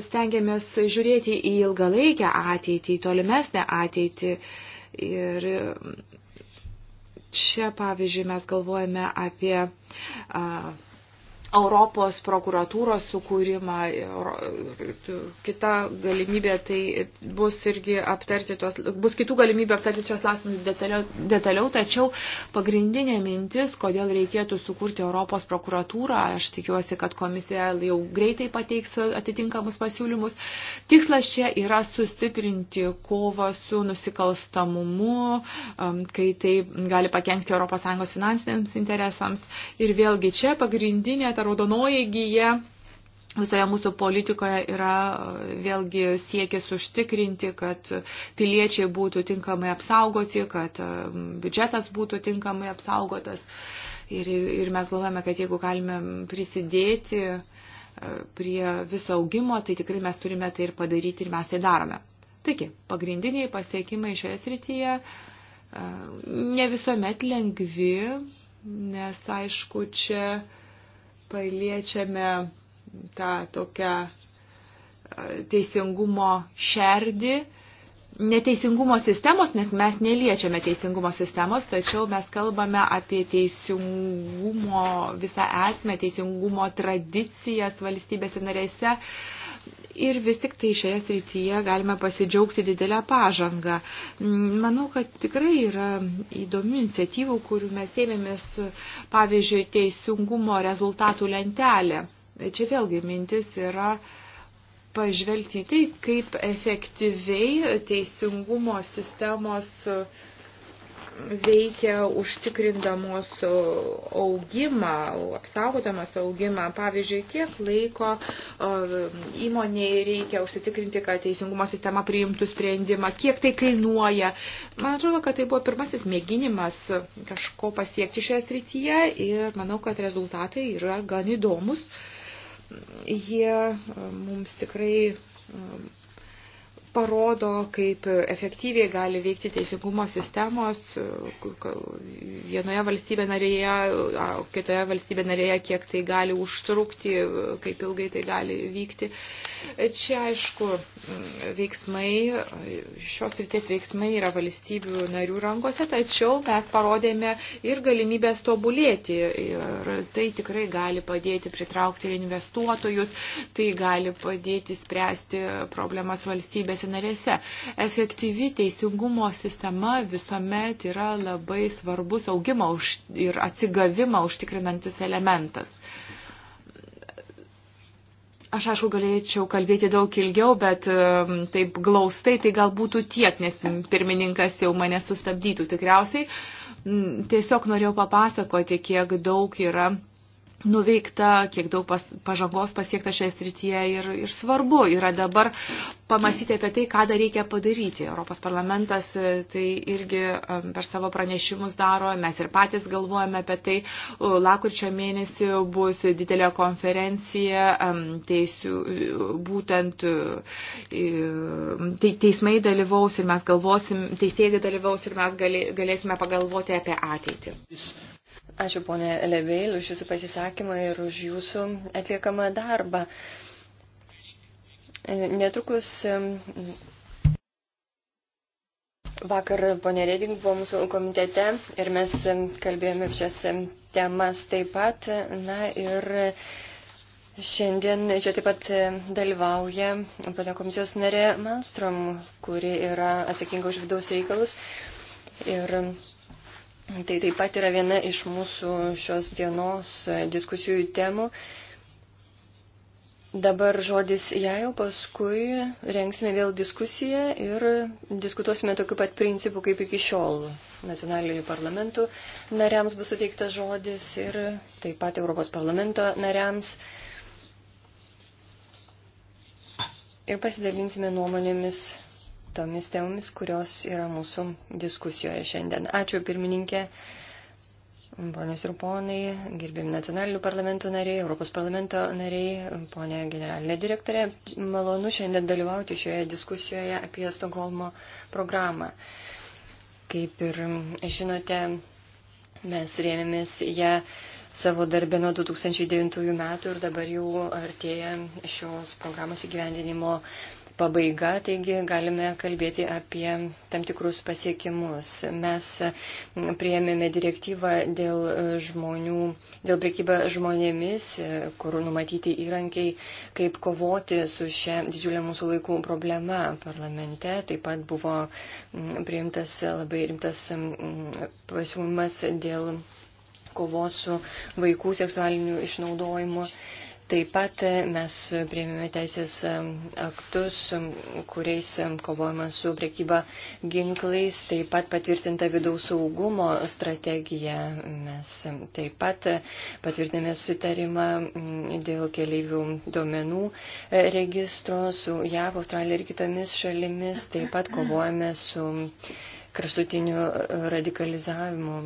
stengiamės žiūrėti į ilgalaikę ateitį, į tolimesnę ateitį. Ir mm, čia, pavyzdžiui, mes galvojame apie Europos prokuratūros sukūrimą. Kita galimybė tai bus irgi aptarti tos, bus kitų galimybė aptarti šios klausimus detaliau, detaliau, tačiau pagrindinė mintis, kodėl reikėtų sukurti Europos prokuratūrą, aš tikiuosi, kad komisija jau greitai pateiks atitinkamus pasiūlymus. Tikslas čia yra sustiprinti kovą su nusikalstamumu, um, kai tai gali pakengti ES finansiniams interesams. Ir vėlgi čia pagrindinė tarp raudonoji gyja visoje mūsų politikoje yra e, vėlgi siekis užtikrinti, kad piliečiai būtų tinkamai apsaugoti, kad e, biudžetas būtų tinkamai apsaugotas. Ir, ir mes galvojame, kad jeigu galime prisidėti e, prie viso augimo, tai tikrai mes turime tai ir padaryti ir mes tai darome. Taigi, pagrindiniai pasiekimai šioje srityje ne visuomet lengvi, nes aišku, čia paliečiame tą tokią e, teisingumo šerdį, neteisingumo sistemos, nes mes neliečiame teisingumo sistemos, tačiau mes kalbame apie teisingumo visą esmę, teisingumo tradicijas valstybėse narėse, Ir vis tik tai šioje srityje galime pasidžiaugti didelę pažangą. Manau, kad tikrai yra įdomių iniciatyvų, kurių mes ėmėmės, pavyzdžiui, teisingumo rezultatų lentelė. Čia vėlgi mintis yra pažvelgti į tai, kaip efektyviai teisingumo sistemos uh, veikia užtikrindamos augimą, apsaugodamos augimą. Pavyzdžiui, kiek laiko įmoniai reikia užsitikrinti, kad teisingumo sistema priimtų sprendimą, kiek tai kainuoja. Man atrodo, kad tai buvo pirmasis mėginimas kažko pasiekti šioje srityje ir manau, kad rezultatai yra gan įdomus. Jie e, mums tikrai e, parodo, kaip efektyviai gali veikti teisingumo sistemos vienoje valstybė narėje, kitoje valstybė narėje, kiek tai gali užtrukti, kaip ilgai tai gali vykti. Čia, aišku, veiksmai, šios ryties veiksmai yra valstybių narių rankose, tačiau mes parodėme ir galimybės tobulėti. Ir tai tikrai gali padėti pritraukti ir investuotojus, tai gali padėti spręsti problemas valstybėse valstybėse narėse. Efektyvi teisingumo sistema visuomet yra labai svarbus augimą ir atsigavimą užtikrinantis elementas. Aš aišku galėčiau kalbėti daug ilgiau, bet um, taip glaustai tai gal būtų tiek, nes pirmininkas jau mane sustabdytų tikriausiai. Tiesiog norėjau papasakoti, kiek daug yra nuveikta, kiek daug pas, pažangos pasiekta šioje srityje ir, ir svarbu yra dabar pamastyti apie tai, ką dar reikia padaryti. Europos parlamentas e, tai irgi e, per savo pranešimus daro, mes ir patys galvojame apie tai. Lakurčio mėnesį bus didelė konferencija, e, teisių, būtent te, teismai dalyvaus ir mes galvosim, teisėjai dalyvaus ir mes galėsime pagalvoti apie ateitį. Ačiū ponė Leveil už jūsų pasisakymą ir už jūsų atliekamą darbą. E, netrukus e, vakar ponė Reding buvo mūsų komitete ir mes e, kalbėjome šias temas taip pat. Na ir šiandien čia taip pat dalyvauja ponė komisijos narė Manstrom, kuri yra atsakinga už vidaus reikalus. Ir Tai taip pat yra viena iš mūsų šios dienos e, diskusijų temų. Dabar žodis jai, o paskui rengsime vėl diskusiją ir diskutuosime tokiu pat principu kaip iki šiol. Nacionalinių parlamentų nariams bus suteiktas žodis ir taip pat Europos parlamento nariams. Ir pasidalinsime nuomonėmis tomis temomis, kurios yra mūsų diskusijoje šiandien. Ačiū pirmininkė. Ponios ir ponai, gerbėmi nacionalinių parlamentų nariai, Europos parlamento nariai, ponė generalinė direktorė, malonu šiandien dalyvauti šioje diskusijoje apie Stokholmo programą. Kaip ir žinote, mes rėmėmės ją savo darbę nuo 2009 metų ir dabar jau artėja šios programos įgyvendinimo pabaiga, taigi galime kalbėti apie tam tikrus pasiekimus. Mes prieėmėme direktyvą dėl, žmonių, dėl priekybą žmonėmis, kur numatyti įrankiai, kaip kovoti su šia didžiulė mūsų laikų problema parlamente. Taip pat buvo mm, priimtas labai rimtas mm, pasiūlymas dėl kovos su vaikų seksualiniu išnaudojimu. Taip pat e, mes prieimėme teisės e, aktus, e, kuriais kovojama su priekyba ginklais, taip pat patvirtinta vidaus saugumo strategija. Mes taip pat patvirtinėme sutarimą dėl keliaivių duomenų registro su JAV, Australija ir kitomis šalimis, taip pat kovojame su kraštutiniu radikalizavimu.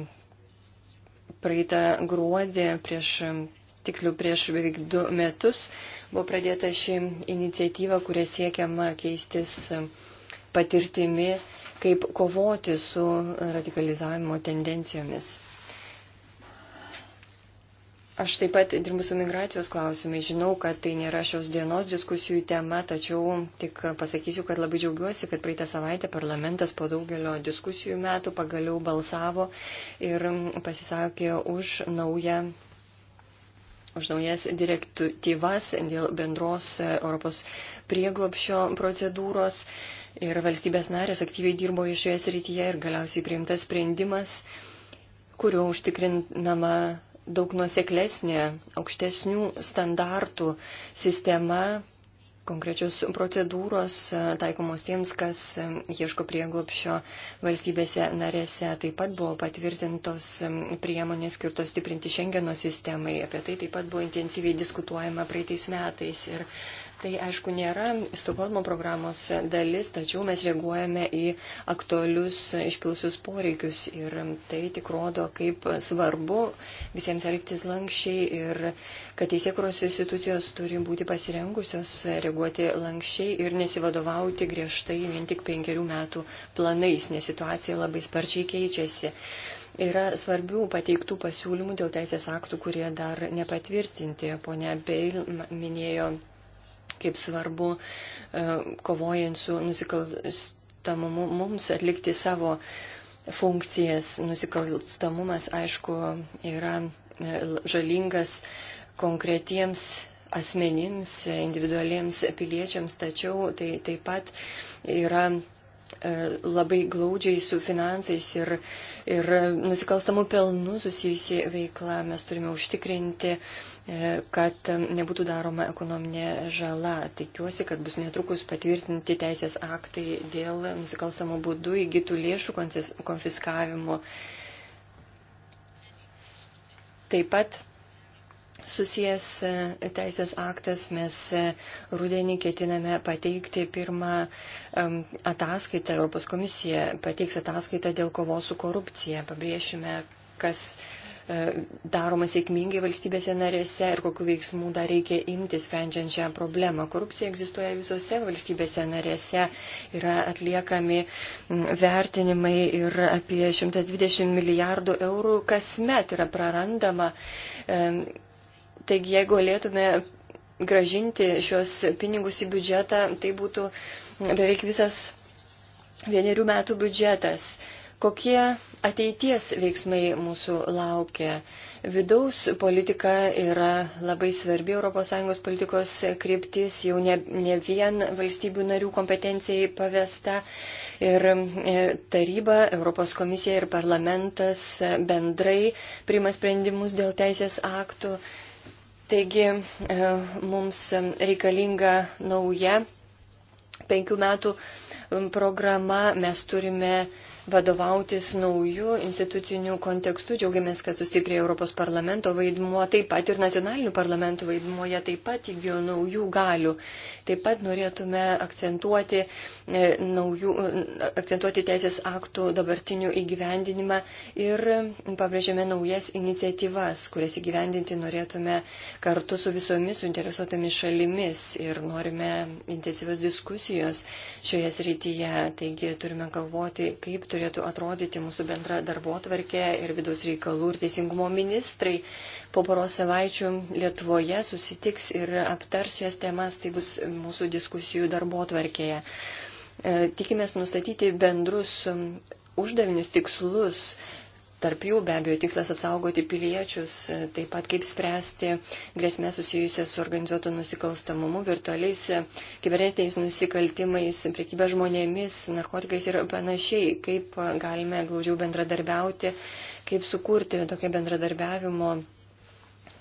Praeitą gruodį prieš tiksliau prieš beveik du metus buvo pradėta ši iniciatyva, kuria siekiama keistis patirtimi, kaip kovoti su radikalizavimo tendencijomis. Aš taip pat dirbu su migracijos klausimai. Žinau, kad tai nėra šios dienos diskusijų tema, tačiau tik pasakysiu, kad labai džiaugiuosi, kad praeitą savaitę parlamentas po daugelio diskusijų metų pagaliau balsavo ir pasisakė už naują už naujas direktyvas dėl bendros Europos prieglopšio procedūros. Ir valstybės narės aktyviai dirbo šioje srityje ir galiausiai priimtas sprendimas, kuriuo užtikrinama daug nuoseklesnė, aukštesnių standartų sistema konkrečios procedūros e, taikomos tiems, kas e, ieško prieglopšio valstybėse narėse. Taip pat buvo patvirtintos priemonės skirtos stiprinti Šengeno sistemai. Apie tai taip pat buvo intensyviai diskutuojama praeitais metais. Ir Tai aišku nėra Stokholmo programos dalis, tačiau mes reaguojame į aktualius iškilusius poreikius ir tai tik rodo, kaip svarbu visiems elgtis lankščiai ir kad teisėkuros institucijos turi būti pasirengusios reaguoti lankščiai ir nesivadovauti griežtai vien tik penkerių metų planais, nes situacija labai sparčiai keičiasi yra svarbių pateiktų pasiūlymų dėl teisės aktų, kurie dar nepatvirtinti. Pone Beil minėjo kaip svarbu e, kovojant su nusikalstamumu mums atlikti savo funkcijas. Nusikalstamumas, aišku, yra e, žalingas konkretiems asmenims, individualiems piliečiams, tačiau tai taip pat yra e, labai glaudžiai su finansais ir, ir nusikalstamų pelnų susijusi veikla. Mes turime užtikrinti E, kad nebūtų daroma ekonominė žala. Tikiuosi, kad bus netrukus patvirtinti teisės aktai dėl nusikalstamų būdų įgytų lėšų konfiskavimo. Taip pat susijęs e, teisės aktas mes e, rudenį ketiname pateikti pirmą ataskaitą, Europos komisija pateiks ataskaitą dėl kovos su korupcija. Pabrėšime, kas E, daroma sėkmingai valstybėse narėse ir kokiu veiksmu dar reikia imti sprendžiant šią problemą. Korupcija egzistuoja visose valstybėse narėse, yra atliekami vertinimai ir apie 120 milijardų eurų kasmet yra prarandama. E, taigi, jeigu galėtume gražinti šios pinigus į biudžetą, tai būtų beveik visas vienerių metų biudžetas. Kokie ateities veiksmai mūsų laukia? Vidaus politika yra labai svarbi ES politikos kryptis, jau ne, ne vien valstybių narių kompetencijai pavesta ir e, taryba, Europos komisija ir parlamentas bendrai priima sprendimus dėl teisės aktų. Taigi e, mums reikalinga nauja penkių metų programa, mes turime vadovautis naujų institucinių kontekstų. Džiaugiamės, kad sustiprėjo Europos parlamento vaidmuo, taip pat ir nacionalinių parlamentų vaidmuo, jie taip pat įgijo naujų galių. Taip pat norėtume akcentuoti, e, naujų, e, akcentuoti teisės aktų dabartinių įgyvendinimą ir pabrėžiame naujas iniciatyvas, kurias įgyvendinti norėtume kartu su visomis suinteresuotomis šalimis ir norime intensyvios diskusijos šioje srityje. Taigi turime galvoti, kaip turime turėtų atrodyti mūsų bendra darbo tvarkė ir vidaus reikalų ir teisingumo ministrai po poros savaičių Lietuvoje susitiks ir aptars šias temas, tai bus mūsų diskusijų darbo tvarkėje. E, tikimės nustatyti bendrus uždavinius, tikslus Tarp jų be abejo tikslas apsaugoti piliečius, e, taip pat kaip spręsti grėsmę susijusią su organizuotu nusikalstamumu, virtualiais e, kibernetiniais nusikaltimais, priekybė žmonėmis, narkotikais ir panašiai, kaip galime glaudžiau bendradarbiauti, kaip sukurti tokią bendradarbiavimo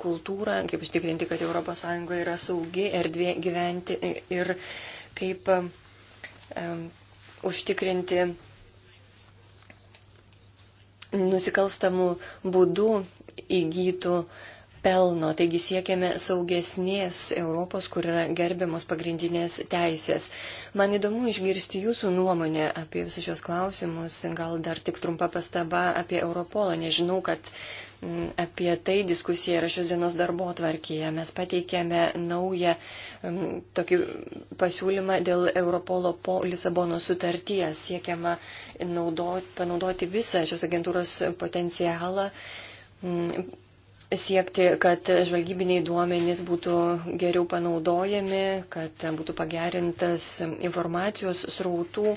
kultūrą, kaip užtikrinti, kad ES yra saugi erdvė gyventi e, ir kaip um, užtikrinti nusikalstamų būdų įgytų pelno. Taigi siekiame saugesnės Europos, kur yra gerbiamos pagrindinės teisės. Man įdomu išgirsti jūsų nuomonę apie visus šios klausimus. Gal dar tik trumpa pastaba apie Europolą. Nežinau, kad Apie tai diskusija yra šios dienos darbo atvarkyje. Mes pateikėme naują tokį pasiūlymą dėl Europolo po Lisabono sutarties. Siekiama naudot, panaudoti visą šios agentūros potencialą siekti, kad žvalgybiniai duomenys būtų geriau panaudojami, kad būtų pagerintas informacijos srautų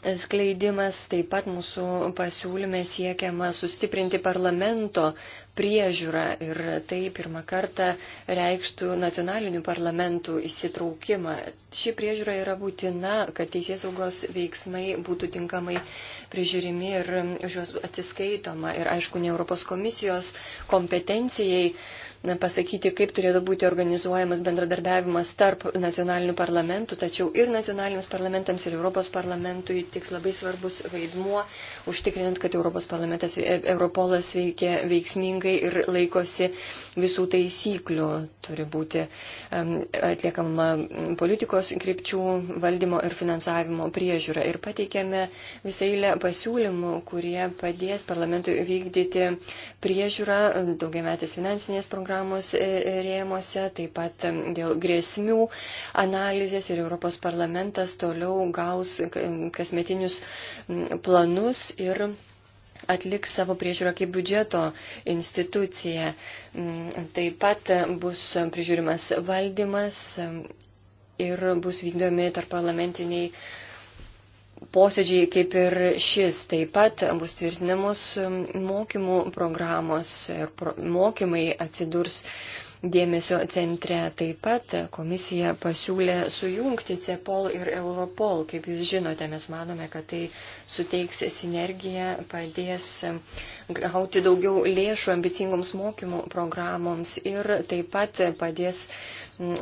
skleidimas, taip pat mūsų pasiūlyme siekiama sustiprinti parlamento priežiūrą ir tai pirmą kartą reikštų nacionalinių parlamentų įsitraukimą. Ši priežiūra yra būtina, kad teisėsaugos veiksmai būtų tinkamai prižiūrimi ir už juos atsiskaitoma. Ir aišku, ne Europos komisijos kompetencijai pasakyti, kaip turėtų būti organizuojamas bendradarbiavimas tarp nacionalinių parlamentų, tačiau ir nacionaliniams parlamentams, ir Europos parlamentui tiks labai svarbus vaidmuo, užtikrinant, kad Europos parlamentas, e, Europolas veikia veiksmingai ir laikosi visų taisyklių. Turi būti atliekama politikos krypčių valdymo ir finansavimo priežiūra. Ir pateikėme visą eilę pasiūlymų, kurie padės parlamentui vykdyti priežiūrą daugiametės finansinės programos programos e, e, rėmose, taip pat dėl grėsmių analizės ir Europos parlamentas toliau gaus kasmetinius planus ir atliks savo priežiūrą kaip biudžeto institucija. Taip pat e, bus prižiūrimas valdymas ir bus vykdomi tarp parlamentiniai posėdžiai kaip ir šis. Taip pat bus tvirtinamos mokymų programos ir pro, mokymai atsidurs dėmesio centre. Taip pat komisija pasiūlė sujungti CEPOL ir Europol. Kaip jūs žinote, mes manome, kad tai suteiks sinergiją, padės gauti daugiau lėšų ambicingoms mokymų programoms ir taip pat padės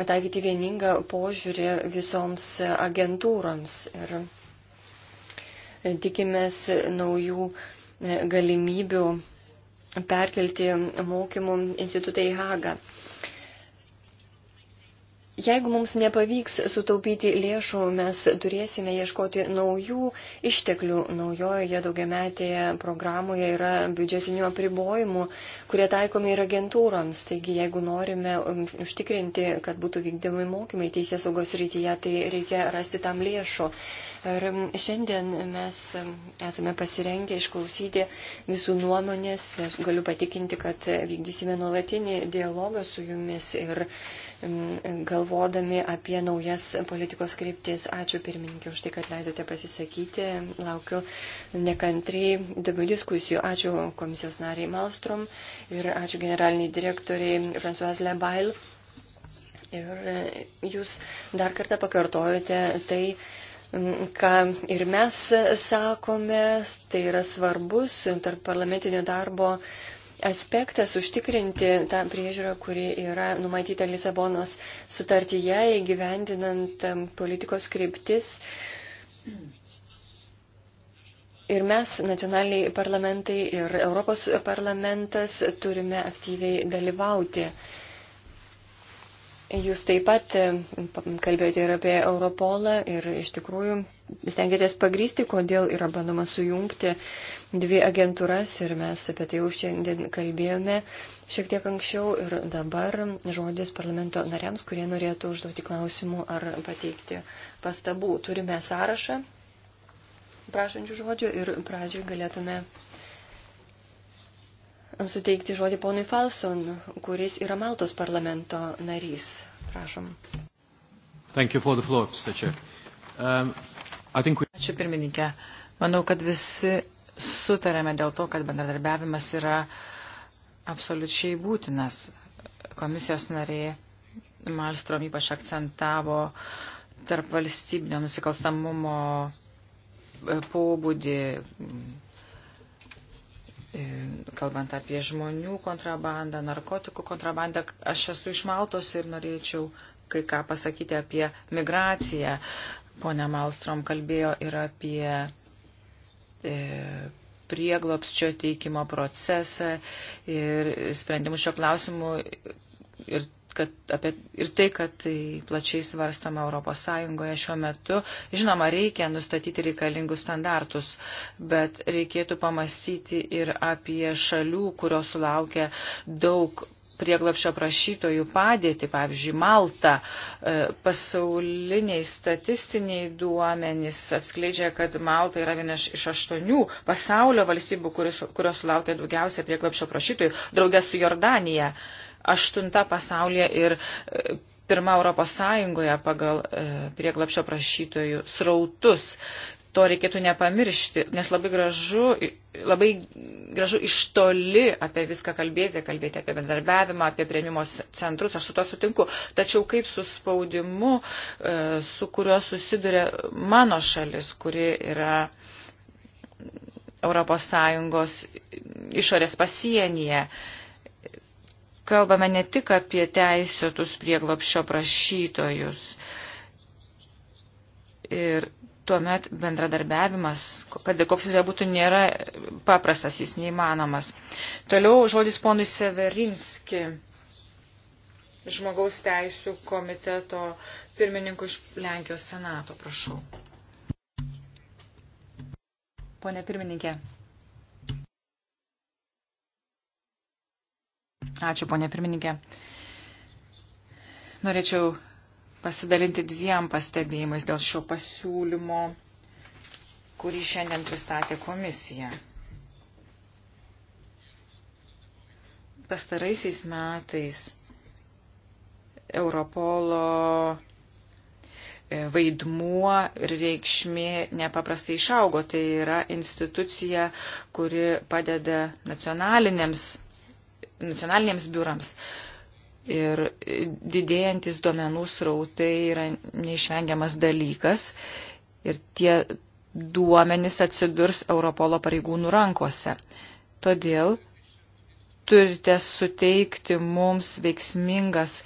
taikyti vieningą požiūrį visoms agentūroms. Ir tikimės naujų e, galimybių perkelti mokymų institutą į Hagą. Jeigu mums nepavyks sutaupyti lėšų, mes turėsime ieškoti naujų išteklių. Naujojoje daugiametėje programoje yra biudžetinių apribojimų, kurie taikomi ir agentūroms. Taigi, jeigu norime um, užtikrinti, kad būtų vykdomi mokymai teisės saugos rytyje, tai reikia rasti tam lėšų. Ir um, šiandien mes um, esame pasirengę išklausyti visų nuomonės. Galiu patikinti, kad vykdysime nuolatinį dialogą su jumis. Ir galvodami apie naujas politikos kryptis. Ačiū pirmininkė už tai, kad leidote pasisakyti. Laukiu nekantriai įdomių diskusijų. Ačiū komisijos nariai Malstrom ir ačiū generaliniai direktoriai François Lebail. Ir e, jūs dar kartą pakartojate tai, ką ir mes sakome, tai yra svarbus tarp parlamentinio darbo aspektas užtikrinti tą priežiūrą, kuri yra numatyta Lisabonos sutartyje įgyvendinant politikos kryptis. Ir mes, nacionaliniai parlamentai ir Europos parlamentas, turime aktyviai dalyvauti uh, Jūs taip pat e, kalbėjote ir apie Europolą ir iš tikrųjų stengiatės pagrysti, kodėl yra bandoma sujungti dvi agentūras ir mes apie tai jau šiandien kalbėjome šiek tiek anksčiau ir dabar žodis parlamento nariams, kurie norėtų užduoti klausimų ar pateikti pastabų. Turime sąrašą prašančių žodžių ir pradžioj galėtume suteikti žodį ponui Falson, kuris yra Maltos parlamento narys. Prašom. Thank you for the floor, Mr. Chair. Um, I think we... Ačiū pirmininkė. Manau, kad visi sutarėme dėl to, kad bendradarbiavimas yra absoliučiai būtinas. Komisijos nariai Malstrom ypač akcentavo tarp valstybinio nusikalstamumo e, pobūdį E, kalbant apie žmonių kontrabandą, narkotikų kontrabandą, aš esu iš Maltos ir norėčiau kai ką pasakyti apie migraciją. Pone Malstrom kalbėjo ir apie e, prieglopsčio teikimo procesą ir sprendimus šio klausimu ir kad apie, ir tai, kad tai plačiai svarstama Europos Sąjungoje šiuo metu. Žinoma, reikia nustatyti reikalingus standartus, bet reikėtų pamastyti ir apie šalių, kurios sulaukia daug prieglapšio prašytojų padėti, pavyzdžiui, Malta, e, pasauliniai statistiniai duomenys atskleidžia, kad Malta yra viena iš aštuonių pasaulio valstybių, kurios, kurios sulaukia daugiausia prieglapšio prašytojų, draugė su Jordanija. Uh, aštunta pasaulyje ir e, pirma Europos Sąjungoje pagal e, prieglapšio prašytojų srautus. To reikėtų nepamiršti, nes labai gražu, labai gražu iš toli apie viską kalbėti, kalbėti apie bendarbiavimą, apie prieimimo centrus, aš su to sutinku. Tačiau kaip su spaudimu, e, su kuriuo susiduria mano šalis, kuri yra Europos Sąjungos išorės pasienyje kalbame ne tik apie teisėtus prieglopščio prašytojus. Ir tuomet bendradarbiavimas, kad ir koks jis bebūtų, nėra paprastas, jis neįmanomas. Toliau žodis ponui Severinski, žmogaus teisų komiteto pirmininkų iš Lenkijos senato, prašau. Pone pirmininkė, Ačiū, ponė pirmininkė. Norėčiau pasidalinti dviem pastebėjimais dėl šio pasiūlymo, kurį šiandien pristatė komisija. Pastaraisiais metais Europolo e, vaidmuo ir reikšmė nepaprastai išaugo. Tai yra institucija, kuri padeda nacionalinėms nacionaliniams biurams. Ir didėjantis duomenų srautai yra neišvengiamas dalykas ir tie duomenys atsidurs Europolo pareigūnų rankose. Todėl turite suteikti mums veiksmingas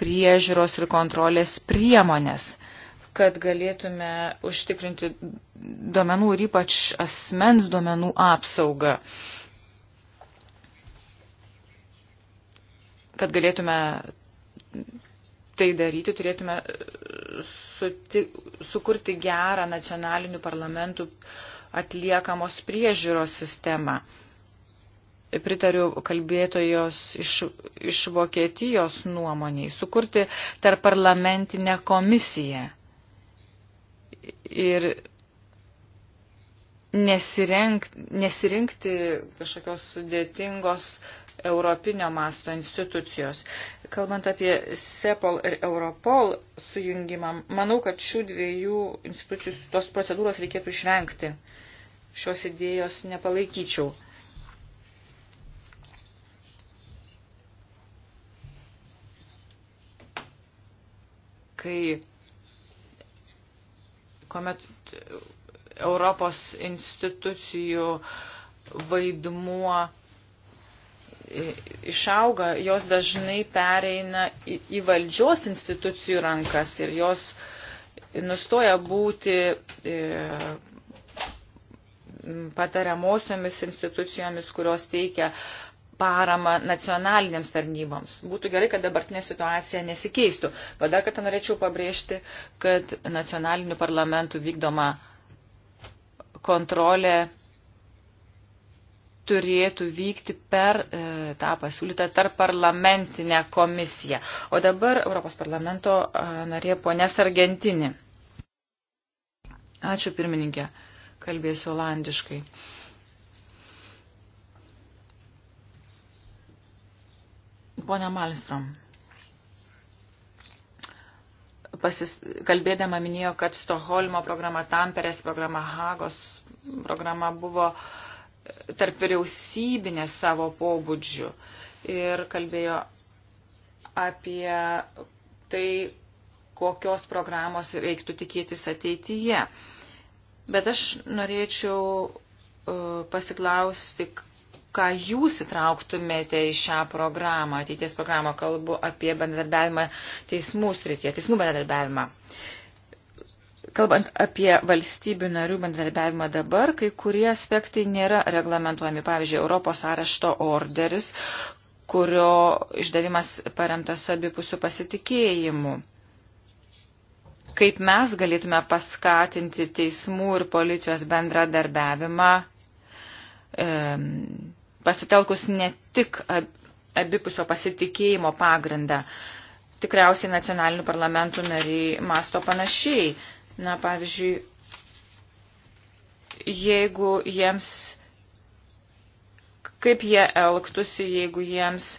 priežiūros ir kontrolės priemonės, kad galėtume užtikrinti duomenų ir ypač asmens duomenų apsaugą. Uh, Kad galėtume tai daryti, turėtume suti, sukurti gerą nacionalinių parlamentų atliekamos priežiūros sistemą. Pritariu kalbėtojos iš, iš Vokietijos nuomoniai, sukurti tarp parlamentinę komisiją ir nesirink, nesirinkti kažkokios sudėtingos uh, europinio masto institucijos. Kalbant apie SEPOL ir Europol sujungimą, manau, kad šių dviejų institucijų tos procedūros reikėtų išvengti. Šios idėjos nepalaikyčiau. Kai kuomet Europos institucijų vaidmuo išauga, jos dažnai pereina į, į valdžios institucijų rankas ir jos nustoja būti e, patariamosiomis institucijomis, kurios teikia paramą nacionalinėms tarnyboms. Būtų gerai, kad dabartinė situacija nesikeistų. Bet dar kartą norėčiau pabrėžti, kad nacionalinių parlamentų vykdoma kontrolė turėtų vykti per e, tą pasiūlytą tarp parlamentinę komisiją. O dabar Europos parlamento e, narė ponės Argentini. Ačiū pirmininkė, kalbėsiu olandiškai. Pone Malstrom, pasis, kalbėdama minėjo, kad Stoholmo programa, Tamperės programa, Hagos programa buvo uh, tarp vyriausybinės savo pobūdžių ir kalbėjo apie tai, kokios programos reiktų tikėtis ateityje. Bet aš norėčiau e, pasiklausti, ką jūs įtrauktumėte į šią programą, ateities programą, kalbu apie bendradarbiavimą teismų srityje, teismų bendradarbiavimą. Kalbant apie valstybių narių bendradarbiavimą dabar, kai kurie aspektai nėra reglamentuojami. Pavyzdžiui, Europos arešto orderis, kurio išdavimas paremtas abipusių pasitikėjimų. Kaip mes galėtume paskatinti teismų ir policijos bendradarbiavimą, pasitelkus ne tik abipusio pasitikėjimo pagrindą. Tikriausiai nacionalinių parlamentų nariai masto panašiai Na, pavyzdžiui, jeigu jiems, kaip jie elgtųsi, jeigu jiems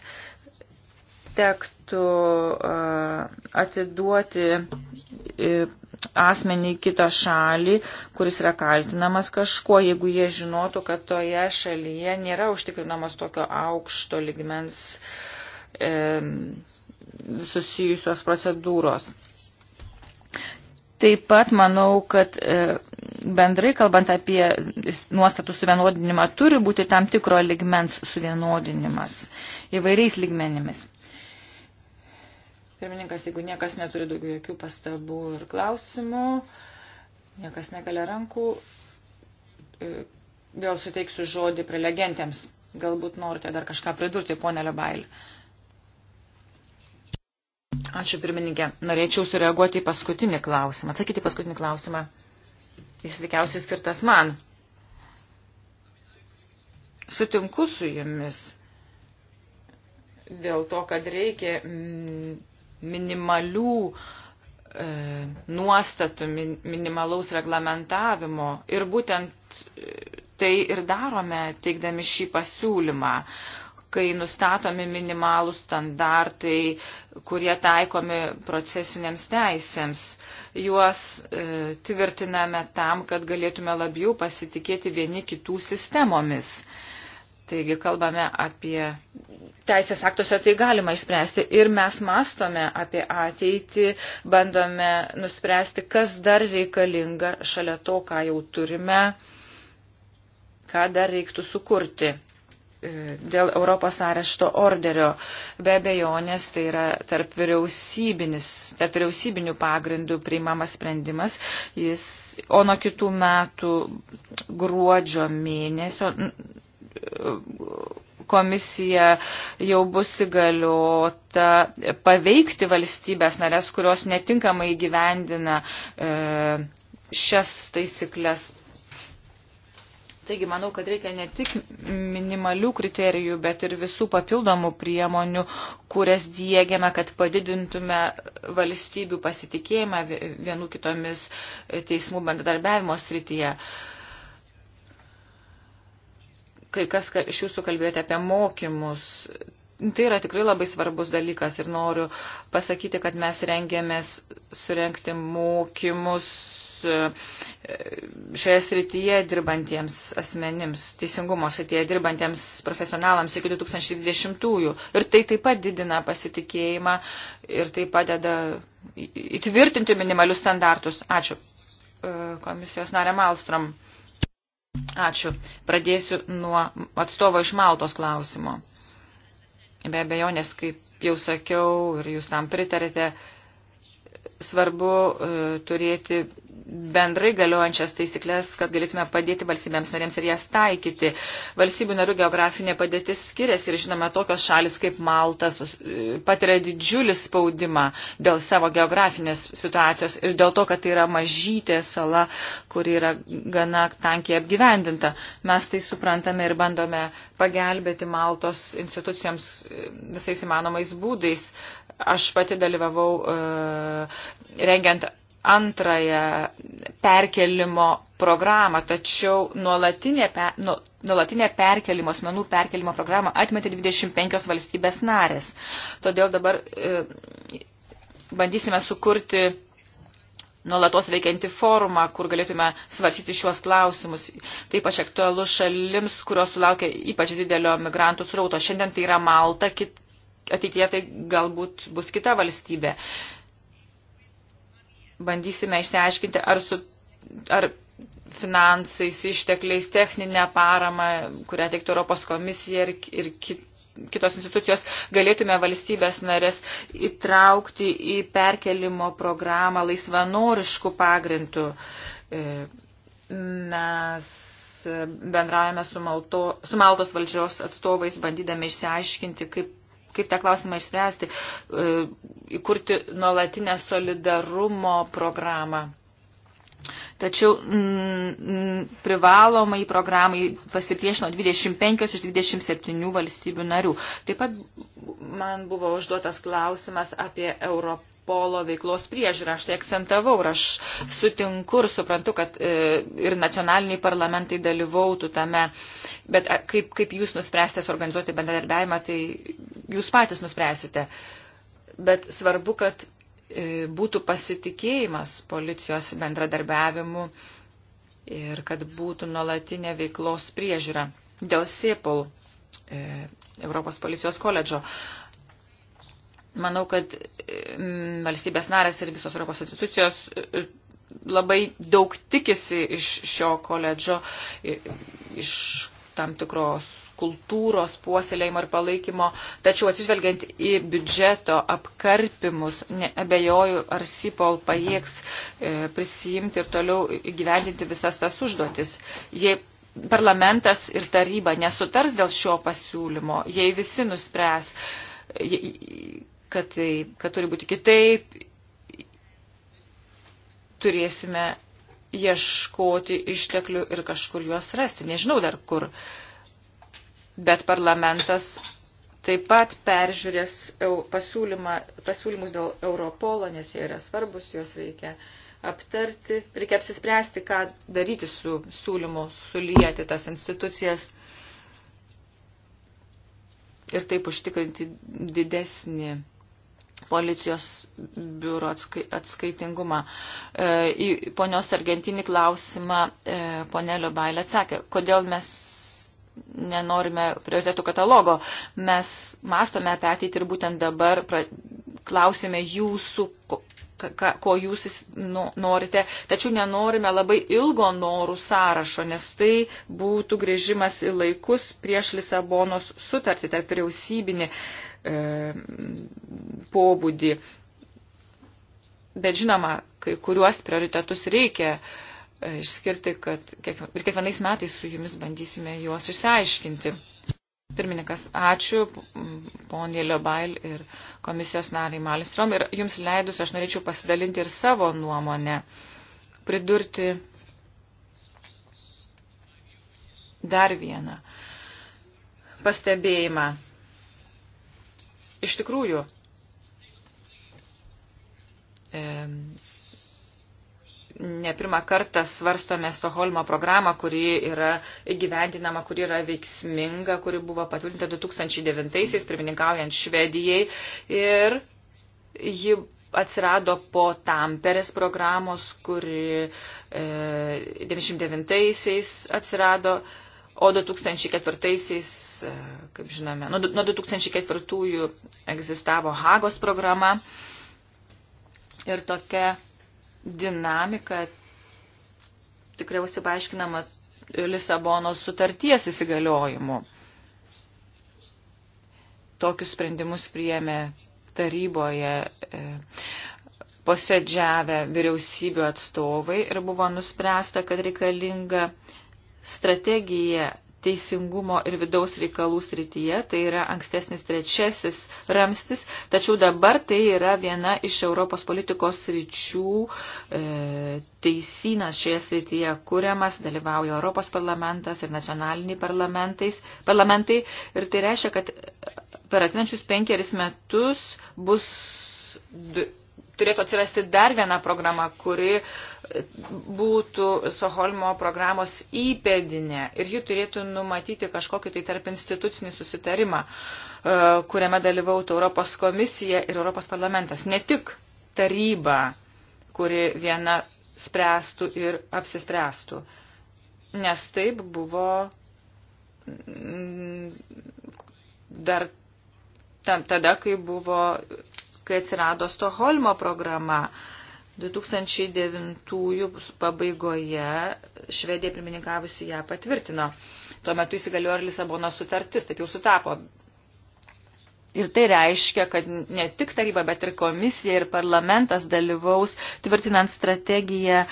tektų e, atiduoti e, asmenį į kitą šalį, kuris yra kaltinamas kažkuo, jeigu jie žinotų, kad toje šalyje nėra užtikrinamos tokio aukšto ligmens e, susijusios procedūros. Taip pat manau, kad e, bendrai kalbant apie nuostatų suvienodinimą, turi būti tam tikro ligmens suvienodinimas įvairiais ligmenimis. Pirmininkas, jeigu niekas neturi daugiau jokių pastabų ir klausimų, niekas nekelia rankų, e, vėl suteiksiu žodį prelegentėms. Galbūt norite dar kažką pridurti, ponė Lebailė. Ačiū pirmininkė. Norėčiau sureaguoti į paskutinį klausimą. Atsakyti į paskutinį klausimą. Jis veikiausiai skirtas man. Sutinku su jumis dėl to, kad reikia minimalių e, nuostatų, min, minimalaus reglamentavimo. Ir būtent e, tai ir darome, teikdami šį pasiūlymą. E, kai nustatomi minimalų standartai, kurie taikomi procesinėms teisėms. Juos e, tvirtiname tam, kad galėtume labiau pasitikėti vieni kitų sistemomis. Taigi kalbame apie teisės aktuose, tai galima išspręsti. Ir mes mastome apie ateitį, bandome nuspręsti, kas dar reikalinga šalia to, ką jau turime, ką dar reiktų sukurti. E, dėl Europos arešto orderio. Be abejonės tai yra tarp, tarp vyriausybinių pagrindų priimamas sprendimas, jis, o nuo kitų metų gruodžio mėnesio komisija jau bus įgaliota paveikti valstybės narės, kurios netinkamai gyvendina e, šias taisyklės Taigi manau, kad reikia ne tik minimalių kriterijų, bet ir visų papildomų priemonių, kurias diegiame, kad padidintume valstybių pasitikėjimą vienų kitomis teismų bendradarbiavimo srityje. Kai kas iš jūsų kalbėjote apie mokymus, Tai yra tikrai labai svarbus dalykas ir noriu pasakyti, kad mes rengėmės surenkti mokymus E, šioje srityje dirbantiems asmenims, teisingumo srityje dirbantiems profesionalams iki 2020-ųjų. Ir tai taip pat didina pasitikėjimą ir tai padeda įtvirtinti minimalius standartus. Ačiū. E, komisijos narė Malstrom. Ačiū. Pradėsiu nuo atstovo iš Maltos klausimo. Be abejonės, kaip jau sakiau ir jūs tam pritarėte, svarbu e, turėti bendrai galiojančias taisyklės, kad galėtume padėti valstybėms narėms ir jas taikyti. Valstybių narių geografinė padėtis skiriasi ir žinome, tokios šalis kaip Malta e, patiria didžiulį spaudimą dėl savo geografinės situacijos ir dėl to, kad tai yra mažytė sala, kuri yra gana tankiai apgyvendinta. Mes tai suprantame ir bandome pagelbėti Maltos institucijoms e, visais įmanomais būdais. Aš pati dalyvavau uh, rengiant antrąją perkelimo programą, tačiau nuolatinė, per, nu, nuolatinė perkelimo, asmenų perkelimo programą atmetė 25 valstybės narės. Todėl dabar e, bandysime sukurti nuolatos veikianti forumą, kur galėtume svarsyti šiuos klausimus. Taip pat aktualu šalims, kurios sulaukia ypač didelio migrantų srauto. Šiandien tai yra Malta, kit, ateityje tai galbūt bus kita valstybė. E, bandysime išsiaiškinti, ar, su, ar finansais, ištekliais, techninę paramą, kurią teiktų Europos komisija ir, ir kit, kitos institucijos, galėtume valstybės narės įtraukti į perkelimo programą laisvanoriškų pagrindų. E, mes bendraujame su, Malto, su Maltos valdžios atstovais, bandydami išsiaiškinti, kaip kaip tą klausimą išspręsti, e, įkurti nuolatinę solidarumo programą. Tačiau m, mm, mm, privalomai programai pasipriešino 25 iš 27 valstybių narių. Taip pat man buvo užduotas klausimas apie Europą Interpolo veiklos priežiūrą. Aš tai akcentavau ir aš sutinku ir suprantu, kad e, ir nacionaliniai parlamentai dalyvautų tame. Bet kaip, kaip jūs nuspręsite suorganizuoti bendradarbiavimą, tai jūs patys nuspręsite. Bet svarbu, kad e, būtų pasitikėjimas policijos bendradarbiavimu ir kad būtų nuolatinė veiklos priežiūra. Dėl SIEPOL e, Europos policijos koledžo. Manau, kad mm, valstybės narės ir visos Europos institucijos e, labai daug tikisi iš šio koledžo, iš tam tikros kultūros puoselėjimo ir palaikymo, tačiau atsižvelgiant į biudžeto apkarpimus, abejoju, ar SIPOL pajėgs e, prisijimti ir toliau gyvendinti visas tas užduotis. Jei parlamentas ir taryba nesutars dėl šio pasiūlymo, jei visi nuspręs, jei, kad, tai, kad turi būti kitaip, turėsime ieškoti išteklių ir kažkur juos rasti. Nežinau dar kur. Bet parlamentas taip pat peržiūrės pasiūlymus dėl Europolo, nes jie yra svarbus, juos reikia aptarti, reikia apsispręsti, ką daryti su siūlymu, sulieti tas institucijas ir taip užtikrinti didesnį policijos biuro atskaitingumą. E, į ponios Argentinį klausimą e, ponelio Bailė atsakė, kodėl mes nenorime prioritetų katalogo. Mes mastome apie ateitį ir būtent dabar pra, klausime jūsų, ko, ka, ko jūs nu, norite, tačiau nenorime labai ilgo norų sąrašo, nes tai būtų grįžimas į laikus prieš Lisabonos sutartį, tarp vyriausybinį. E, E, pobūdį. Bet žinoma, kai kuriuos prioritetus reikia e, išskirti, kad ir kiekvienais metais su jumis bandysime juos išsiaiškinti. Pirmininkas, ačiū ponė Liobail ir komisijos nariai Malistrom. Ir jums leidus, aš norėčiau pasidalinti ir savo nuomonę, pridurti dar vieną pastebėjimą iš tikrųjų ne pirmą kartą svarstome Stoholmo programą, kuri yra įgyvendinama, kuri yra veiksminga, kuri buvo patvirtinta 2009-aisiais, pirmininkaujant Švedijai. Ir ji atsirado po Tamperės programos, kuri e, 99-aisiais atsirado. E, O 2004-aisiais, e, kaip žinome, nuo 2004-ųjų egzistavo Hagos programa ir tokia dinamika tikriausiai paaiškinama Lisabonos sutarties įsigaliojimu. Tokius sprendimus priėmė taryboje e, posėdžiavę vyriausybių atstovai ir buvo nuspręsta, kad reikalinga strategija teisingumo ir vidaus reikalų srityje, tai yra ankstesnis trečiasis ramstis, tačiau dabar tai yra viena iš Europos politikos sričių e, teisynas šioje srityje kuriamas, dalyvauja Europos parlamentas ir nacionaliniai parlamentai ir tai reiškia, kad per atinančius penkeris metus bus turėtų atsirasti dar viena programa, kuri būtų Soholmo programos įpėdinė ir ji turėtų numatyti kažkokį tai tarp institucinį susitarimą, e, kuriame dalyvautų Europos komisija ir Europos parlamentas. Ne tik taryba, kuri viena spręstų ir apsispręstų. Nes taip buvo mm, dar tada, kai buvo kai atsirado Stoholmo programa. 2009 pabaigoje Švedija pirmininkavusi ją patvirtino. Tuo metu įsigaliojo ir Lisabono sutartis, taip jau sutapo. Ir tai reiškia, kad ne tik taryba, bet ir komisija ir parlamentas dalyvaus tvirtinant strategiją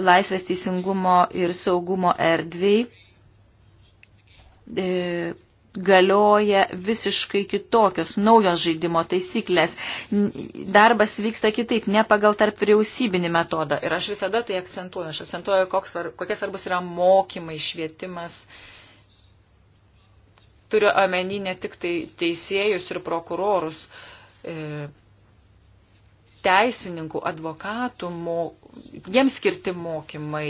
laisvės teisingumo ir saugumo erdviai e, galioja visiškai kitokios naujos žaidimo taisyklės. Darbas vyksta kitaip, ne pagal tarp vyriausybinį metodą. Ir aš visada tai akcentuoju. Aš akcentuoju, koks, kokie svarbus yra mokymai, švietimas. Turiu omeny ne tik tai teisėjus ir prokurorus, e, teisininkų, advokatų, mo, jiems skirti mokymai,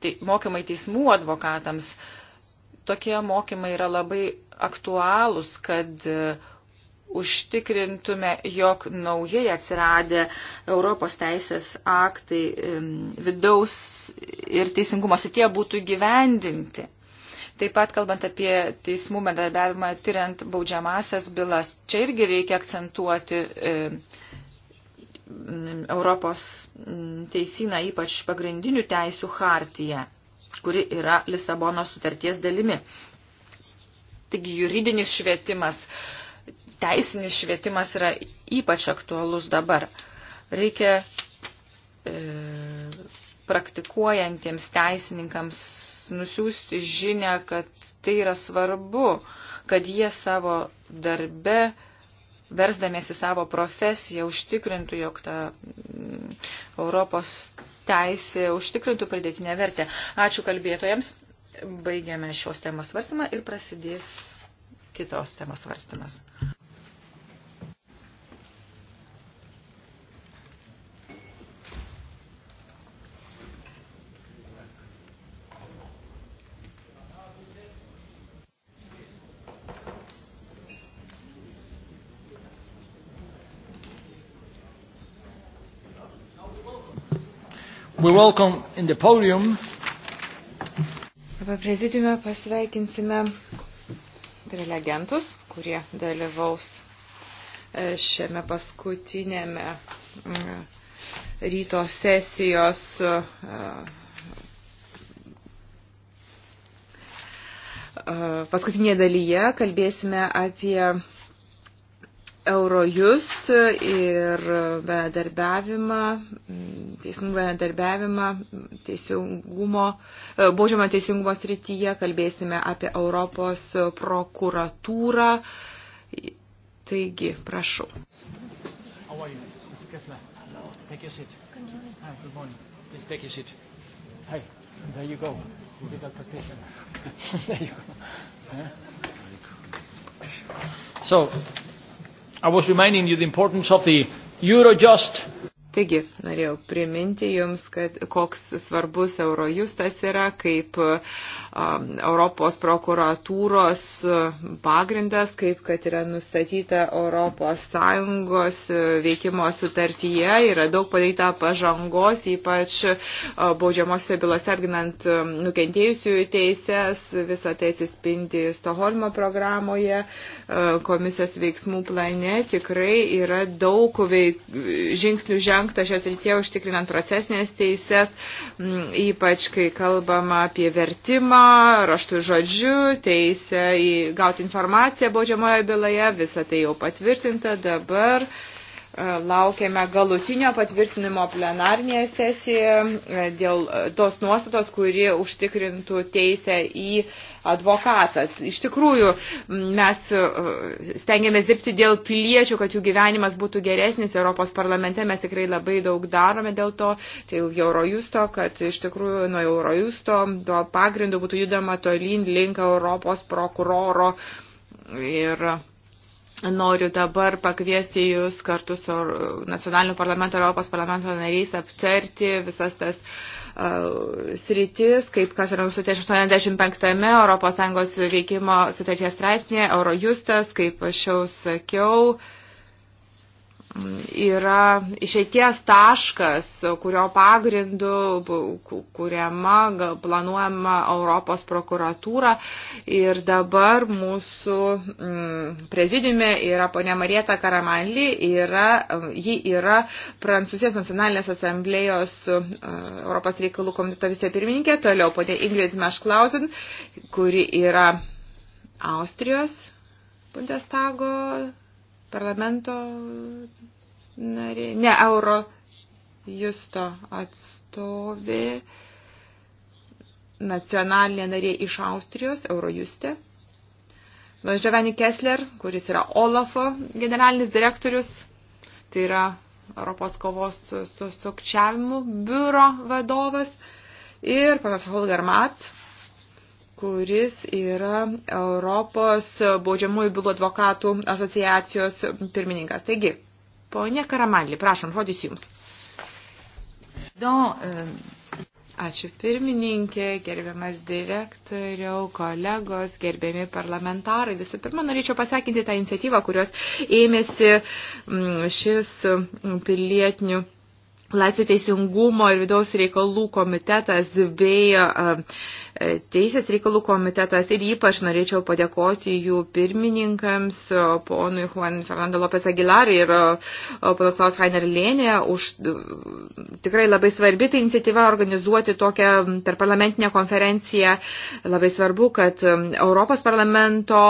te, mokymai teismų advokatams. E, tokie mokymai yra labai aktualūs, kad e, užtikrintume, jog naujai atsiradę Europos teisės aktai vidaus ir teisingumo sitie būtų gyvendinti. Taip pat kalbant apie teismų bendarbiavimą, tyriant baudžiamasias bylas, čia irgi reikia akcentuoti e, Europos teisyną, ypač pagrindinių teisių hartiją kuri yra Lisabono sutarties dalimi. Taigi juridinis švietimas, teisinis švietimas yra ypač aktualus dabar. Reikia e, praktikuojantiems teisininkams nusiųsti žinę, kad tai yra svarbu, kad jie savo darbe e, versdamėsi savo profesiją užtikrintų, jog ta mm, Europos teisė užtikrintų pridėtinę vertę. Ačiū kalbėtojams. Baigiame šios temos svarstymą ir prasidės kitos temos svarstymas. we welcome in the podium. Dabar prezidiume pasveikinsime prelegentus, kurie dalyvaus e, šiame paskutinėme mm, ryto sesijos e, e, paskutinėje dalyje kalbėsime apie Eurojust ir bendarbiavimą, teismų bendarbiavimą, teisingumo, baudžiamo teisingumo srityje, kalbėsime apie Europos prokuratūrą. Taigi, prašau. Take your seat. Good morning. Hi, good morning. Please take your seat. Hi, there you go. You did a petition. there you go. Yeah. So, I was reminding you the importance of the Eurojust Taigi, norėjau priminti Jums, kad koks svarbus Eurojustas yra kaip um, Europos prokuratūros um, pagrindas, kaip kad yra nustatyta ES uh, veikimo sutartyje, yra daug padaryta pažangos, ypač uh, baudžiamosiose bylose atginant um, nukentėjusiųjų teises, visą tai atsispindi Stoholmo programoje, uh, komisijos veiksmų plane, tikrai yra daug veik... žingsnių žengti žengta šios rytie užtikrinant procesinės teises, ypač kai kalbama apie vertimą, raštų žodžių, teisę į gauti informaciją baudžiamojo byloje, visą tai jau patvirtinta dabar. Uh, E, laukiame galutinio patvirtinimo plenarnėje sesijoje e, dėl e, tos nuostatos, kuri užtikrintų teisę į advokatą. Iš tikrųjų, mes stengiamės dirbti dėl piliečių, kad jų gyvenimas būtų geresnis. Europos parlamente mes tikrai labai daug darome dėl to, tai Eurojusto, kad iš tikrųjų nuo Eurojusto to pagrindu būtų judama tolyn link Europos prokuroro. Ir Noriu dabar pakviesti Jūs kartu su nacionaliniu parlamentu ir Europos parlamento nariais aptarti visas tas uh, sritis, kaip kas yra nustatė 85-ame ES veikimo sutarties straipsnėje, Eurojustas, kaip aš jau sakiau. Uh, yra išeities taškas, kurio pagrindu kuriama, planuojama Europos prokuratūra. Ir dabar mūsų mm, prezidiume yra ponia Marieta Karamanli, yra, ji yra Prancūzijos nacionalinės asamblėjos e, Europos reikalų komiteto vicepirmininkė, toliau ponia Ingrid Mešklausin, kuri yra Austrijos Bundestago parlamento narė, ne euro justo atstovė, nacionalinė narė iš Austrijos, Eurojuste. Giovanni Kessler, kuris yra Olafo generalinis direktorius, tai yra Europos kovos su sukčiavimu biuro vadovas ir panas Holger Mat, kuris yra Europos baudžiamųjų bylų advokatų asociacijos pirmininkas. Taigi, ponė Karamanli, prašom, žodis jums. Don, uh... Ačiū pirmininkė, gerbiamas direktoriau, kolegos, gerbiami parlamentarai. Visų pirma, norėčiau pasakinti tą iniciatyvą, kurios ėmėsi mm, šis mm, pilietinių. Laisvė teisingumo ir vidaus reikalų komitetas bei E, Teisės reikalų komitetas ir ypač norėčiau padėkoti jų pirmininkams, ponui Juan Fernando Lopes Aguilar ir ponui Klaus Heiner Lėnė, už e, tikrai labai svarbi tai iniciatyva organizuoti tokią tarparlamentinę konferenciją. Labai svarbu, kad e, Europos parlamento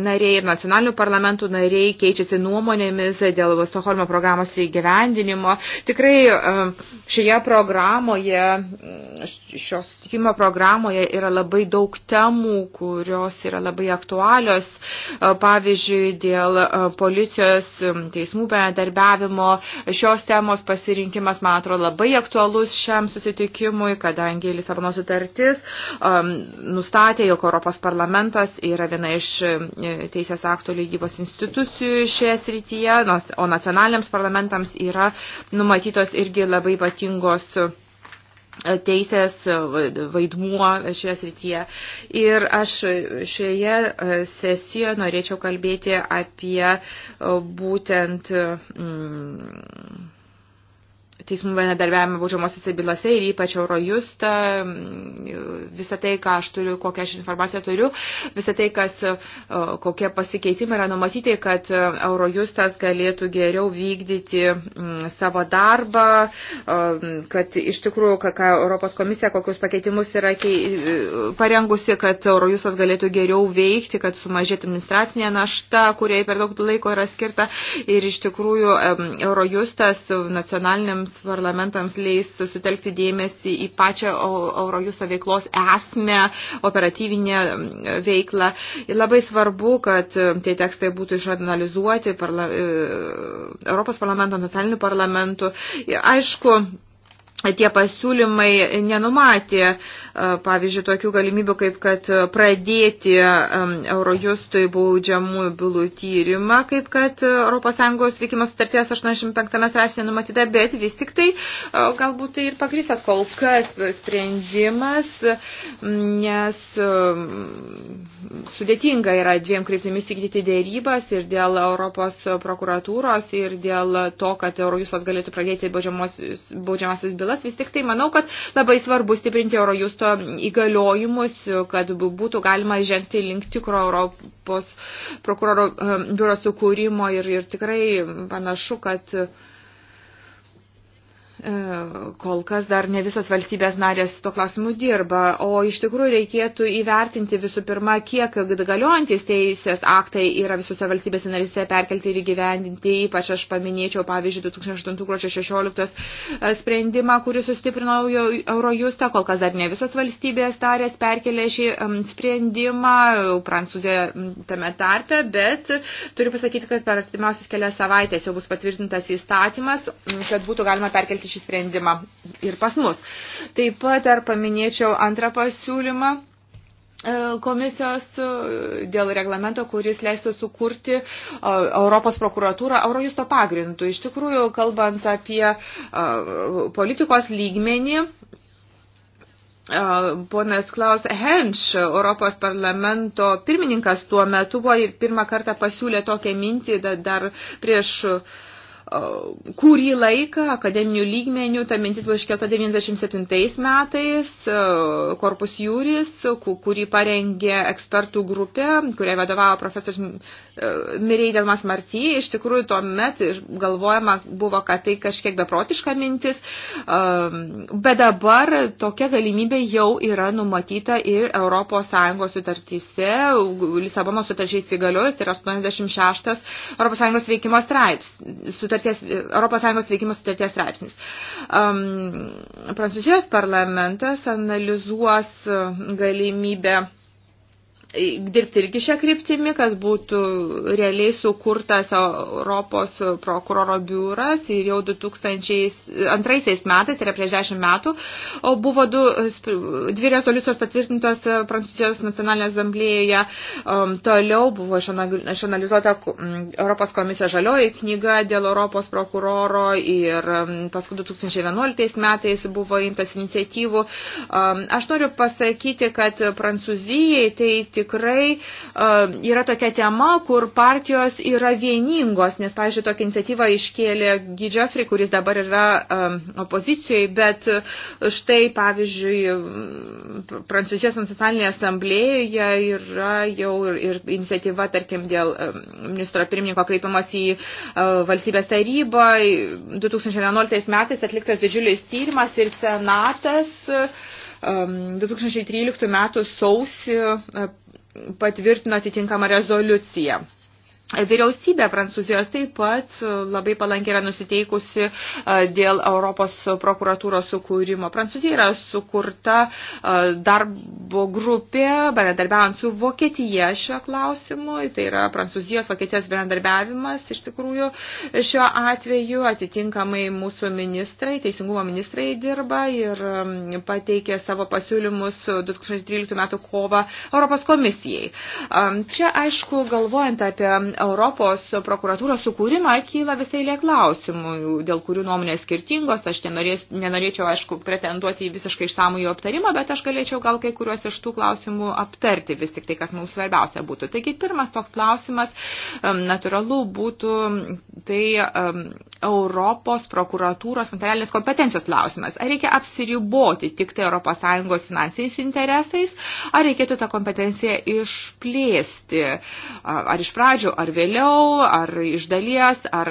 nariai ir nacionalinių parlamentų nariai keičiasi nuomonėmis dėl Stokholmo programos įgyvendinimo. Tikrai šioje programoje, šios sutikimo programoje, sistemoje yra labai daug temų, kurios yra labai aktualios, e, pavyzdžiui, dėl e, policijos teismų bendarbiavimo. Šios temos pasirinkimas, man atrodo, labai aktualus šiam susitikimui, kadangi Lisabono sutartis um, nustatė, jog Europos parlamentas yra viena iš e, teisės aktų leidybos institucijų šioje srityje, o nacionaliniams parlamentams yra numatytos irgi labai ypatingos teisės vaidmuo šioje srityje. Ir aš šioje e, sesijoje norėčiau kalbėti apie e, būtent mm, teismų bendradarbiavimą baudžiamosiose bylose ir ypač Eurojustą, visą tai, ką aš turiu, kokią aš informaciją turiu, visą tai, kas, kokie pasikeitimai yra numatyti, kad Eurojustas galėtų geriau vykdyti savo darbą, kad iš tikrųjų, ką Europos komisija, kokius pakeitimus yra parengusi, kad Eurojustas galėtų geriau veikti, kad sumažėtų administracinė našta, kuriai per daug laiko yra skirta ir iš tikrųjų Eurojustas nacionaliniams nacionaliniams parlamentams leis sutelkti dėmesį į pačią Eurojuso veiklos esmę, operatyvinę mm, veiklą. Ir labai svarbu, kad e, tie tekstai būtų išanalizuoti parla, e, Europos parlamento, nacionalinių parlamentų. Aišku, tie pasiūlymai nenumatė, e, pavyzdžiui, tokių galimybių, kaip kad pradėti Eurojustui baudžiamųjų bylų tyrimą, kaip kad ES veikimo sutarties 85 straipsnė numatyta, bet vis tik tai e, galbūt tai ir pagrįstas kol kas sprendimas, nes sudėtinga yra dviem kryptimis įgyti dėrybas ir dėl Europos prokuratūros ir dėl to, kad Eurojustas galėtų pradėti baudžiamasis bylas bylas, vis tik tai manau, kad labai svarbu stiprinti Eurojusto įgaliojimus, kad būtų galima žengti link tikro Europos prokuroro ehm, biuro sukūrimo ir, ir tikrai panašu, kad E, kol kas dar ne visos valstybės narės to klausimu dirba, o iš tikrųjų reikėtų įvertinti visų pirma, kiek galiojantis teisės aktai yra visose valstybės narėse perkelti ir įgyvendinti. Ypač aš paminėčiau, pavyzdžiui, 2008-2016 e, sprendimą, kuris sustiprino Eurojustą. Kol kas dar ne visos valstybės narės perkelė šį e, sprendimą, Prancūzija tame tarpe, bet turiu pasakyti, kad per artimiausias kelias savaitės jau bus patvirtintas įstatymas, kad būtų galima perkelti taikyti šį sprendimą ir pas mus. Taip pat ar paminėčiau antrą pasiūlymą e, komisijos e, dėl reglamento, kuris leistų sukurti e, Europos prokuratūrą Eurojusto pagrindu. Iš tikrųjų, kalbant apie politikos lygmenį, ponas Klaus Hensch, Europos parlamento pirmininkas tuo metu buvo ir pirmą kartą pasiūlė tokią mintį dar prieš uh, kurį laiką akademinių lygmenių, ta mintis buvo iškelta 97 metais, Korpus e, Jūris, kurį parengė ekspertų grupė, kurią vadovavo profesorius e, Mireidelmas Marty, iš tikrųjų tuo met galvojama buvo, kad tai kažkiek beprotiška mintis, e, bet dabar tokia galimybė jau yra numatyta ir ES sutartyse, Lisabono sutarčiai įsigaliojus, tai yra 86 ES veikimo straipsnis sutarties, ES veikimo sutarties straipsnis. Um, Prancūzijos parlamentas analizuos galimybę dirbti irgi šią kryptimį, kad būtų realiai sukurtas Europos prokuroro biuras ir jau 2002 metais, tai yra prieš 10 metų, buvo du, dvi rezoliucijos patvirtintos Prancūzijos nacionalinėje asamblėje, um, toliau buvo išanalizuota mm, Europos komisija žalioji knyga dėl Europos prokuroro ir um, paskui 2011 metais buvo imtas iniciatyvų. Um, aš noriu pasakyti, kad Prancūzijai tai tikrai uh, yra tokia tema, kur partijos yra vieningos, nes, pavyzdžiui, tokią iniciatyvą iškėlė Gidžiofri, kuris dabar yra um, e, opozicijoje, bet štai, pavyzdžiui, Prancūzijos nacionalinėje asamblėjoje yra jau ir, ir iniciatyva, tarkim, dėl um, ministro pirmininko kreipimas į uh, valstybės tarybą. 2011 metais atliktas didžiulis tyrimas ir senatas 2013 metų sausį patvirtino atitinkamą rezoliuciją. Vyriausybė Prancūzijos taip pat labai palankiai yra nusiteikusi e, dėl Europos prokuratūros sukūrimo. Prancūzija yra sukurta e, darbo grupė, bendradarbiaujant su Vokietija šiuo klausimu. Tai yra Prancūzijos, Vokietijos bendradarbiavimas iš tikrųjų šiuo atveju. Atitinkamai mūsų ministrai, teisingumo ministrai dirba ir pateikė savo pasiūlymus 2013 m. kovą Europos komisijai. Čia, aišku, galvojant apie Europos prokuratūros sukūrimą kyla visai lė klausimų, dėl kurių nuomonės skirtingos. Aš nenorės, nenorėčiau, aišku, pretenduoti į visiškai išsamų jų aptarimą, bet aš galėčiau gal kai kuriuos iš tų klausimų aptarti vis tik tai, kas mums svarbiausia būtų. Taigi pirmas toks klausimas natūralu būtų tai um, Europos prokuratūros materialinės kompetencijos klausimas. Ar reikia apsiriboti tik tai ES finansiniais interesais, ar reikėtų tą kompetenciją išplėsti, ar iš pradžių, ar ar vėliau, ar iš dalies, ar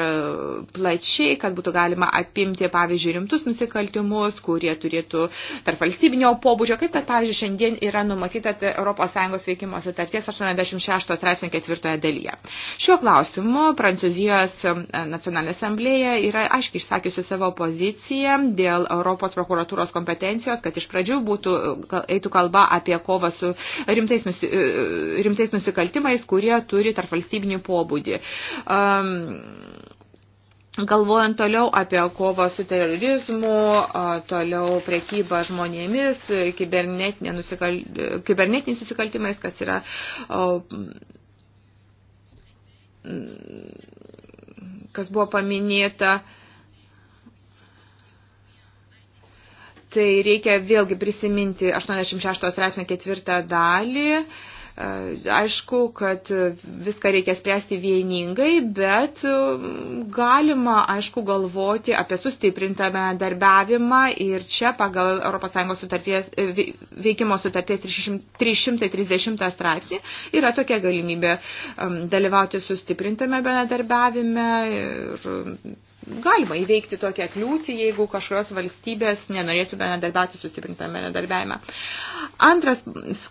plačiai, kad būtų galima apimti, pavyzdžiui, rimtus nusikaltimus, kurie turėtų tarp valstybinio pobūdžio, kaip kad, pavyzdžiui, šiandien yra numatyta ES veikimo sutarties 86 straipsnio ketvirtoje dalyje. Šiuo klausimu Prancūzijos e, nacionalinė asamblėja yra aiškiai išsakiusi savo poziciją dėl Europos prokuratūros kompetencijos, kad iš pradžių būtų, e, eitų kalba apie kovą su rimtais, nusi, e, rimtais nusikaltimais, kurie turi tarp valstybinį pobūdį. Um, Galvojant toliau apie kovą su terorizmu, toliau prekybą žmonėmis, nusikal... kibernetiniais nusikaltimais, kas yra kas buvo paminėta, tai reikia vėlgi prisiminti 86 straipsnio ketvirtą dalį, Aišku, kad viską reikia spręsti vieningai, bet mm, galima, aišku, galvoti apie sustiprintame darbiavimą ir čia pagal ES sutarties, e, veikimo sutarties 330 straipsnį yra tokia galimybė mm, dalyvauti sustiprintame bendradarbiavime ir galima įveikti tokią kliūtį, jeigu kažkurios valstybės nenorėtų bendradarbiauti sustiprintame bendradarbiavime. Antras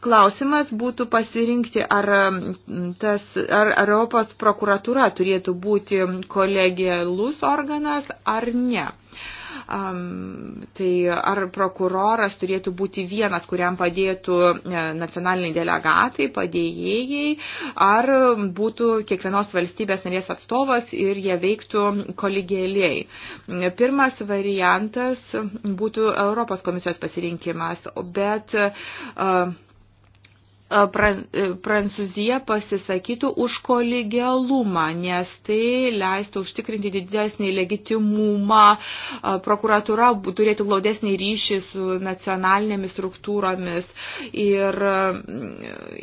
klausimas būtų pasirinkti, ar, mm, tas, ar Europos prokuratūra turėtų būti kolegialus organas ar ne. Uh, Tai ar prokuroras turėtų būti vienas, kuriam padėtų e, nacionaliniai delegatai, padėjėjai, ar būtų kiekvienos valstybės narės atstovas ir jie veiktų kolegėliai. Pirmas variantas būtų Europos komisijos pasirinkimas, bet uh, E, Prancūzija pasisakytų už kolegialumą, nes tai leistų užtikrinti didesnį legitimumą, prokuratūra turėtų glaudesnį ryšį su nacionalinėmis struktūromis ir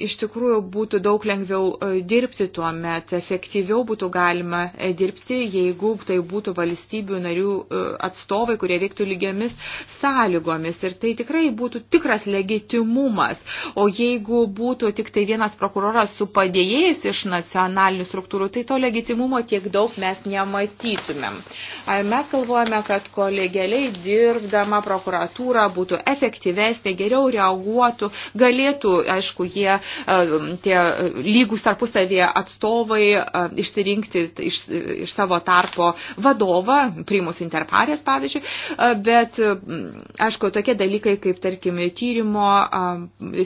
iš tikrųjų būtų daug lengviau dirbti tuo met, efektyviau būtų galima e, dirbti, jeigu tai būtų valstybių narių e, atstovai, kurie veiktų lygiamis sąlygomis ir tai tikrai būtų tikras legitimumas. O jeigu būtų tik tai vienas prokuroras su padėjėjais iš nacionalinių struktūrų, tai to legitimumo tiek daug mes nematytumėm. Mes galvojame, kad kolegeliai dirbdama prokuratūra būtų efektyvesnė, geriau reaguotų, galėtų, aišku, jie, um, tie lygus tarpusavėje atstovai um, išsirinkti iš, iš savo tarpo vadovą, primus interparės, pavyzdžiui, um, bet, aišku, tokie dalykai kaip, tarkim, tyrimo,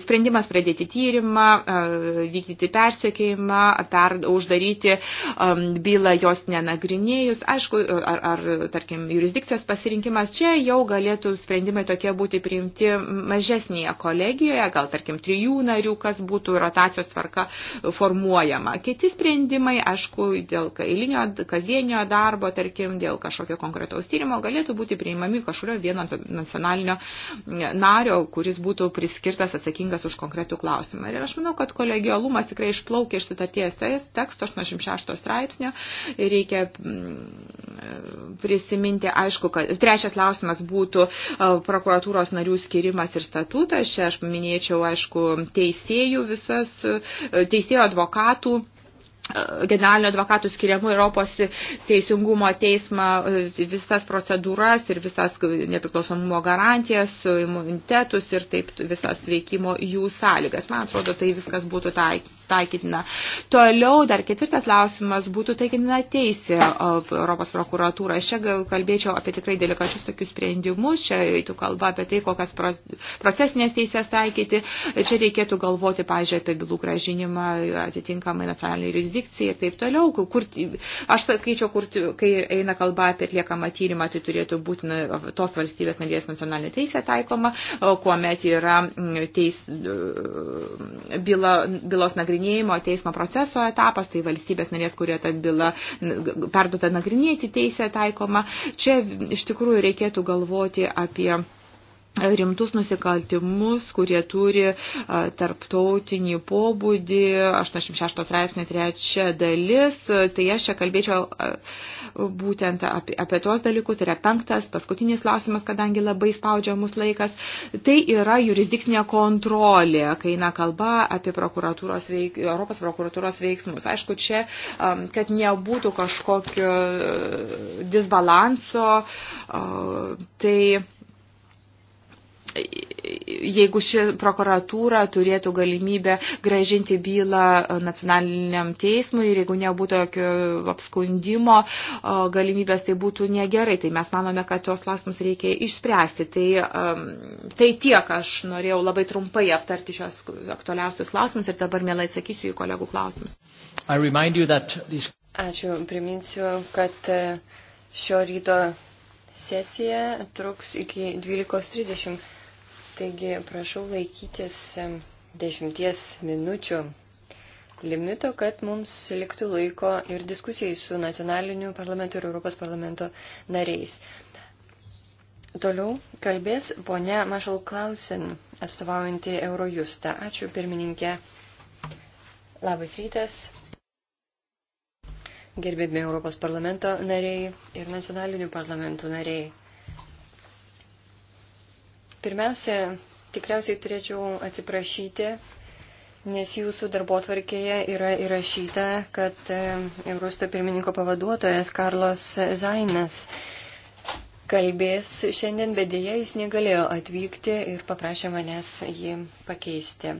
sprendimas pradėti tyrimą, tyrimą, e, vykdyti persiekėjimą, per, uždaryti um, bylą jos nenagrinėjus. Aišku, e, ar, ar, tarkim, jurisdikcijos pasirinkimas čia jau galėtų sprendimai tokie būti priimti mažesnėje kolegijoje, gal, tarkim, trijų narių, kas būtų rotacijos tvarka formuojama. Kiti sprendimai, aišku, dėl eilinio, kasdienio darbo, tarkim, dėl kažkokio konkretaus tyrimo galėtų būti priimami kažkurio vieno nacionalinio nario, kuris būtų priskirtas atsakingas už konkretų klausimą klausimą. Ir aš manau, kad kolegialumas tikrai išplaukia iš sutarties teksto 86 straipsnio. Reikia mm, prisiminti, aišku, kad trečias klausimas būtų e, prokuratūros narių skirimas ir statutas. Čia aš minėčiau, aišku, teisėjų visas, e, teisėjo advokatų generalinio advokatų skiriamų Europos teisingumo teismą e, visas procedūras ir visas nepriklausomumo garantijas, imunitetus ir taip visas veikimo jų sąlygas. Man atrodo, tai viskas būtų taik, taikytina. Toliau dar ketvirtas klausimas būtų taikytina teisė Europos prokuratūra. Aš čia kalbėčiau apie tikrai delikačius tokius sprendimus, čia eitų kalba apie tai, kokias procesinės teisės taikyti. Čia reikėtų galvoti, pažiūrėjau, apie bylų gražinimą atitinkamai nacionalinį jurisdikciją ir taip toliau. Kur, aš sakyčiau, kur, kai eina kalba apie atliekamą tyrimą, tai turėtų būti tos valstybės narės nacionalinė teisė taikoma, kuomet yra mm, teis, mm, byla, bylos nagrinėjimas nagrinėjimo teismo proceso etapas, tai valstybės narės, kurie ta byla perduota nagrinėti teisė taikoma. Čia iš tikrųjų reikėtų galvoti apie rimtus nusikaltimus, kurie turi tarptautinį pobūdį, 86 straipsnė trečia dalis, tai aš čia kalbėčiau būtent apie, apie tuos dalykus, tai yra penktas, paskutinis klausimas, kadangi labai spaudžia mūsų laikas, tai yra jurisdikcinė kontrolė, kai eina kalba apie prokuratūros veik, Europos prokuratūros veiksmus. Aišku, čia, kad nebūtų kažkokio disbalanso, tai jeigu ši prokuratūra turėtų galimybę gražinti bylą nacionaliniam teismui ir jeigu nebūtų jokio apskundimo galimybės, tai būtų negerai. Tai mes manome, kad tuos klausimus reikia išspręsti. Tai, um, tai tiek aš norėjau labai trumpai aptarti šios aktualiausius klausimus ir dabar mielai atsakysiu į kolegų klausimus. This... Ačiū, priminsiu, kad e, šio ryto sesija truks iki 12.30. Taigi prašau laikytis dešimties minučių limito, kad mums liktų laiko ir diskusijai su nacionaliniu parlamentu ir Europos parlamento nariais. Toliau kalbės ponia Mašal Klausin, atstovaujanti Eurojustą. Ačiū pirmininkė. Labas rytas. Gerbėmi Europos parlamento nariai ir nacionalinių parlamentų nariai. Pirmiausia, tikriausiai turėčiau atsiprašyti, nes jūsų darbo tvarkėje yra įrašyta, kad e, Eurosto pirmininko pavaduotojas Karlos Zainas kalbės šiandien, bet dėja jis negalėjo atvykti ir paprašė manęs jį pakeisti.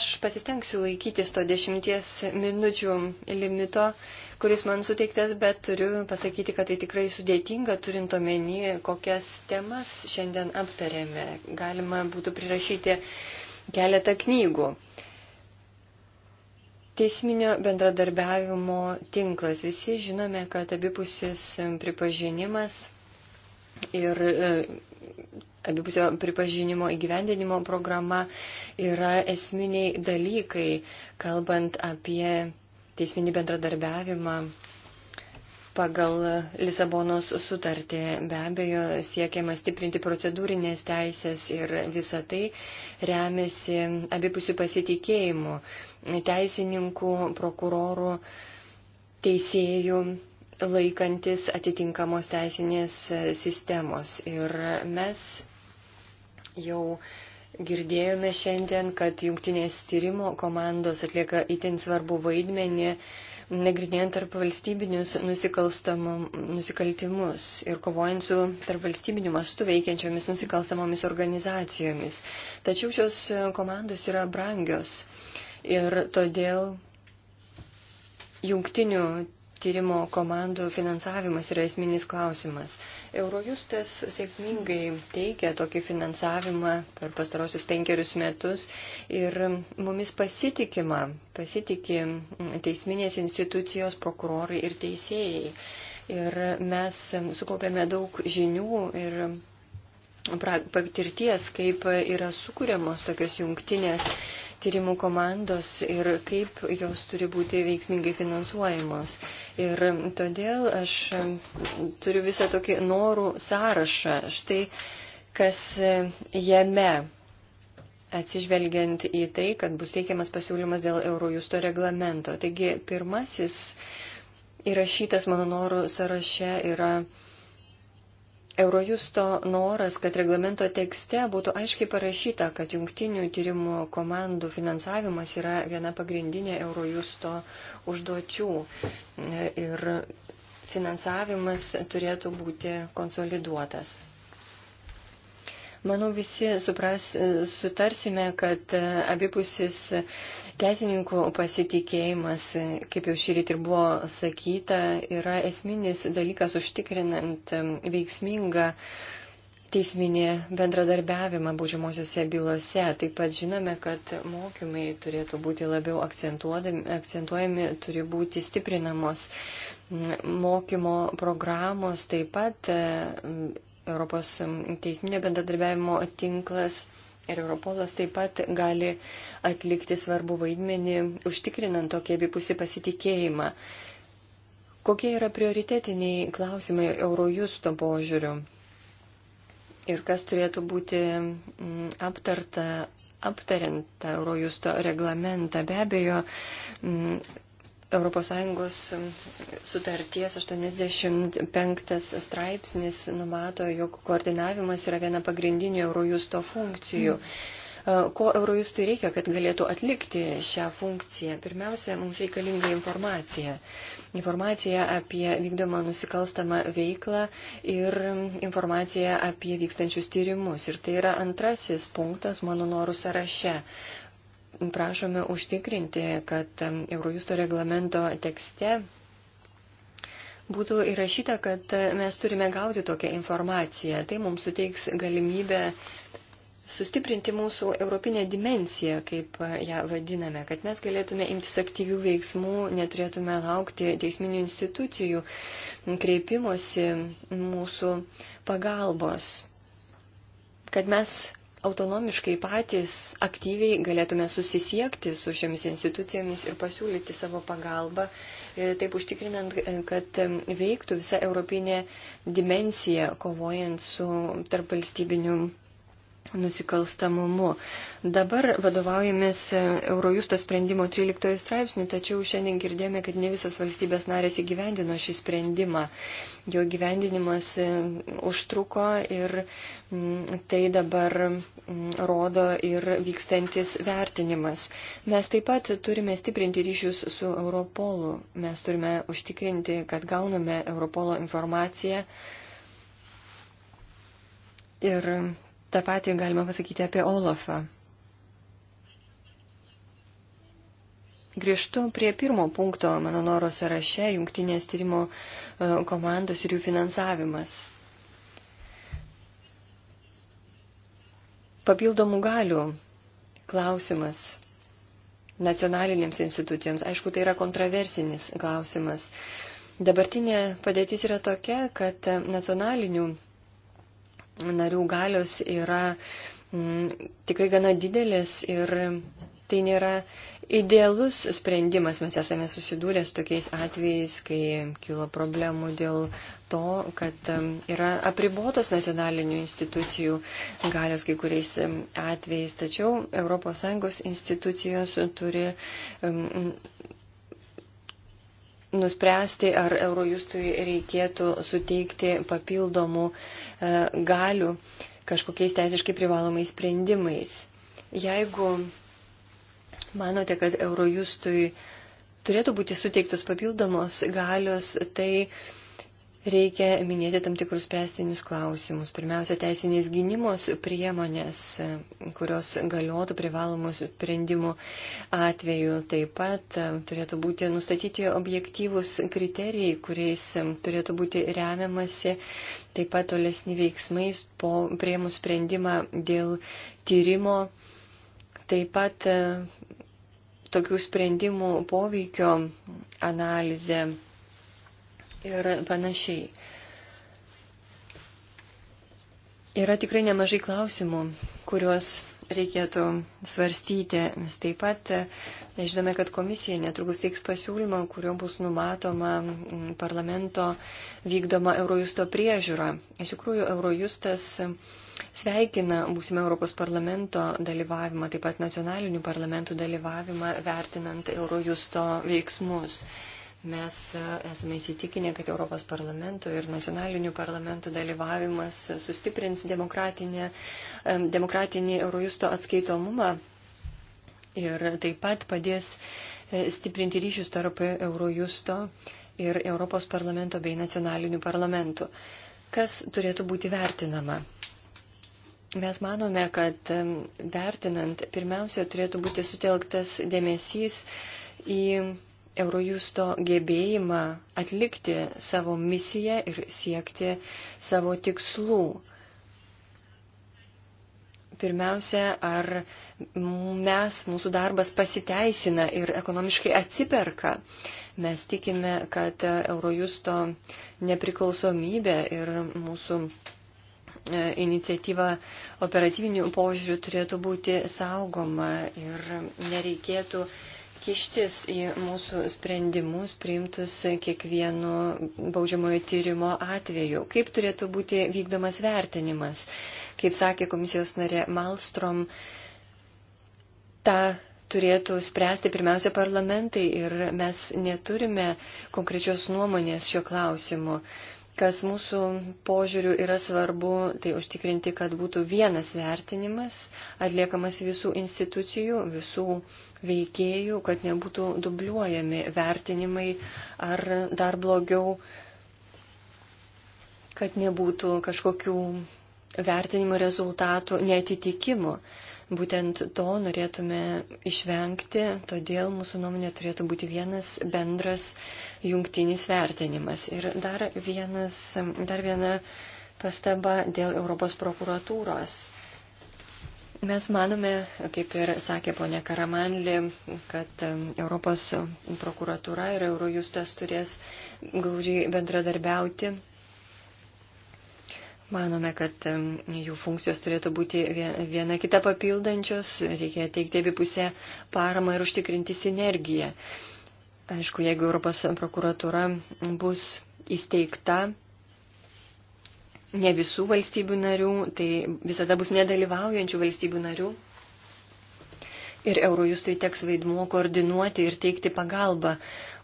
Aš pasistengsiu laikytis to dešimties minučių limito kuris man suteiktas, bet turiu pasakyti, kad tai tikrai sudėtinga, turint omeny, kokias temas šiandien aptarėme. Galima būtų prirašyti keletą knygų. Teisminio bendradarbiavimo tinklas. Visi žinome, kad abipusis pripažinimas ir e, abipusio pripažinimo įgyvendinimo programa yra esminiai dalykai, kalbant apie teisminį bendradarbiavimą pagal Lisabonos sutartį. Be abejo, siekiama stiprinti procedūrinės teisės ir visa tai remiasi abipusių pasitikėjimų teisininkų, prokurorų, teisėjų laikantis atitinkamos teisinės sistemos. Ir mes jau Girdėjome šiandien, kad jungtinės tyrimo komandos atlieka itin svarbu vaidmenį, nagrinėjant tarp valstybinius nusikaltimus ir kovojant su tarp valstybiniu mastu veikiančiomis nusikalstamomis organizacijomis. Tačiau šios komandos yra brangios ir todėl jungtinių tyrimo komandų finansavimas yra esminis klausimas. Eurojustas sėkmingai teikia tokį finansavimą per pastarosius penkerius metus ir mumis pasitikima, pasitikė teisminės institucijos, prokurorai ir teisėjai. Ir mes sukaupėme daug žinių ir patirties, kaip yra sukūriamos tokios jungtinės tyrimų komandos ir kaip jos turi būti veiksmingai finansuojamos. Ir todėl aš turiu visą tokį norų sąrašą. Štai kas e, jame atsižvelgiant į tai, kad bus teikiamas pasiūlymas dėl Eurojusto reglamento. Taigi pirmasis įrašytas mano norų sąraše yra Eurojusto noras, kad reglamento tekste būtų aiškiai parašyta, kad jungtinių tyrimų komandų finansavimas yra viena pagrindinė Eurojusto užduočių ir finansavimas turėtų būti konsoliduotas. Manau, visi supras, sutarsime, kad e, abipusis teisininkų pasitikėjimas, kaip jau šį rytį ir buvo sakyta, yra esminis dalykas užtikrinant e, veiksmingą teisminį bendradarbiavimą baudžiamosiose bylose. Taip pat žinome, kad mokymai turėtų būti labiau akcentuojami, turi būti stiprinamos mokymo programos, taip pat e, Europos teisminio bendradarbiavimo tinklas ir Europolas taip pat gali atlikti svarbu vaidmenį, užtikrinant tokį abipusį pasitikėjimą. Kokie yra prioritetiniai klausimai Eurojusto požiūriu? Ir kas turėtų būti aptarta, aptariant tą Eurojusto reglamentą? Be abejo, ES sutarties 85 straipsnis numato, jog koordinavimas yra viena pagrindinių Eurojusto funkcijų. Mm. Ko Eurojustui reikia, kad galėtų atlikti šią funkciją? Pirmiausia, mums reikalinga informacija. Informacija apie vykdomą nusikalstamą veiklą ir informacija apie vykstančius tyrimus. Ir tai yra antrasis punktas mano norų sąraše prašome užtikrinti, kad Eurojusto reglamento tekste būtų įrašyta, kad mes turime gauti tokią informaciją. Tai mums suteiks galimybę sustiprinti mūsų europinę dimenciją, kaip ją vadiname, kad mes galėtume imtis aktyvių veiksmų, neturėtume laukti teisminių institucijų kreipimosi mūsų pagalbos, kad mes autonomiškai patys aktyviai galėtume susisiekti su šiomis institucijomis ir pasiūlyti savo pagalbą, e, taip užtikrinant, e, kad e, veiktų visa europinė dimensija kovojant su tarpvalstybiniu nusikalstamumu. Dabar vadovaujamės Eurojusto sprendimo 13 straipsnių, tačiau šiandien girdėjome, kad ne visos valstybės narės įgyvendino šį sprendimą. Jo gyvendinimas e, užtruko ir mm, tai dabar mm, rodo ir vykstantis vertinimas. Mes taip pat turime stiprinti ryšius su Europolu. Mes turime užtikrinti, kad gauname Europolo informaciją. Ir Ta patį galima pasakyti apie Olafą. Grįžtu prie pirmo punkto mano noro sąraše - jungtinės tyrimo e, komandos ir jų finansavimas. Papildomų galių klausimas nacionalinėms institucijoms. Aišku, tai yra kontroversinis klausimas. Dabartinė padėtis yra tokia, kad nacionalinių narių galios yra m, mm, tikrai gana didelės ir tai nėra idealus sprendimas. Mes esame susidūrę su tokiais atvejais, kai kilo problemų dėl to, kad mm, yra apribotos nacionalinių institucijų galios kai kuriais mm, atvejais. Tačiau ES institucijos turi nuspręsti, ar Eurojustui reikėtų suteikti papildomų e, galių kažkokiais teisiškai privalomais sprendimais. Jeigu manote, kad Eurojustui turėtų būti suteiktos papildomos galios, tai uh, reikia minėti tam tikrus prestinius klausimus. Pirmiausia, teisinės gynimos priemonės, kurios galiotų privalomų sprendimų atveju. Taip pat e, turėtų būti nustatyti objektyvus kriterijai, kuriais e, turėtų būti remiamasi. Taip pat tolesni veiksmais po priemų sprendimą dėl tyrimo. Taip pat e, tokių sprendimų poveikio analizė ir panašiai. Yra tikrai nemažai klausimų, kuriuos reikėtų svarstyti. Mes taip pat žinome, kad komisija netrukus teiks pasiūlymą, kuriuo bus numatoma mm, parlamento vykdoma Eurojusto priežiūra. Iš tikrųjų, Eurojustas sveikina būsimą Europos parlamento dalyvavimą, taip pat nacionalinių parlamentų dalyvavimą, vertinant Eurojusto veiksmus. Mes e, esame įsitikinę, kad Europos parlamento ir nacionalinių parlamentų dalyvavimas sustiprins e, demokratinį Eurojusto atskaitomumą ir taip pat padės e, stiprinti ryšius tarp Eurojusto ir Europos parlamento bei nacionalinių parlamentų. Kas turėtų būti vertinama? Mes manome, kad vertinant pirmiausia turėtų būti sutelktas dėmesys į Eurojusto gebėjimą atlikti savo misiją ir siekti savo tikslų. Pirmiausia, ar mes, mūsų darbas pasiteisina ir ekonomiškai atsiperka. Mes tikime, kad Eurojusto nepriklausomybė ir mūsų e, iniciatyva operatyvinių požiūrių turėtų būti saugoma ir nereikėtų uh, kištis į mūsų sprendimus priimtus kiekvienu baudžiamojo tyrimo atveju. Kaip turėtų būti vykdomas vertinimas? Kaip sakė komisijos narė Malstrom, tą turėtų spręsti pirmiausia parlamentai ir mes neturime konkrečios nuomonės šiuo klausimu. Kas mūsų požiūrių yra svarbu, tai užtikrinti, kad būtų vienas vertinimas atliekamas visų institucijų, visų veikėjų, kad nebūtų dubliuojami vertinimai ar dar blogiau, kad nebūtų kažkokių vertinimo rezultatų netitikimų. Būtent to norėtume išvengti, todėl mūsų nuomonė turėtų būti vienas bendras jungtinis vertinimas. Ir dar, vienas, dar viena pastaba dėl Europos prokuratūros. Mes manome, kaip ir sakė ponė Karamanli, kad Europos prokuratūra ir Eurojustas turės glaudžiai bendradarbiauti Manome, kad jų funkcijos turėtų būti viena kita papildančios, reikia teikti abipusę paramą ir užtikrinti sinergiją. Aišku, jeigu Europos prokuratura bus įsteigta ne visų valstybių narių, tai visada bus nedalyvaujančių valstybių narių, ir Eurojustui teks vaidmuo koordinuoti ir teikti pagalbą,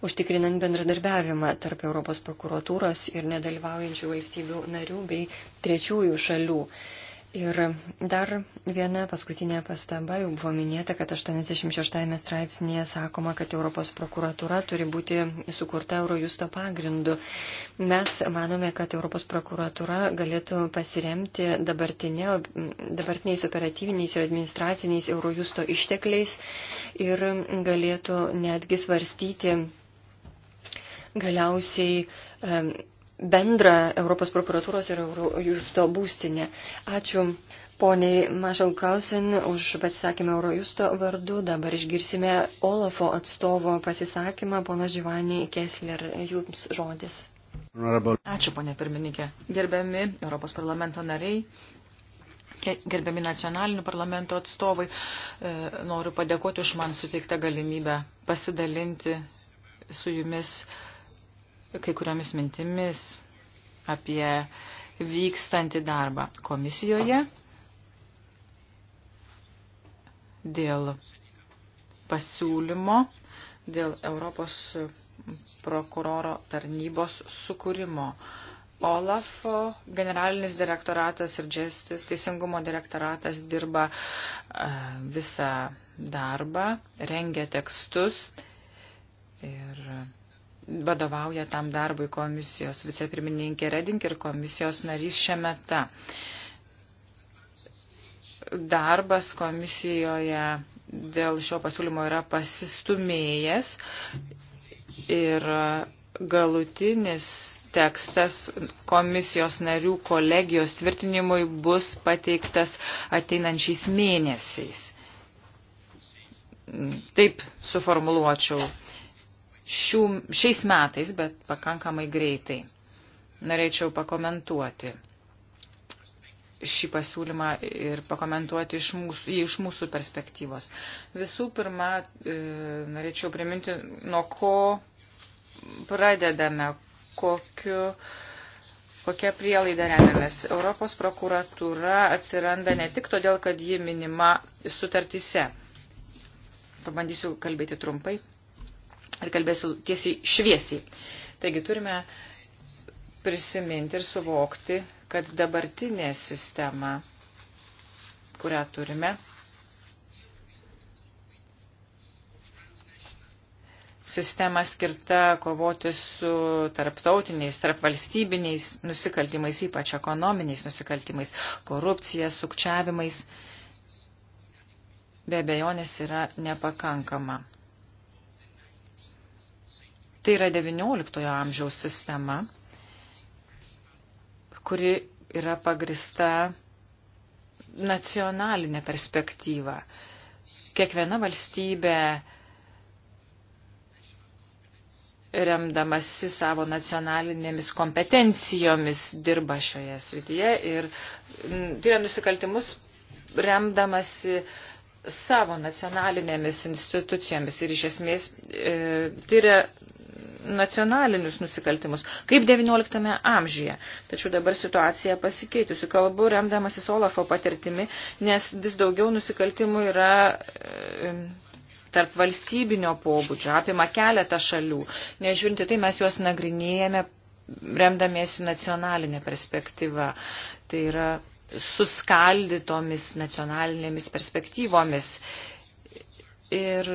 užtikrinant bendradarbiavimą tarp Europos prokuratūros ir nedalyvaujančių valstybių narių bei trečiųjų šalių. Ir dar viena paskutinė pastaba, jau buvo minėta, kad 86 straipsnėje sakoma, kad Europos prokuratura turi būti sukurta Eurojusto pagrindu. Mes manome, kad Europos prokuratura galėtų pasiremti dabartinė, dabartiniais operatyviniais ir administraciniais Eurojusto ištekliais ir galėtų netgi svarstyti galiausiai bendrą Europos prokuratūros ir Eurojusto būstinę. Ačiū poniai Mašal Klausin už pasisakymą Eurojusto vardu. Dabar išgirsime Olafo atstovo pasisakymą, ponas Živanį Kessler. Jums žodis. Ačiū, ponė pirmininkė. Gerbiami Europos parlamento nariai, gerbiami nacionalinių parlamento atstovai, e, noriu padėkoti už man suteiktą galimybę pasidalinti su jumis uh, kai kuriomis mintimis apie vykstantį darbą komisijoje dėl pasiūlymo, dėl Europos prokuroro tarnybos sukūrimo. Olafo generalinis direktoratas ir Justice teisingumo direktoratas dirba e, visą darbą, rengia tekstus ir vadovauja tam darbui komisijos vicepirmininkė Redink ir komisijos narys šiame ta. Darbas komisijoje dėl šio pasiūlymo yra pasistumėjęs ir galutinis tekstas komisijos narių kolegijos tvirtinimui bus pateiktas ateinančiais mėnesiais. Taip suformuluočiau šių, šiais metais, bet pakankamai greitai. Norėčiau pakomentuoti šį pasiūlymą ir pakomentuoti iš mūsų, iš mūsų perspektyvos. Visų pirma, e, norėčiau priminti, nuo ko pradedame, kokiu, kokia prielaida remiamės. Europos prokuratūra atsiranda ne tik todėl, kad ji minima sutartyse. Pabandysiu kalbėti trumpai ir kalbėsiu tiesiai šviesiai. Taigi turime prisiminti ir suvokti, kad dabartinė sistema, kurią turime, sistema skirta kovoti su tarptautiniais, tarpvalstybiniais nusikaltimais, ypač ekonominiais nusikaltimais, korupcija, sukčiavimais, be abejonės yra nepakankama. Tai yra XIX amžiaus sistema, kuri yra pagrista nacionalinė perspektyva. Kiekviena valstybė remdamasi savo nacionalinėmis kompetencijomis dirba šioje srityje ir mm, tyria tai nusikaltimus remdamasi savo nacionalinėmis institucijomis ir iš esmės e, tyria tai nacionalinius nusikaltimus, kaip XIX amžiuje. Tačiau dabar situacija pasikeitusi. Kalbu remdamasis Olafo patirtimi, nes vis daugiau nusikaltimų yra e, tarp valstybinio pobūdžio, apima keletą šalių. Nežiūrinti tai, mes juos nagrinėjame remdamiesi nacionalinė perspektyva. Tai yra suskaldytomis nacionalinėmis perspektyvomis. Ir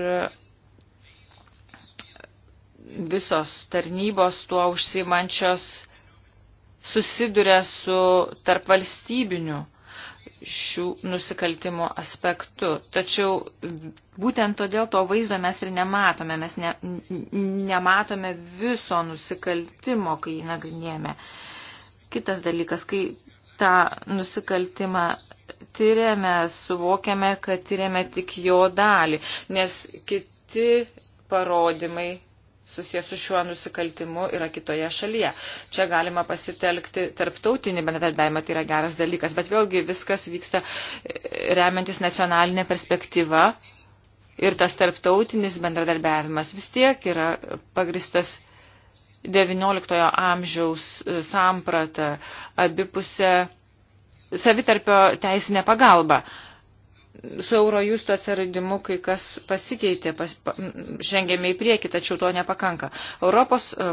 visos tarnybos tuo užsimančios susiduria su tarpvalstybiniu šių nusikaltimų aspektu. Tačiau būtent todėl to vaizdo mes ir nematome. Mes ne, nematome viso nusikaltimo, kai jį nagrinėjame. Kitas dalykas, kai tą nusikaltimą tyrėme, suvokėme, kad tyrėme tik jo dalį, nes kiti parodymai susijęs su šiuo nusikaltimu yra kitoje šalyje. Čia galima pasitelkti tarptautinį bendradarbiavimą, tai yra geras dalykas, bet vėlgi viskas vyksta e, remiantis nacionalinė perspektyva ir tas tarptautinis bendradarbiavimas vis tiek yra pagristas 19 amžiaus e, samprata abipusę savitarpio teisinę pagalbą su Eurojusto atsiradimu kai kas pasikeitė, pas, pa, žengėme į priekį, tačiau to nepakanka. Europos e,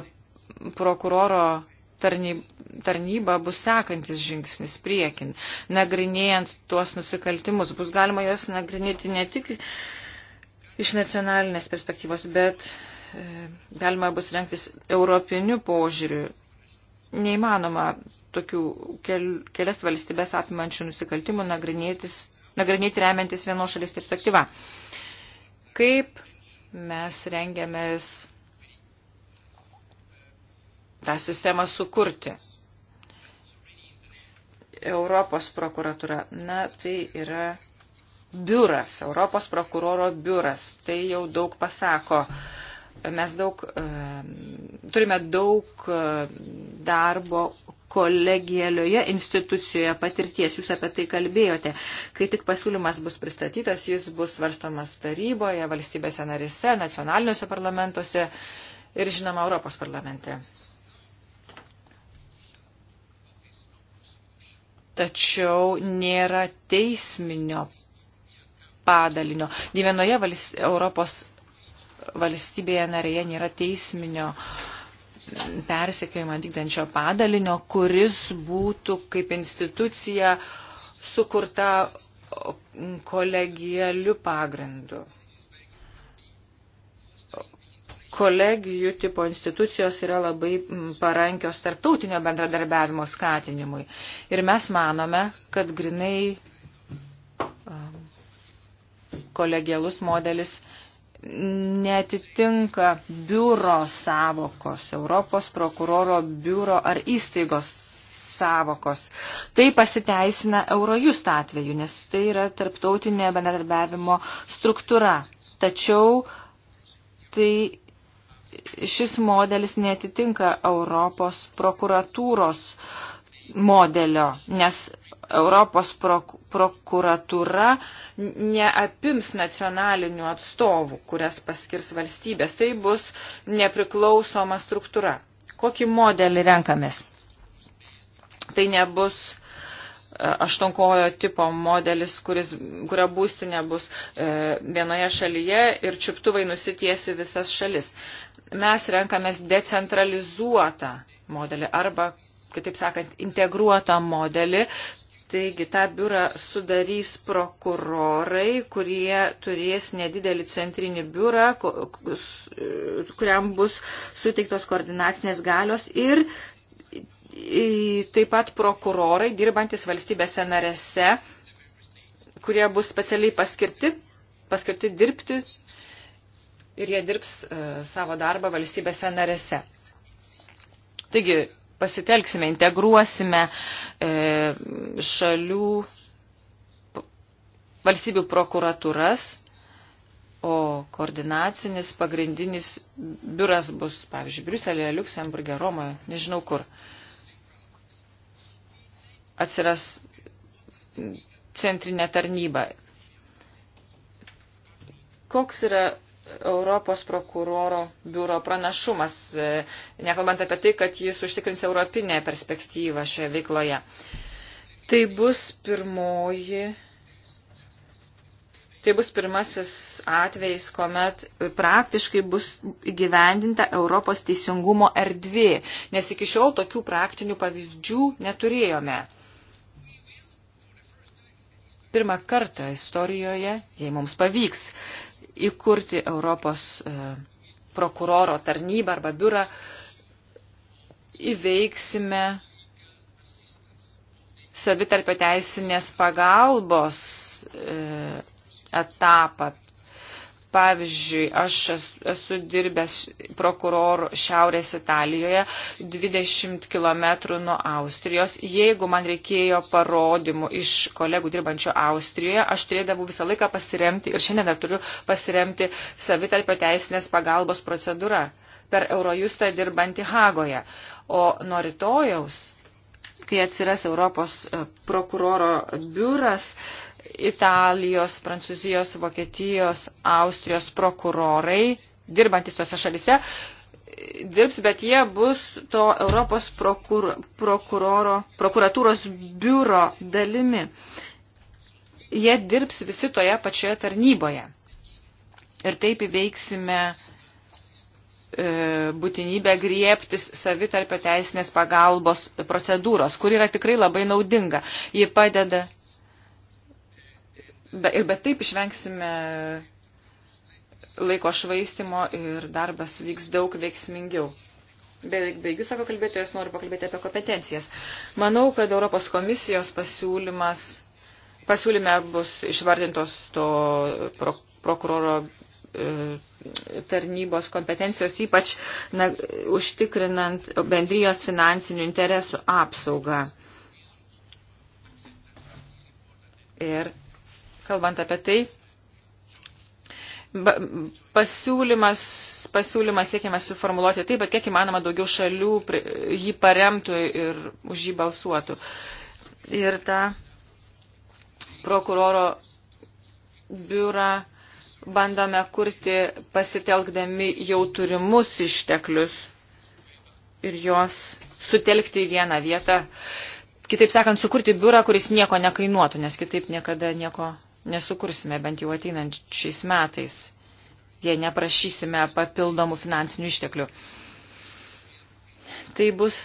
prokuroro tarnyba bus sekantis žingsnis priekin. Nagrinėjant tuos nusikaltimus bus galima juos nagrinėti ne tik iš nacionalinės perspektyvos, bet e, galima bus rengtis europiniu požiūriu. Neįmanoma tokių kel, kelias valstybės apimančių nusikaltimų nagrinėtis nagrinėti remiantis vienos šalies perspektyva. Kaip mes rengiamės tą sistemą sukurti? Europos prokuratura. Na, tai yra biuras, Europos prokuroro biuras. Tai jau daug pasako. Mes daug, turime daug darbo, kolegialioje institucijoje patirties. Jūs apie tai kalbėjote. Kai tik pasiūlymas bus pristatytas, jis bus svarstomas taryboje, valstybėse narise, nacionaliniuose parlamentuose ir, žinoma, Europos parlamente. Tačiau nėra teisminio padalinio. Nė vienoje valst... Europos valstybėje narėje nėra teisminio uh, persekiojimą vykdančio padalinio, kuris būtų kaip institucija sukurta kolegialiu pagrindu. Kolegijų tipo institucijos yra labai parankios tarptautinio bendradarbiavimo skatinimui. Ir mes manome, kad grinai kolegialus modelis netitinka biuro savokos, Europos prokuroro biuro ar įstaigos savokos. Tai pasiteisina Eurojust atveju, nes tai yra tarptautinė bendradarbiavimo struktūra. Tačiau tai šis modelis netitinka Europos prokuratūros uh, modelio, nes Europos prok prokuratūra neapims nacionalinių atstovų, kurias paskirs valstybės. Tai bus nepriklausoma struktūra. Kokį modelį renkamės? Tai nebus e, aštonkojo tipo modelis, kuris, kurio būstinė bus e, vienoje šalyje ir čiuptuvai nusitiesi visas šalis. Mes renkamės decentralizuotą modelį arba kitaip sakant, integruotą modelį. Taigi tą biurą sudarys prokurorai, kurie turės nedidelį centrinį biurą, e, kuriam bus suteiktos koordinacinės galios ir taip pat prokurorai dirbantis valstybėse narėse, kurie bus specialiai paskirti, paskirti dirbti ir jie dirbs e, savo darbą valstybėse narėse. Taigi, pasitelksime, integruosime e, šalių valstybių prokuratūras, o koordinacinis pagrindinis biuras bus, pavyzdžiui, Briuselėje, Luksemburgė, Romoje, nežinau kur. Atsiras centrinė tarnyba. Koks yra Europos prokuroro biuro pranašumas, e, nekalbant apie tai, kad jis užtikrins europinę perspektyvą šioje veikloje. Tai bus pirmoji. Tai bus pirmasis atvejs, kuomet praktiškai bus įgyvendinta Europos teisingumo erdvė, nes iki šiol tokių praktinių pavyzdžių neturėjome pirmą kartą istorijoje, jei mums pavyks, įkurti Europos e, prokuroro tarnybą arba biurą, įveiksime savitarpio teisinės pagalbos e, etapą Pavyzdžiui, aš esu dirbęs prokuroru Šiaurės Italijoje 20 km nuo Austrijos. Jeigu man reikėjo parodymų iš kolegų dirbančių Austrijoje, aš turėdavau visą laiką pasiremti ir šiandien dar turiu pasiremti savitarpio teisinės pagalbos procedūrą per Eurojustą dirbantį Hagoje. O nuo rytojaus, kai atsiras Europos e, prokuroro biuras, Italijos, Prancūzijos, Vokietijos, Austrijos prokurorai, dirbantis tose šalise, dirbs, bet jie bus to Europos prokur, prokuratūros biuro dalimi. Jie dirbs visi toje pačioje tarnyboje. Ir taip įveiksime e, būtinybę griebtis savitarpio teisinės pagalbos procedūros, kur yra tikrai labai naudinga. Ji padeda Be, ir bet taip išvengsime laiko švaistimo ir darbas vyks daug veiksmingiau. Beveik baigiu savo kalbėtojas, noriu pakalbėti apie kompetencijas. Manau, kad Europos komisijos pasiūlymas, pasiūlyme bus išvardintos to pro, prokuroro e, tarnybos kompetencijos, ypač na, užtikrinant bendrijos finansinių interesų apsaugą. Ir kalbant apie tai, pasiūlymas, pasiūlymas siekiamas suformuluoti taip, bet kiek įmanoma daugiau šalių jį paremtų ir už jį balsuotų. Ir tą prokuroro biurą bandome kurti pasitelkdami jau turimus išteklius ir juos sutelkti į vieną vietą. Kitaip sakant, sukurti biurą, kuris nieko nekainuotų, nes kitaip niekada nieko nesukursime bent jau ateinančiais metais, jei neprašysime papildomų finansinių išteklių. Tai bus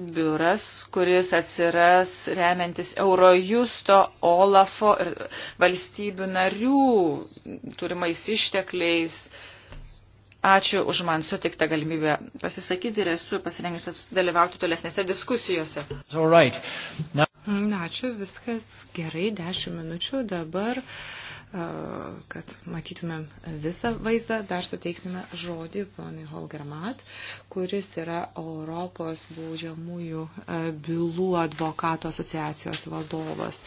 biuras, kuris atsiras remiantis Eurojusto, Olafo ir valstybių narių turimais ištekliais. Ačiū už man sutiktą galimybę pasisakyti ir esu pasirengusi dalyvauti tolesnėse diskusijose. All right. Now... Na, mm, ačiū, viskas gerai, dešimt minučių dabar, kad matytumėm visą vaizdą, dar suteiksime žodį ponui Holgermat, kuris yra Europos baudžiamųjų bylų advokato asociacijos vadovas.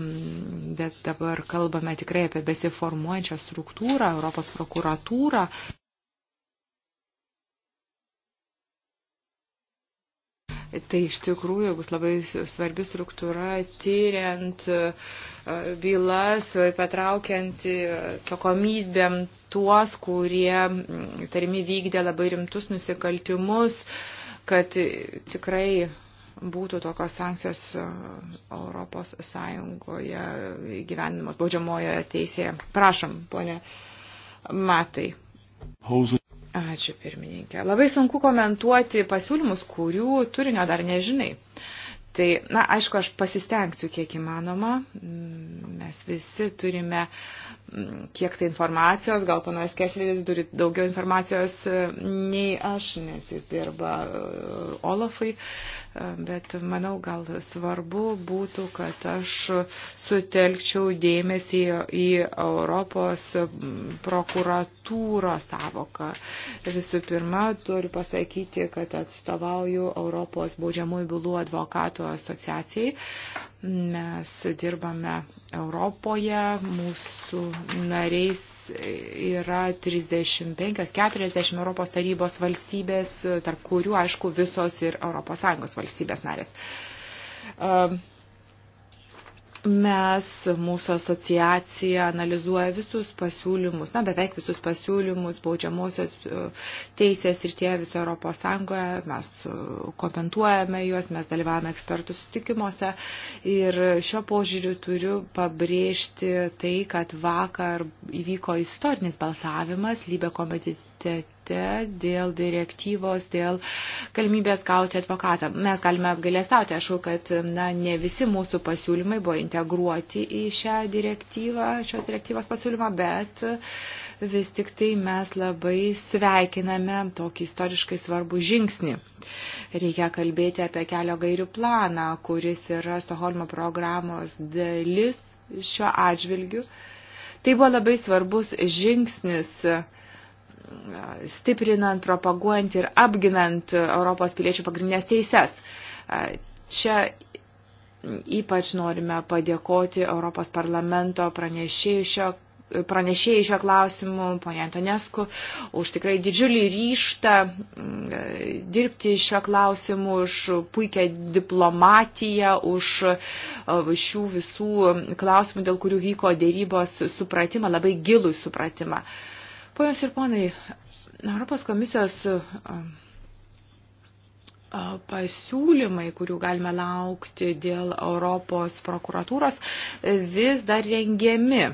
Mm, bet dabar kalbame tikrai apie besiformuojančią struktūrą, Europos prokuratūrą. Tai iš tikrųjų bus labai svarbi struktūra, tyriant e, bylas, e, patraukiant atsakomybėm tuos, kurie, mm, tarimi, vykdė labai rimtus nusikaltimus, kad tikrai būtų tokios sankcijos e, Europos Sąjungoje gyvenimos baudžiamojoje teisėje. Prašom, ponė Matai. Hauser. Ačiū pirmininkė. Labai sunku komentuoti pasiūlymus, kurių turinio dar nežinai. Tai, na, aišku, aš pasistengsiu kiek įmanoma. Mm, mes visi turime mm, kiek tai informacijos, gal panas Kesleris turi daugiau informacijos e, nei aš, nes jis dirba e, Olafui bet manau gal svarbu būtų, kad aš sutelkčiau dėmesį į Europos prokuratūros savoką. Visų pirma, turiu pasakyti, kad atstovauju Europos baudžiamųjų bylų advokatų asociacijai. Mes dirbame Europoje, mūsų nariais yra 35-40 Europos tarybos valstybės, tarp kurių, aišku, visos ir Europos Sąjungos valstybės narės. Um, Mes, mūsų asociacija analizuoja visus pasiūlymus, na beveik visus pasiūlymus baudžiamosios e, teisės ir tie viso Europos Sąjungoje, mes e, komentuojame juos, mes dalyvavome ekspertų sutikimuose ir šio požiūriu turiu pabrėžti tai, kad vakar įvyko istorinis balsavimas, lybė komitete komitete dėl direktyvos, dėl galimybės gauti advokatą. Mes galime apgalėstauti, aišku, kad na, ne visi mūsų pasiūlymai buvo integruoti į šią direktyvą, šios direktyvos pasiūlymą, bet e, vis tik tai mes labai sveikiname tokį istoriškai svarbų žingsnį. Reikia kalbėti apie kelio gairių planą, kuris yra Stoholmo programos dalis šiuo atžvilgiu. Tai buvo labai svarbus žingsnis stiprinant, propaguojant ir apginant Europos piliečių pagrindinės teises. Čia ypač norime padėkoti Europos parlamento pranešėjų šio pranešėjai šio klausimu, ponia Antonesku, už tikrai didžiulį ryštą mm, e, dirbti šio klausimu, už puikią diplomatiją, už e, šių visų klausimų, dėl kurių vyko dėrybos supratimą, labai gilų supratimą. Uh, Ponios ir ponai, Europos komisijos pasiūlymai, kurių galime laukti dėl Europos prokuratūros, vis dar rengiami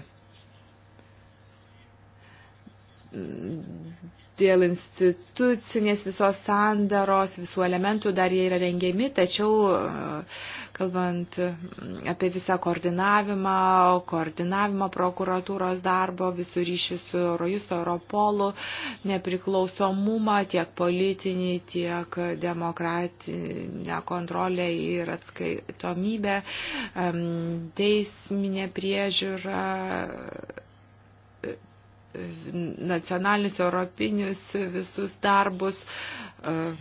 dėl institucinės visos sandaros, visų elementų dar jie yra rengiami, tačiau e, kalbant mm, apie visą koordinavimą, koordinavimą prokuratūros darbo, visų ryšių su Eurojusto Europolu, nepriklausomumą tiek politinį, tiek demokratinę kontrolę ir atskaitomybę, teisminė priežiūra nacionalinius, europinius visus darbus, e,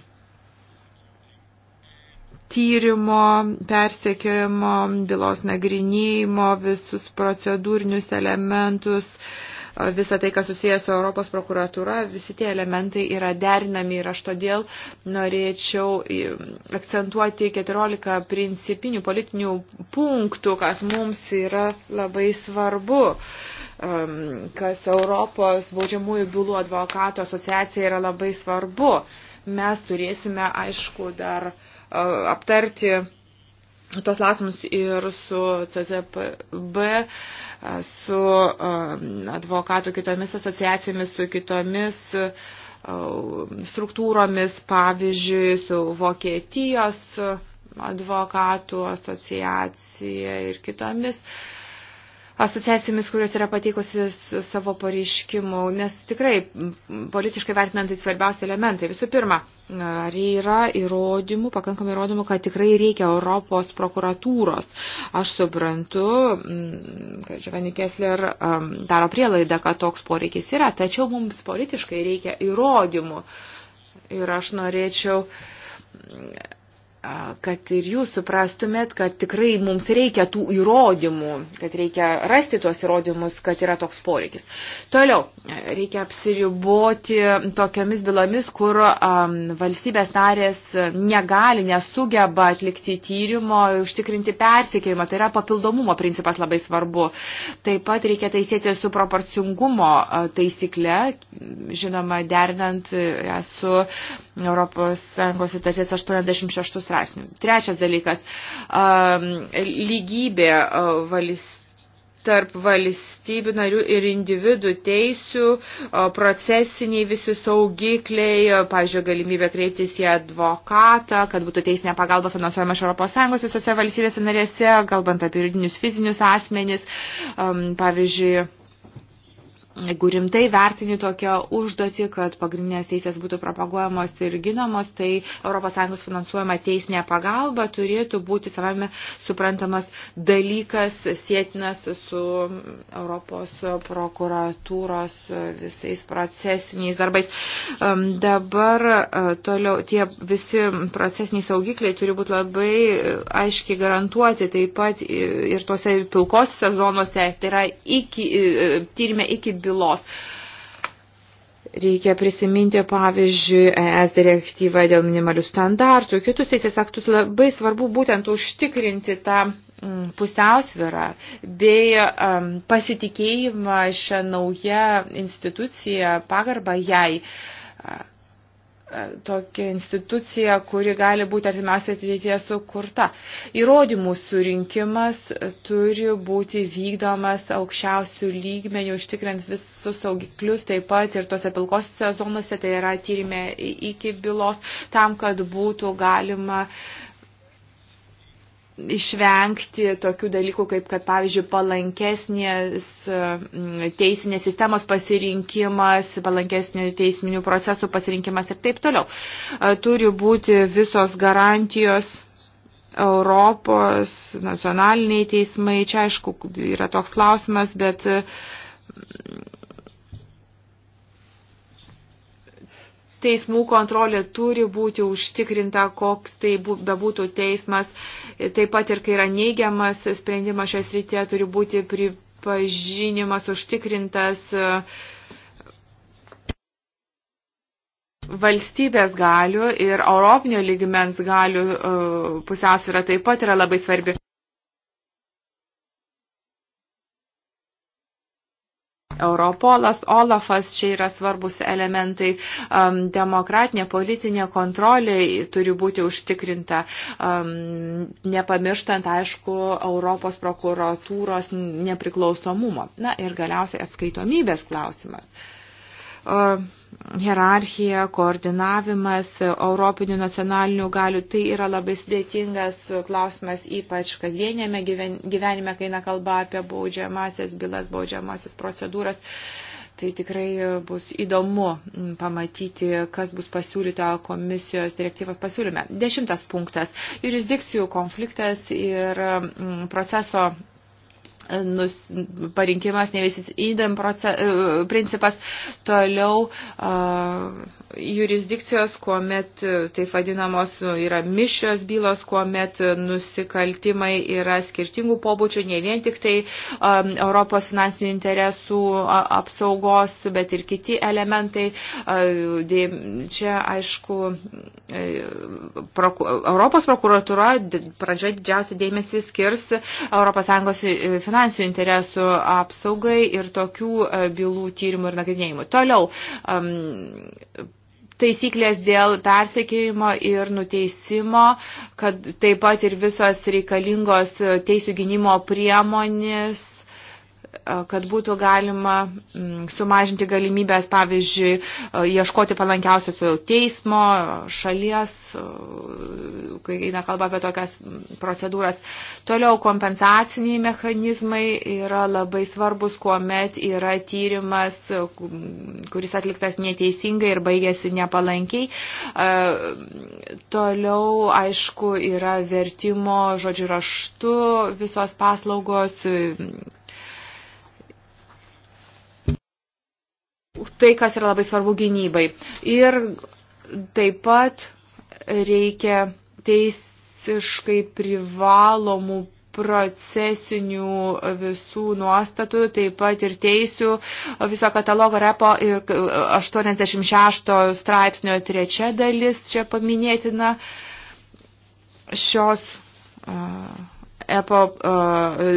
tyrimo, persekiojimo, bylos nagrinėjimo, visus procedūrinius elementus, e, visą tai, kas susijęs su Europos prokuratūra, visi tie elementai yra derinami ir aš todėl norėčiau e, akcentuoti 14 principinių politinių punktų, kas mums yra labai svarbu. Uh, Um, kas Europos baudžiamųjų bylų advokato asociacija yra labai svarbu. Mes turėsime, aišku, dar uh, aptarti tos klausimus ir su CCPB, uh, su um, advokatų kitomis asociacijomis, su kitomis uh, struktūromis, pavyzdžiui, su Vokietijos advokatų asociacija ir kitomis. Uh, asociacijomis, kurios yra pateikusios savo pareiškimų, nes tikrai politiškai vertinant tai svarbiausia elementai. Visų pirma, ar yra įrodymų, pakankamai įrodymų, kad tikrai reikia Europos prokuratūros. Aš suprantu, mm, kad Žvani Kessler mm, daro prielaidą, kad toks poreikis yra, tačiau mums politiškai reikia įrodymų. Ir aš norėčiau kad ir jūs suprastumėt, kad tikrai mums reikia tų įrodymų, kad reikia rasti tuos įrodymus, kad yra toks poreikis. Toliau, reikia apsiriboti tokiamis bylomis, kur um, valstybės narės negali, nesugeba atlikti tyrimo, užtikrinti persikėjimą. Tai yra papildomumo principas labai svarbu. Taip pat reikia taisyti su proporcingumo taisykle, žinoma, derinant e, su ES sutarties 86 straipsnių. Trečias dalykas - lygybė valstybės tarp valstybių narių ir individų teisių, procesiniai visi saugikliai, pavyzdžiui, galimybė kreiptis į advokatą, kad būtų teisinė pagalba finansuojama iš ES visose valstybėse narėse, kalbant apie juridinius fizinius asmenis, pavyzdžiui, jeigu rimtai vertini tokią užduotį, kad pagrindinės teisės būtų propaguojamos ir ginomos, tai ES finansuojama teisinė pagalba turėtų būti savame suprantamas dalykas sėtinas su Europos prokuratūros visais procesiniais darbais. Dabar e, toliau tie visi procesiniai saugikliai turi būti labai aiškiai garantuoti taip pat ir tose pilkosiuose zonuose, tai yra iki, e, e, tyrime iki bylų bylos. Reikia prisiminti, pavyzdžiui, ES direktyvą dėl minimalių standartų, kitus teisės aktus labai svarbu būtent užtikrinti tą mm, pusiausvirą bei um, pasitikėjimą šią naują instituciją, pagarbą jai. Uh, E, tokia institucija, kuri gali būti artimiausiai ateityje sukurta. Įrodymų surinkimas e, turi būti vykdomas aukščiausių lygmenių, užtikrint visus saugiklius, taip pat ir tose pilkosiuose zonose, tai yra tyrimė iki bylos, tam, kad būtų galima uh, išvengti tokių dalykų, kaip kad, pavyzdžiui, palankesnės mm, teisinės sistemos pasirinkimas, palankesnių teisminių procesų pasirinkimas ir taip toliau. E, turi būti visos garantijos. Europos nacionaliniai teismai, čia aišku, yra toks klausimas, bet mm, teismų kontrolė turi būti užtikrinta, koks tai bebūtų teismas. Taip pat ir kai yra neigiamas sprendimas šioje srityje, turi būti pripažinimas užtikrintas. Valstybės galių ir europinio lygmens galių e, pusiausvyrą taip pat yra labai svarbi. Europolas, Olafas, čia yra svarbus elementai, um, demokratinė politinė kontrolė turi būti užtikrinta, um, nepamirštant, aišku, Europos prokuratūros nepriklausomumo. Na ir galiausiai atskaitomybės klausimas hierarchija, koordinavimas europinių nacionalinių galių, tai yra labai sudėtingas klausimas, ypač kasdienėme gyvenime, kai eina kalba apie baudžiamasias bylas, baudžiamasias procedūras. Tai tikrai bus įdomu pamatyti, kas bus pasiūlyta komisijos direktyvos pasiūlyme. Dešimtas punktas - jurisdikcijų konfliktas ir proceso nus, parinkimas nevisis įdėm e, principas, toliau uh, jurisdikcijos, kuomet e, taip vadinamos nu, yra mišios bylos, kuomet nusikaltimai yra skirtingų pobūdžių, ne vien tik tai um, Europos finansinių interesų apsaugos, bet ir kiti elementai. Uh, čia, aišku, e, proku, Europos prokuratura pradžioje didžiausią dėmesį skirs ES finansinių finansinių interesų apsaugai ir tokių e, bylų tyrimų ir nagrinėjimų. Toliau, taisyklės dėl persekėjimo ir nuteisimo, kad taip pat ir visos reikalingos teisų gynimo priemonės kad būtų galima mm, sumažinti galimybės, pavyzdžiui, ieškoti palankiausios teismo, šalies, kai eina kalba apie tokias mm, procedūras. Toliau kompensaciniai mechanizmai yra labai svarbus, kuomet yra tyrimas, kuris atliktas neteisingai ir baigėsi nepalankiai. Toliau, aišku, yra vertimo žodžiu raštu visos paslaugos tai, kas yra labai svarbu gynybai. Ir taip pat reikia teisiškai privalomų procesinių visų nuostatų, taip pat ir teisių viso katalogo repo ir 86 straipsnio trečia dalis čia paminėtina šios uh, EPO, e,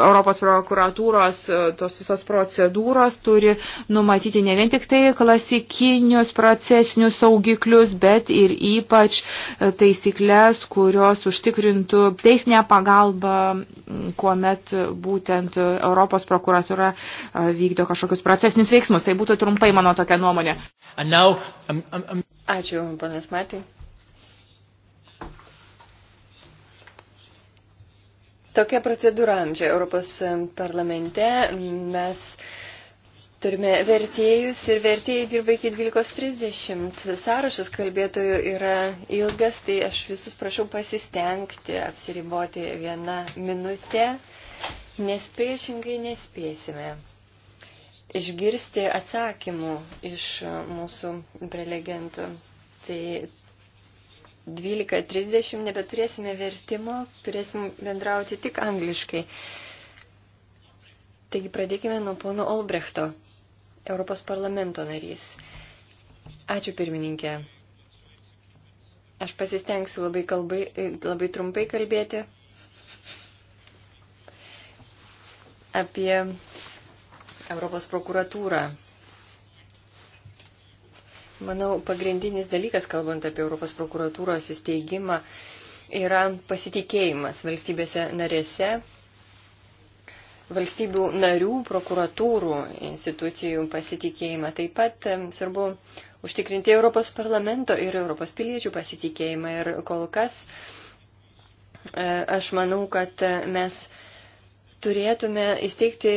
Europos prokuratūros e, tos visos procedūros turi numatyti ne vien tik tai klasikinius procesinius saugiklius, bet ir ypač e, taisyklės, kurios užtikrintų teisinę pagalbą, kuomet būtent Europos prokuratūra vykdo kažkokius procesinius veiksmus. Tai būtų trumpai mano tokia nuomonė. Now, um, um, um... Ačiū, panas Matai. Tokia procedūra čia Europos parlamente mes turime vertėjus ir vertėjai dirba iki 12.30. Sąrašas kalbėtojų yra ilgas, tai aš visus prašau pasistengti apsiriboti vieną minutę, nes priešingai nespėsime išgirsti atsakymų iš mūsų prelegentų. Tai 12.30 nebeturėsime vertimo, turėsim bendrauti tik angliškai. Taigi pradėkime nuo pono Olbrechto, Europos parlamento narys. Ačiū pirmininkė. Aš pasistengsiu labai, kalbai, labai trumpai kalbėti apie Europos prokuratūrą. Manau, pagrindinis dalykas, kalbant apie Europos prokuratūros įsteigimą, yra pasitikėjimas valstybėse narėse, valstybių narių, prokuratūrų institucijų pasitikėjimą. Taip pat svarbu užtikrinti Europos parlamento ir Europos piliečių pasitikėjimą. Ir kol kas e, aš manau, kad e, mes turėtume įsteigti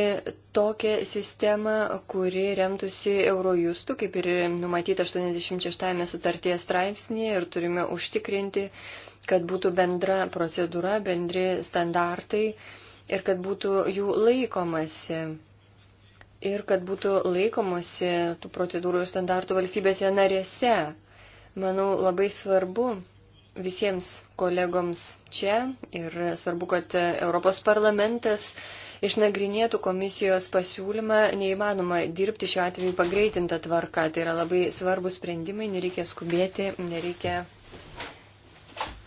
tokią sistemą, kuri remtųsi Eurojustu, kaip ir numatyta 86 sutarties straipsnėje, ir turime užtikrinti, kad būtų bendra procedūra, bendri standartai ir kad būtų jų laikomasi. Ir kad būtų laikomasi tų procedūrų ir standartų valstybėse narėse. Manau, labai svarbu visiems kolegoms čia ir svarbu, kad Europos parlamentas išnagrinėtų komisijos pasiūlymą, neįmanoma dirbti šiuo atveju pagreitintą tvarką. Tai yra labai svarbus sprendimai, nereikia skubėti, nereikia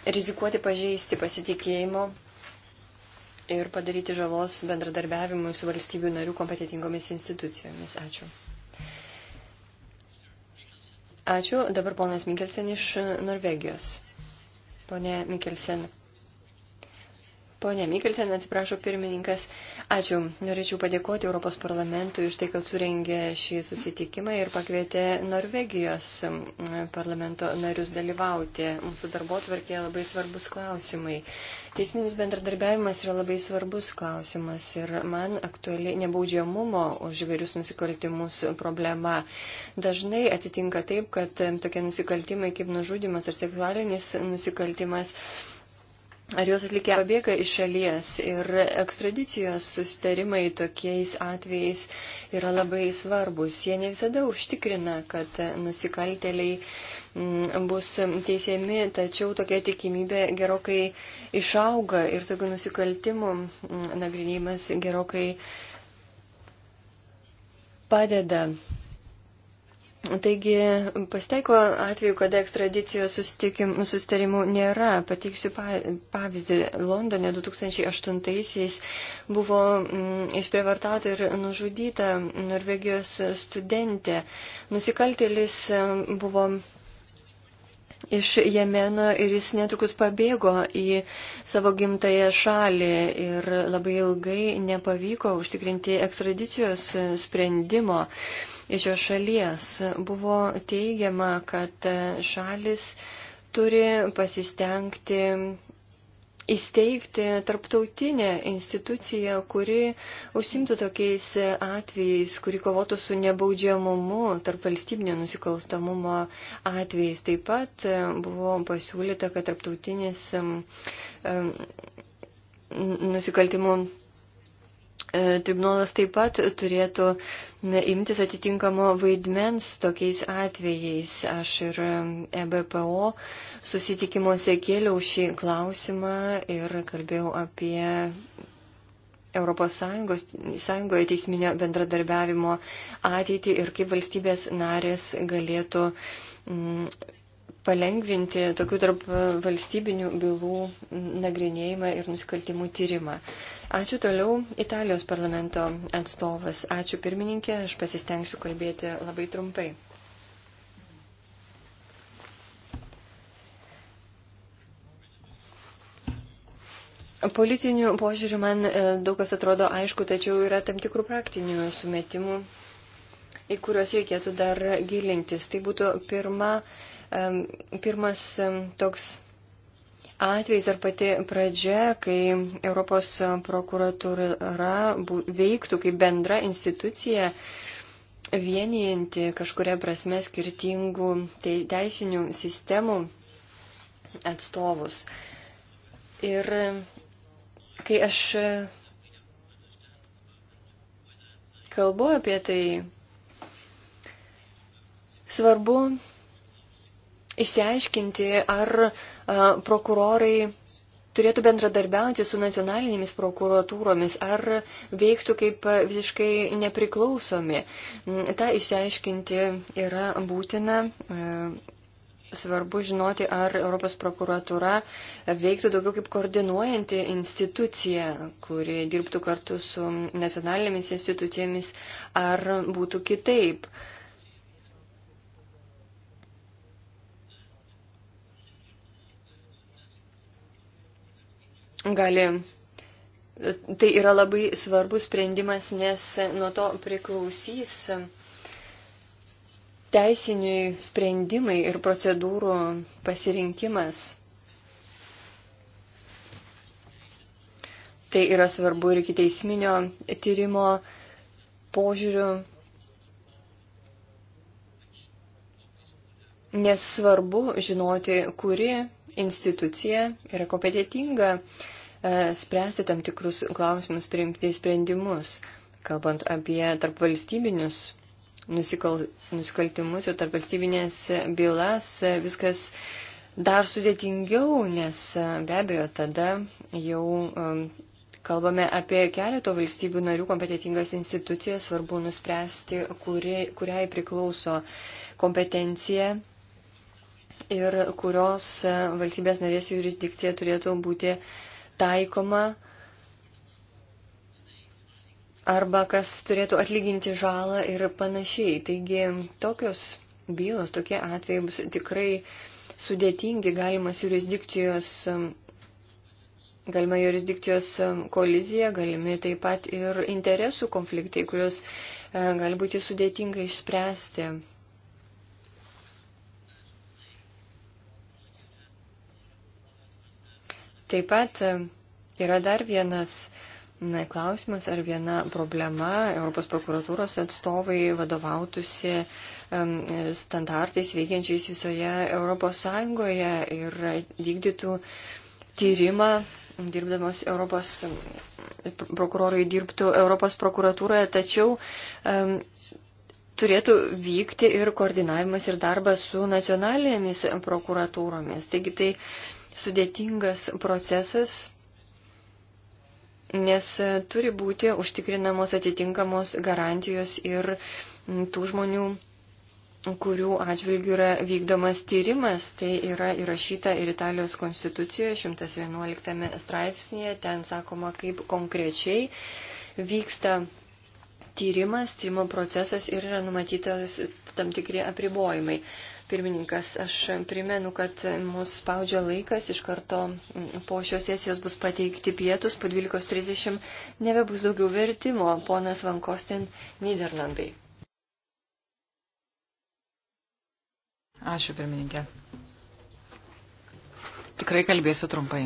rizikuoti pažeisti pasitikėjimo ir padaryti žalos bendradarbiavimui su valstybių narių kompetitingomis institucijomis. Ačiū. Ačiū. Dabar ponas Mikkelsen iš Norvegijos ponė Mikelsen. Pone Mikelsen, atsiprašau, pirmininkas, ačiū. Norėčiau padėkoti Europos parlamentui už tai, kad surengė šį susitikimą ir pakvietė Norvegijos parlamento narius dalyvauti. Mūsų darbo tvarkėje labai svarbus klausimai. Teisminis bendradarbiavimas yra labai svarbus klausimas ir man aktuali nebaudžiamumo už įvairius nusikaltimus problema. Dažnai atsitinka taip, kad tokie nusikaltimai kaip nužudimas ar seksualinis nusikaltimas ar jos atlikę pabėga iš šalies ir ekstradicijos sustarimai tokiais atvejais yra labai svarbus. Jie ne visada užtikrina, kad nusikalteliai mm, bus teisėmi, tačiau tokia tikimybė gerokai išauga ir tokių nusikaltimų mm, nagrinėjimas gerokai padeda Taigi pasiteiko atveju, kad ekstradicijos susitarimų nėra. Pateiksiu pavyzdį. Londone 2008-aisiais buvo mm, išprievartauta ir nužudyta Norvegijos studentė. Nusikaltėlis mm, buvo iš Jemeno ir jis netrukus pabėgo į savo gimtąją šalį ir labai ilgai nepavyko užtikrinti ekstradicijos sprendimo iš jo šalies. Buvo teigiama, kad šalis turi pasistengti įsteigti tarptautinę instituciją, kuri užsimtų tokiais atvejais, kuri kovotų su nebaudžiamumu, tarp valstybinio nusikalstamumo atvejais. Taip pat buvo pasiūlyta, kad tarptautinis nusikaltimų e, tribunolas taip pat turėtų imtis atitinkamo vaidmens tokiais atvejais. Aš ir EBPO susitikimuose kėliau šį klausimą ir kalbėjau apie Europos Sąjungos, Sąjungoje teisminio bendradarbiavimo ateitį ir kaip valstybės narės galėtų mm, palengvinti tokių tarp valstybinių bylų nagrinėjimą ir nusikaltimų tyrimą. Ačiū toliau Italijos parlamento atstovas. Ačiū pirmininkė, aš pasistengsiu kalbėti labai trumpai. Politinių požiūrių man e, daug kas atrodo aišku, tačiau yra tam tikrų praktinių sumetimų, į kuriuos reikėtų dar gilintis. Tai būtų pirma Pirmas toks atvejis ar pati pradžia, kai Europos prokuratūra veiktų kaip bendra institucija, vienijanti kažkuria prasme skirtingų teisinių sistemų atstovus. Ir kai aš kalbu apie tai, svarbu išsiaiškinti, ar prokurorai turėtų bendradarbiauti su nacionalinėmis prokuratūromis ar veiktų kaip visiškai nepriklausomi. Mm, Ta išsiaiškinti yra būtina. E, svarbu žinoti, ar Europos prokuratūra veiktų daugiau kaip koordinuojanti institucija, kuri dirbtų kartu su nacionalinėmis institucijomis, ar būtų kitaip. Uh, gali. Tai yra labai svarbus sprendimas, nes nuo to priklausys teisiniai sprendimai ir procedūrų pasirinkimas. Tai yra svarbu ir iki teisminio tyrimo požiūrių, nes svarbu žinoti, kuri institucija yra kompetitinga e, spręsti tam tikrus klausimus priimti sprendimus, kalbant apie tarpvalstybinius nusikal, nusikaltimus ir tarpvalstybinės bylas, viskas dar sudėtingiau, nes e, be abejo tada jau um, kalbame apie keleto valstybių narių kompetitingas institucijas, svarbu nuspręsti, kuri, kuriai priklauso kompetencija ir kurios e, valstybės narės jurisdikcija turėtų būti taikoma arba kas turėtų atlyginti žalą ir panašiai. Taigi tokios bylos, tokie atvejai bus tikrai sudėtingi, galimas jurisdikcijos, e, galima jurisdikcijos e, kolizija, galimi taip pat ir interesų konfliktai, kuriuos gali būti sudėtinga išspręsti. Taip pat e, yra dar vienas na, klausimas ar viena problema. Europos prokuratūros atstovai vadovautųsi um, standartais veikiančiais visoje Europos Sąjungoje ir vykdytų tyrimą dirbdamas Europos prokurorai dirbtų Europos prokuratūroje, tačiau um, turėtų vykti ir koordinavimas ir darbas su nacionalinėmis prokuratūromis. Taigi tai sudėtingas procesas, nes turi būti užtikrinamos atitinkamos garantijos ir tų žmonių, kurių atžvilgių yra vykdomas tyrimas. Tai yra įrašyta ir Italijos konstitucijoje 111 straipsnėje, ten sakoma, kaip konkrečiai vyksta tyrimas, tyrimo procesas ir yra numatytos tam tikri apribojimai. Pirmininkas, aš primenu, kad mus spaudžia laikas, iš karto po šios sesijos bus pateikti pietus, po 12.30 nebebus daugiau vertimo, ponas Vankosten, Niderlandai. Ačiū, pirmininkė. Tikrai kalbėsiu trumpai.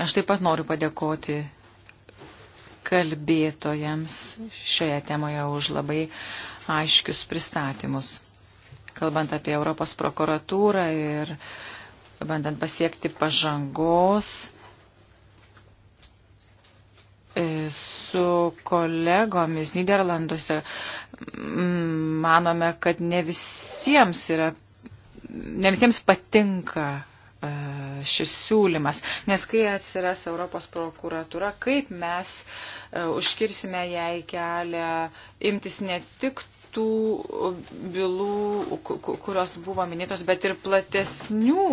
Aš taip pat noriu padėkoti kalbėtojams šioje temoje už labai aiškius pristatymus kalbant apie Europos prokuratūrą ir bandant pasiekti pažangos e, su kolegomis Niderlanduose. Mm, manome, kad ne visiems, yra, ne visiems patinka e, šis siūlymas. Nes kai atsiras Europos prokuratūra, kaip mes e, užkirsime jai kelią imtis ne tik tų bylų, kurios buvo minėtos, bet ir platesnių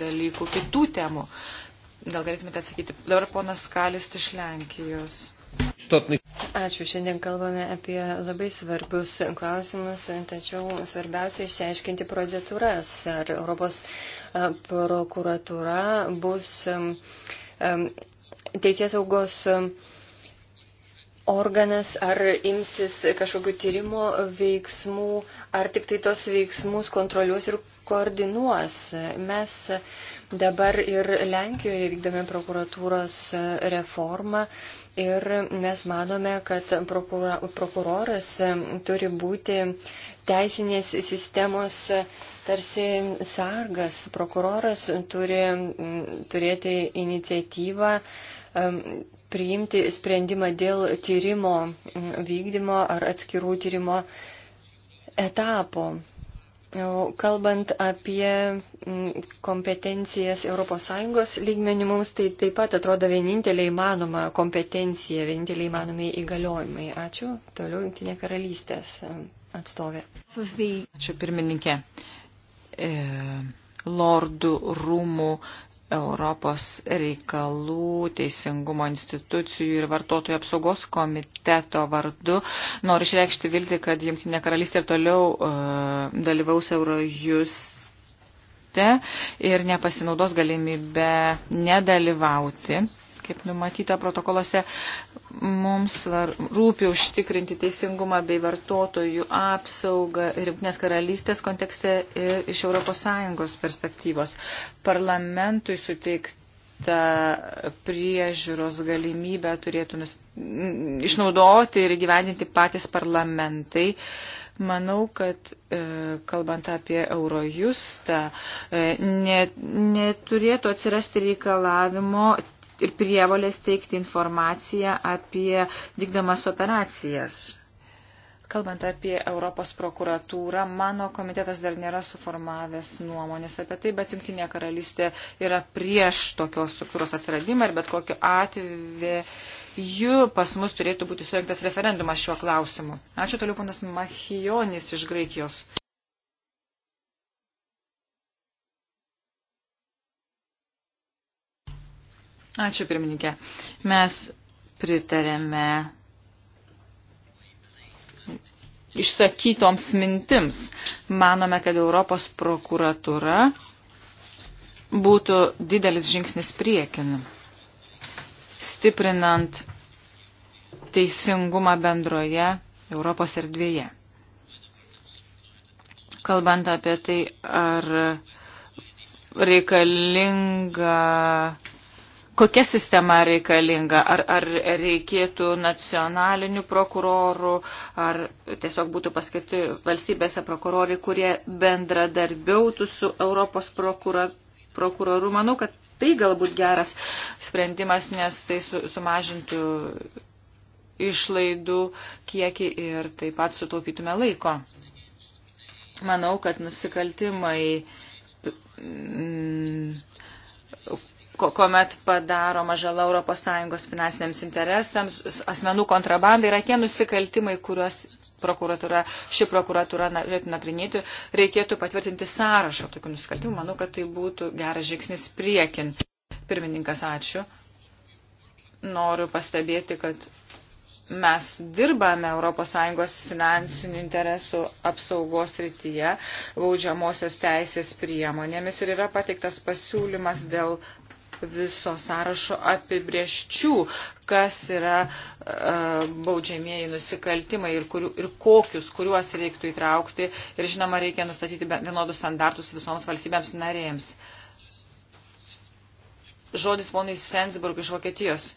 dalykų, kitų temų. Gal galėtumėte atsakyti. Dabar ponas Kalis iš Lenkijos. Ačiū. Šiandien kalbame apie labai svarbius klausimus, tačiau svarbiausia išsiaiškinti procedūras. Ar Europos prokuratūra bus teisės saugos. Um, organas, ar imsis kažkokiu tyrimo veiksmų, ar tik tai tos veiksmus kontroliuos ir koordinuos. Mes dabar ir Lenkijoje vykdome prokuratūros reformą ir mes manome, kad prokura, prokuroras turi būti teisinės sistemos tarsi sargas. Prokuroras turi turėti iniciatyvą priimti sprendimą dėl tyrimo mm, vykdymo ar atskirų tyrimo etapų. Kalbant apie mm, kompetencijas ES lygmenių, mums tai taip pat atrodo vienintelė įmanoma kompetencija, vienintelė įmanomi įgaliojimai. Ačiū. Toliau Junktinė karalystės mm, atstovė. Ačiū pirmininkė. E, lordų rūmų Europos reikalų, teisingumo institucijų ir vartotojų apsaugos komiteto vardu. Noriu išreikšti vilti, kad Junktinė karalystė ir toliau uh, dalyvaus Eurojuste ir nepasinaudos galimybę nedalyvauti kaip numatyta protokolose, mums rūpi užtikrinti teisingumą bei vartotojų apsaugą Rimtinės karalystės kontekste ir iš ES perspektyvos. Parlamentui suteikta priežiūros galimybę turėtų išnaudoti ir gyvendinti patys parlamentai. Manau, kad e, kalbant apie Eurojustą, e, net, neturėtų atsirasti reikalavimo ir prievolės teikti informaciją apie vykdomas operacijas. Kalbant apie Europos prokuratūrą, mano komitetas dar nėra suformavęs nuomonės apie tai, bet Junktinė karalystė yra prieš tokios struktūros atsiradimą ir bet kokiu atveju pas mus turėtų būti surinktas referendumas šiuo klausimu. Ačiū toliau ponas Machijonis iš Graikijos. Ačiū, pirmininkė. Mes pritarėme išsakytoms mintims. Manome, kad Europos prokuratura būtų didelis žingsnis priekin, stiprinant teisingumą bendroje Europos erdvėje. Kalbant apie tai, ar reikalinga kokia sistema reikalinga, ar, ar reikėtų nacionalinių prokurorų, ar tiesiog būtų paskirti valstybėse prokurorai, kurie bendradarbiautų su Europos prokura, prokuroru. Manau, kad tai galbūt geras sprendimas, nes tai su, sumažintų išlaidų kiekį ir taip pat sutaupytume laiko. Manau, kad nusikaltimai. Mm, kuomet padaroma žala ES finansiniams interesams, asmenų kontrabanda yra tie nusikaltimai, kuriuos prokuratura, ši prokuratūra nagrinėti, reikėtų patvirtinti sąrašą tokių nusikaltimų. Manau, kad tai būtų geras žingsnis priekin. Pirmininkas, ačiū. Noriu pastebėti, kad mes dirbame ES finansinių interesų apsaugos rytyje baudžiamosios teisės priemonėmis ir yra pateiktas pasiūlymas dėl viso sąrašo apibrieščių, kas yra uh, baudžiamieji nusikaltimai ir, kuriu, ir kokius, kuriuos reiktų įtraukti. Ir žinoma, reikia nustatyti vienodus standartus visoms valstybėms narėms. Žodis ponai Sensburg iš Vokietijos.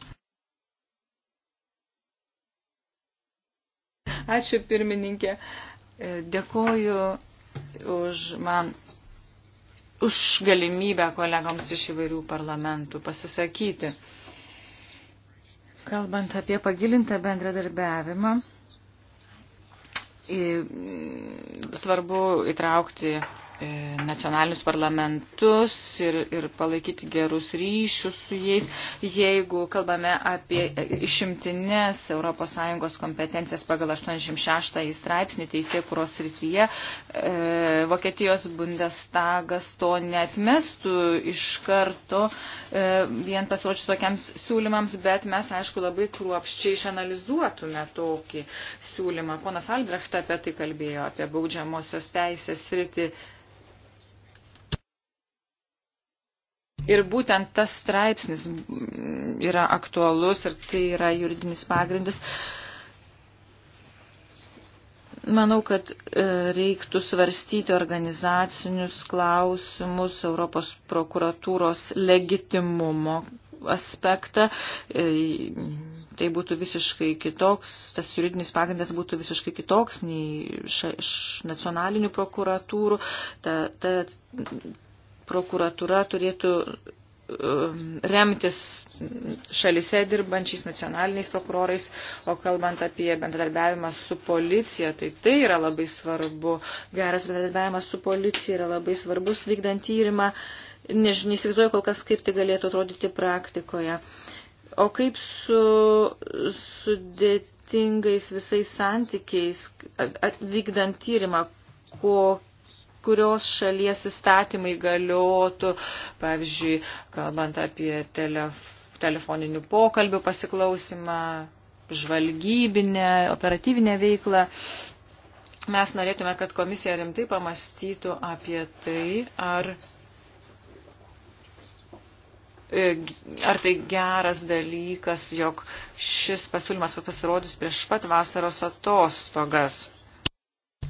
Ačiū pirmininkė. Dėkoju už man už galimybę kolegoms iš įvairių parlamentų pasisakyti. Kalbant apie pagilintą bendradarbiavimą, svarbu įtraukti E, nacionalinius parlamentus ir, ir palaikyti gerus ryšius su jais. Jeigu kalbame apie išimtinės ES kompetencijas pagal 86 straipsnį teisėkuros srityje, e, Vokietijos Bundestagas to netmestų iš karto e, vien pasiruošus tokiams siūlymams, bet mes, aišku, labai kruopščiai išanalizuotume tokį siūlymą. Ponas Albrechta apie tai kalbėjo, apie baudžiamosios teisės sritį. Ir būtent tas straipsnis yra aktualus ir tai yra juridinis pagrindis. Manau, kad e, reiktų svarstyti organizacinius klausimus Europos prokuratūros legitimumo aspektą. E, tai būtų visiškai kitoks, tas juridinis pagrindas būtų visiškai kitoks nei iš nacionalinių prokuratūrų. Ta, ta, prokuratura turėtų um, remtis šalise dirbančiais nacionaliniais prokurorais, o kalbant apie bendradarbiavimą su policija, tai tai yra labai svarbu. Geras bendradarbiavimas su policija yra labai svarbus vykdant tyrimą. Nežinau, įsivaizduoju kol kas, kaip tai galėtų atrodyti praktikoje. O kaip su sudėtingais visais santykiais, vykdant tyrimą, kokie kurios šalies įstatymai galiotų, pavyzdžiui, kalbant apie telef telefoninių pokalbių pasiklausimą, žvalgybinę, operatyvinę veiklą. Mes norėtume, kad komisija rimtai pamastytų apie tai, ar e, ar tai geras dalykas, jog šis pasiūlymas pasirodys prieš pat vasaros atostogas.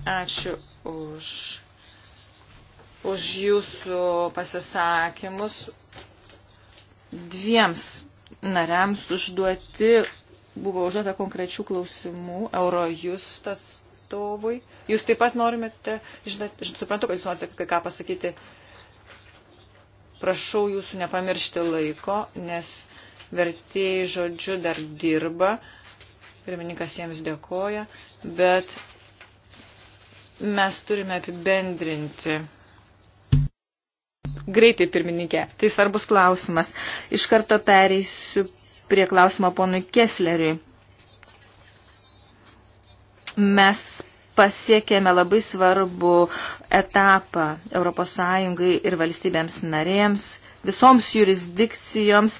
Ačiū už už jūsų pasisakymus. Dviems nariams užduoti buvo užduota konkrečių klausimų Eurojust atstovui. Jūs taip pat norimėte, žinot, suprantu, kad jūs norite ką pasakyti. Prašau jūsų nepamiršti laiko, nes vertėjai žodžiu dar dirba. Pirmininkas jiems dėkoja, bet mes turime apibendrinti greitai pirmininkė. Tai svarbus klausimas. Iš karto pereisiu prie klausimo ponui Kessleriui. Mes pasiekėme labai svarbu etapą ES ir valstybėms narėms visoms jurisdikcijoms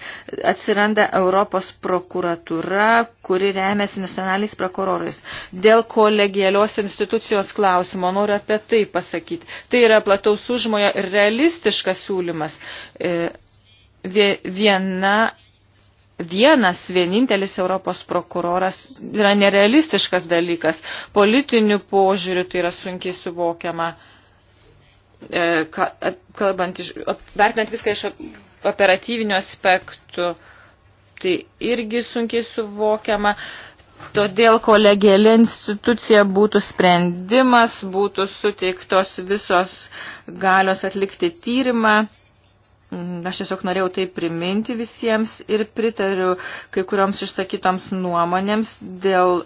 atsiranda Europos prokuratūra, kuri remiasi nacionaliais prokurorais. Dėl kolegialios institucijos klausimo noriu apie tai pasakyti. Tai yra plataus užmojo ir realistiškas siūlymas. E, viena vienas vienintelis Europos prokuroras yra nerealistiškas dalykas. Politiniu požiūriu tai yra sunkiai suvokiama. E, e, kalbant iš, vertinant viską iš operatyvinių aspektų, tai irgi sunkiai suvokiama. Todėl kolegėlė institucija būtų sprendimas, būtų suteiktos visos galios atlikti tyrimą. Aš tiesiog norėjau tai priminti visiems ir pritariu kai kurioms išsakytoms nuomonėms dėl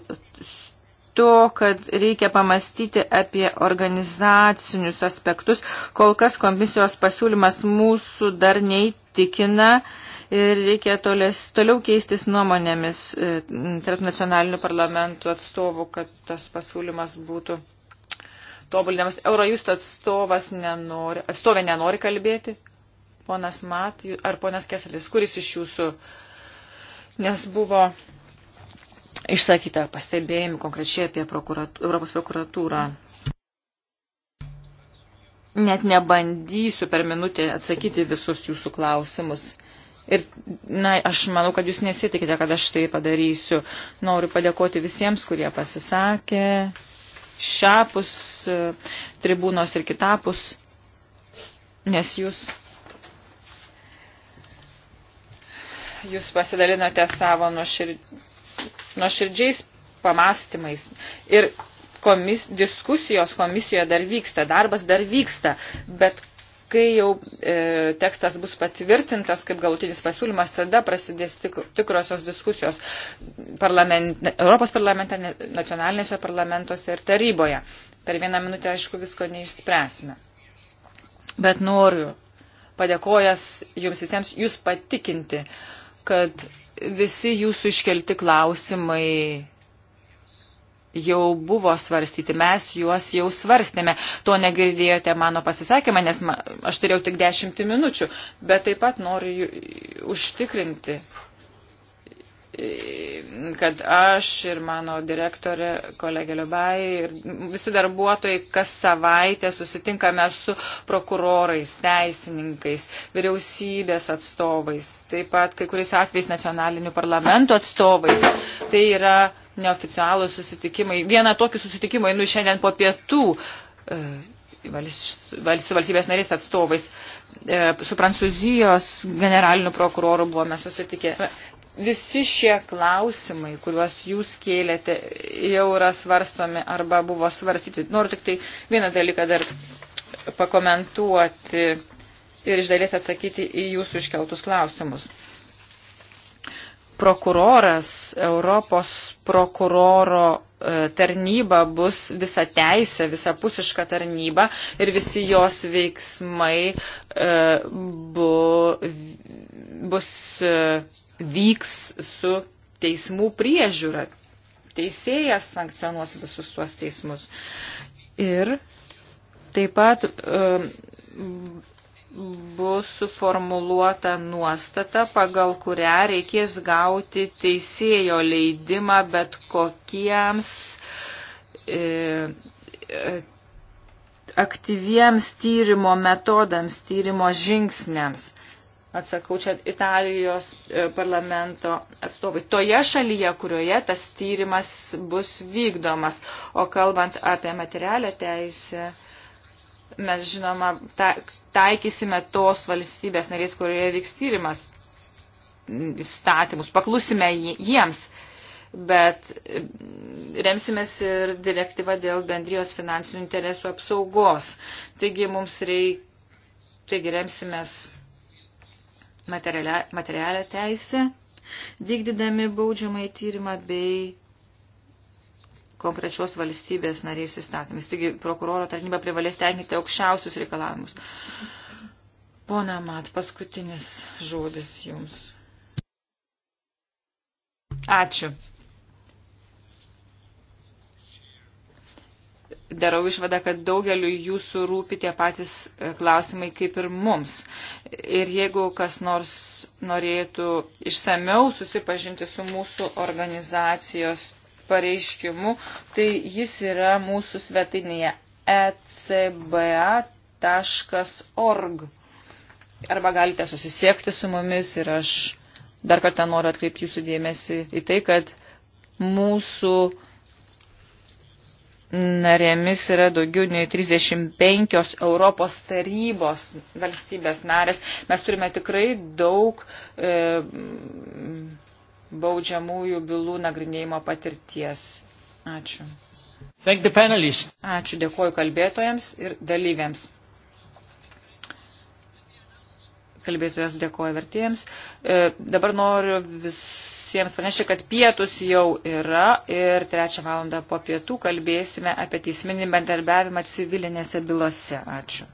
to, kad reikia pamastyti apie organizacinius aspektus. Kol kas komisijos pasiūlymas mūsų dar neįtikina ir reikia tolės, toliau keistis nuomonėmis e, tarp nacionalinių parlamentų atstovų, kad tas pasiūlymas būtų tobulinamas. Eurojust atstovas nenori, atstovė nenori kalbėti. Ponas Mat, ar ponas Keselis, kuris iš jūsų, nes buvo išsakytą pastebėjimą konkrečiai apie prokurat, Europos prokuratūrą. Net nebandysiu per minutę atsakyti visus jūsų klausimus. Ir na, aš manau, kad jūs nesitikite, kad aš tai padarysiu. Noriu padėkoti visiems, kurie pasisakė šiapus tribūnos ir kitapus, nes jūs, jūs pasidalinote savo nuoširdžiai nuoširdžiais pamastymais. Ir komis, diskusijos komisijoje dar vyksta, darbas dar vyksta, bet kai jau e, tekstas bus patvirtintas kaip galutinis pasiūlymas, tada prasidės tik, tikrosios diskusijos parlament, Europos parlamente, nacionalinėse parlamentuose ir taryboje. Per vieną minutę, aišku, visko neišspręsime. Bet noriu, padėkojęs jums visiems, jūs patikinti, e, kad visi jūsų iškelti klausimai jau buvo svarstyti. Mes juos jau svarstėme. To negirdėjote mano pasisakymą, nes aš turėjau tik dešimtį minučių, bet taip pat noriu užtikrinti kad aš ir mano direktorė kolegė Liubai ir visi darbuotojai kas savaitę susitinkame su prokurorais, teisininkais, vyriausybės atstovais, taip pat kai kuriais atvejais nacionalinių parlamentų atstovais. Tai yra neoficialūs susitikimai. Vieną tokį susitikimą einu šiandien po pietų e, su valstybės narės atstovais, e, su Prancūzijos generaliniu prokuroru buvome susitikę visi šie klausimai, kuriuos jūs kėlėte, jau yra svarstomi arba buvo svarstyti. Noriu tik tai vieną dalyką dar pakomentuoti ir iš dalies atsakyti į jūsų iškeltus klausimus. Prokuroras, Europos prokuroro E, tarnyba bus visa teisė, visapusiška tarnyba ir visi jos veiksmai e, bu, bus e, vyks su teismų priežiūra. Teisėjas sankcionuos visus tuos teismus. Ir taip pat bus suformuluota nuostata, pagal kurią reikės gauti teisėjo leidimą bet kokiems e, e, aktyviems tyrimo metodams, tyrimo žingsniams. Atsakau čia Italijos e, parlamento atstovai. Toje šalyje, kurioje tas tyrimas bus vykdomas. O kalbant apie materialę teisę, Mes žinoma ta, taikysime tos valstybės narės, kurioje vyks tyrimas įstatymus, paklusime jiems, bet mm, remsimės ir direktyva dėl bendrijos finansinių interesų apsaugos. Taigi mums reikia, taigi remsimės materialią teisę, vykdydami baudžiamąjį tyrimą bei konkrečios valstybės nariais įstatymais. Taigi prokuroro tarnyba privalės tenkinti aukščiausius reikalavimus. Pona Mat, paskutinis žodis jums. Ačiū. darau išvadą, kad daugeliu jūsų rūpi tie patys e, klausimai kaip ir mums. Ir jeigu kas nors norėtų išsameu susipažinti su mūsų organizacijos pareiškimu, tai jis yra mūsų svetainėje ecba.org. Arba galite susisiekti su mumis ir aš dar kartą noriu atkreipti jūsų dėmesį į tai, kad mūsų narėmis yra daugiau nei 35 Europos tarybos valstybės narės. Mes turime tikrai daug e, baudžiamųjų bylų nagrinėjimo patirties. Ačiū. Ačiū, dėkuoju kalbėtojams ir dalyviams. Kalbėtojas dėkuoju vertėjams. E, dabar noriu visiems pranešti, kad pietus jau yra ir trečią valandą po pietų kalbėsime apie teisminį bendarbiavimą civilinėse bylose. Ačiū.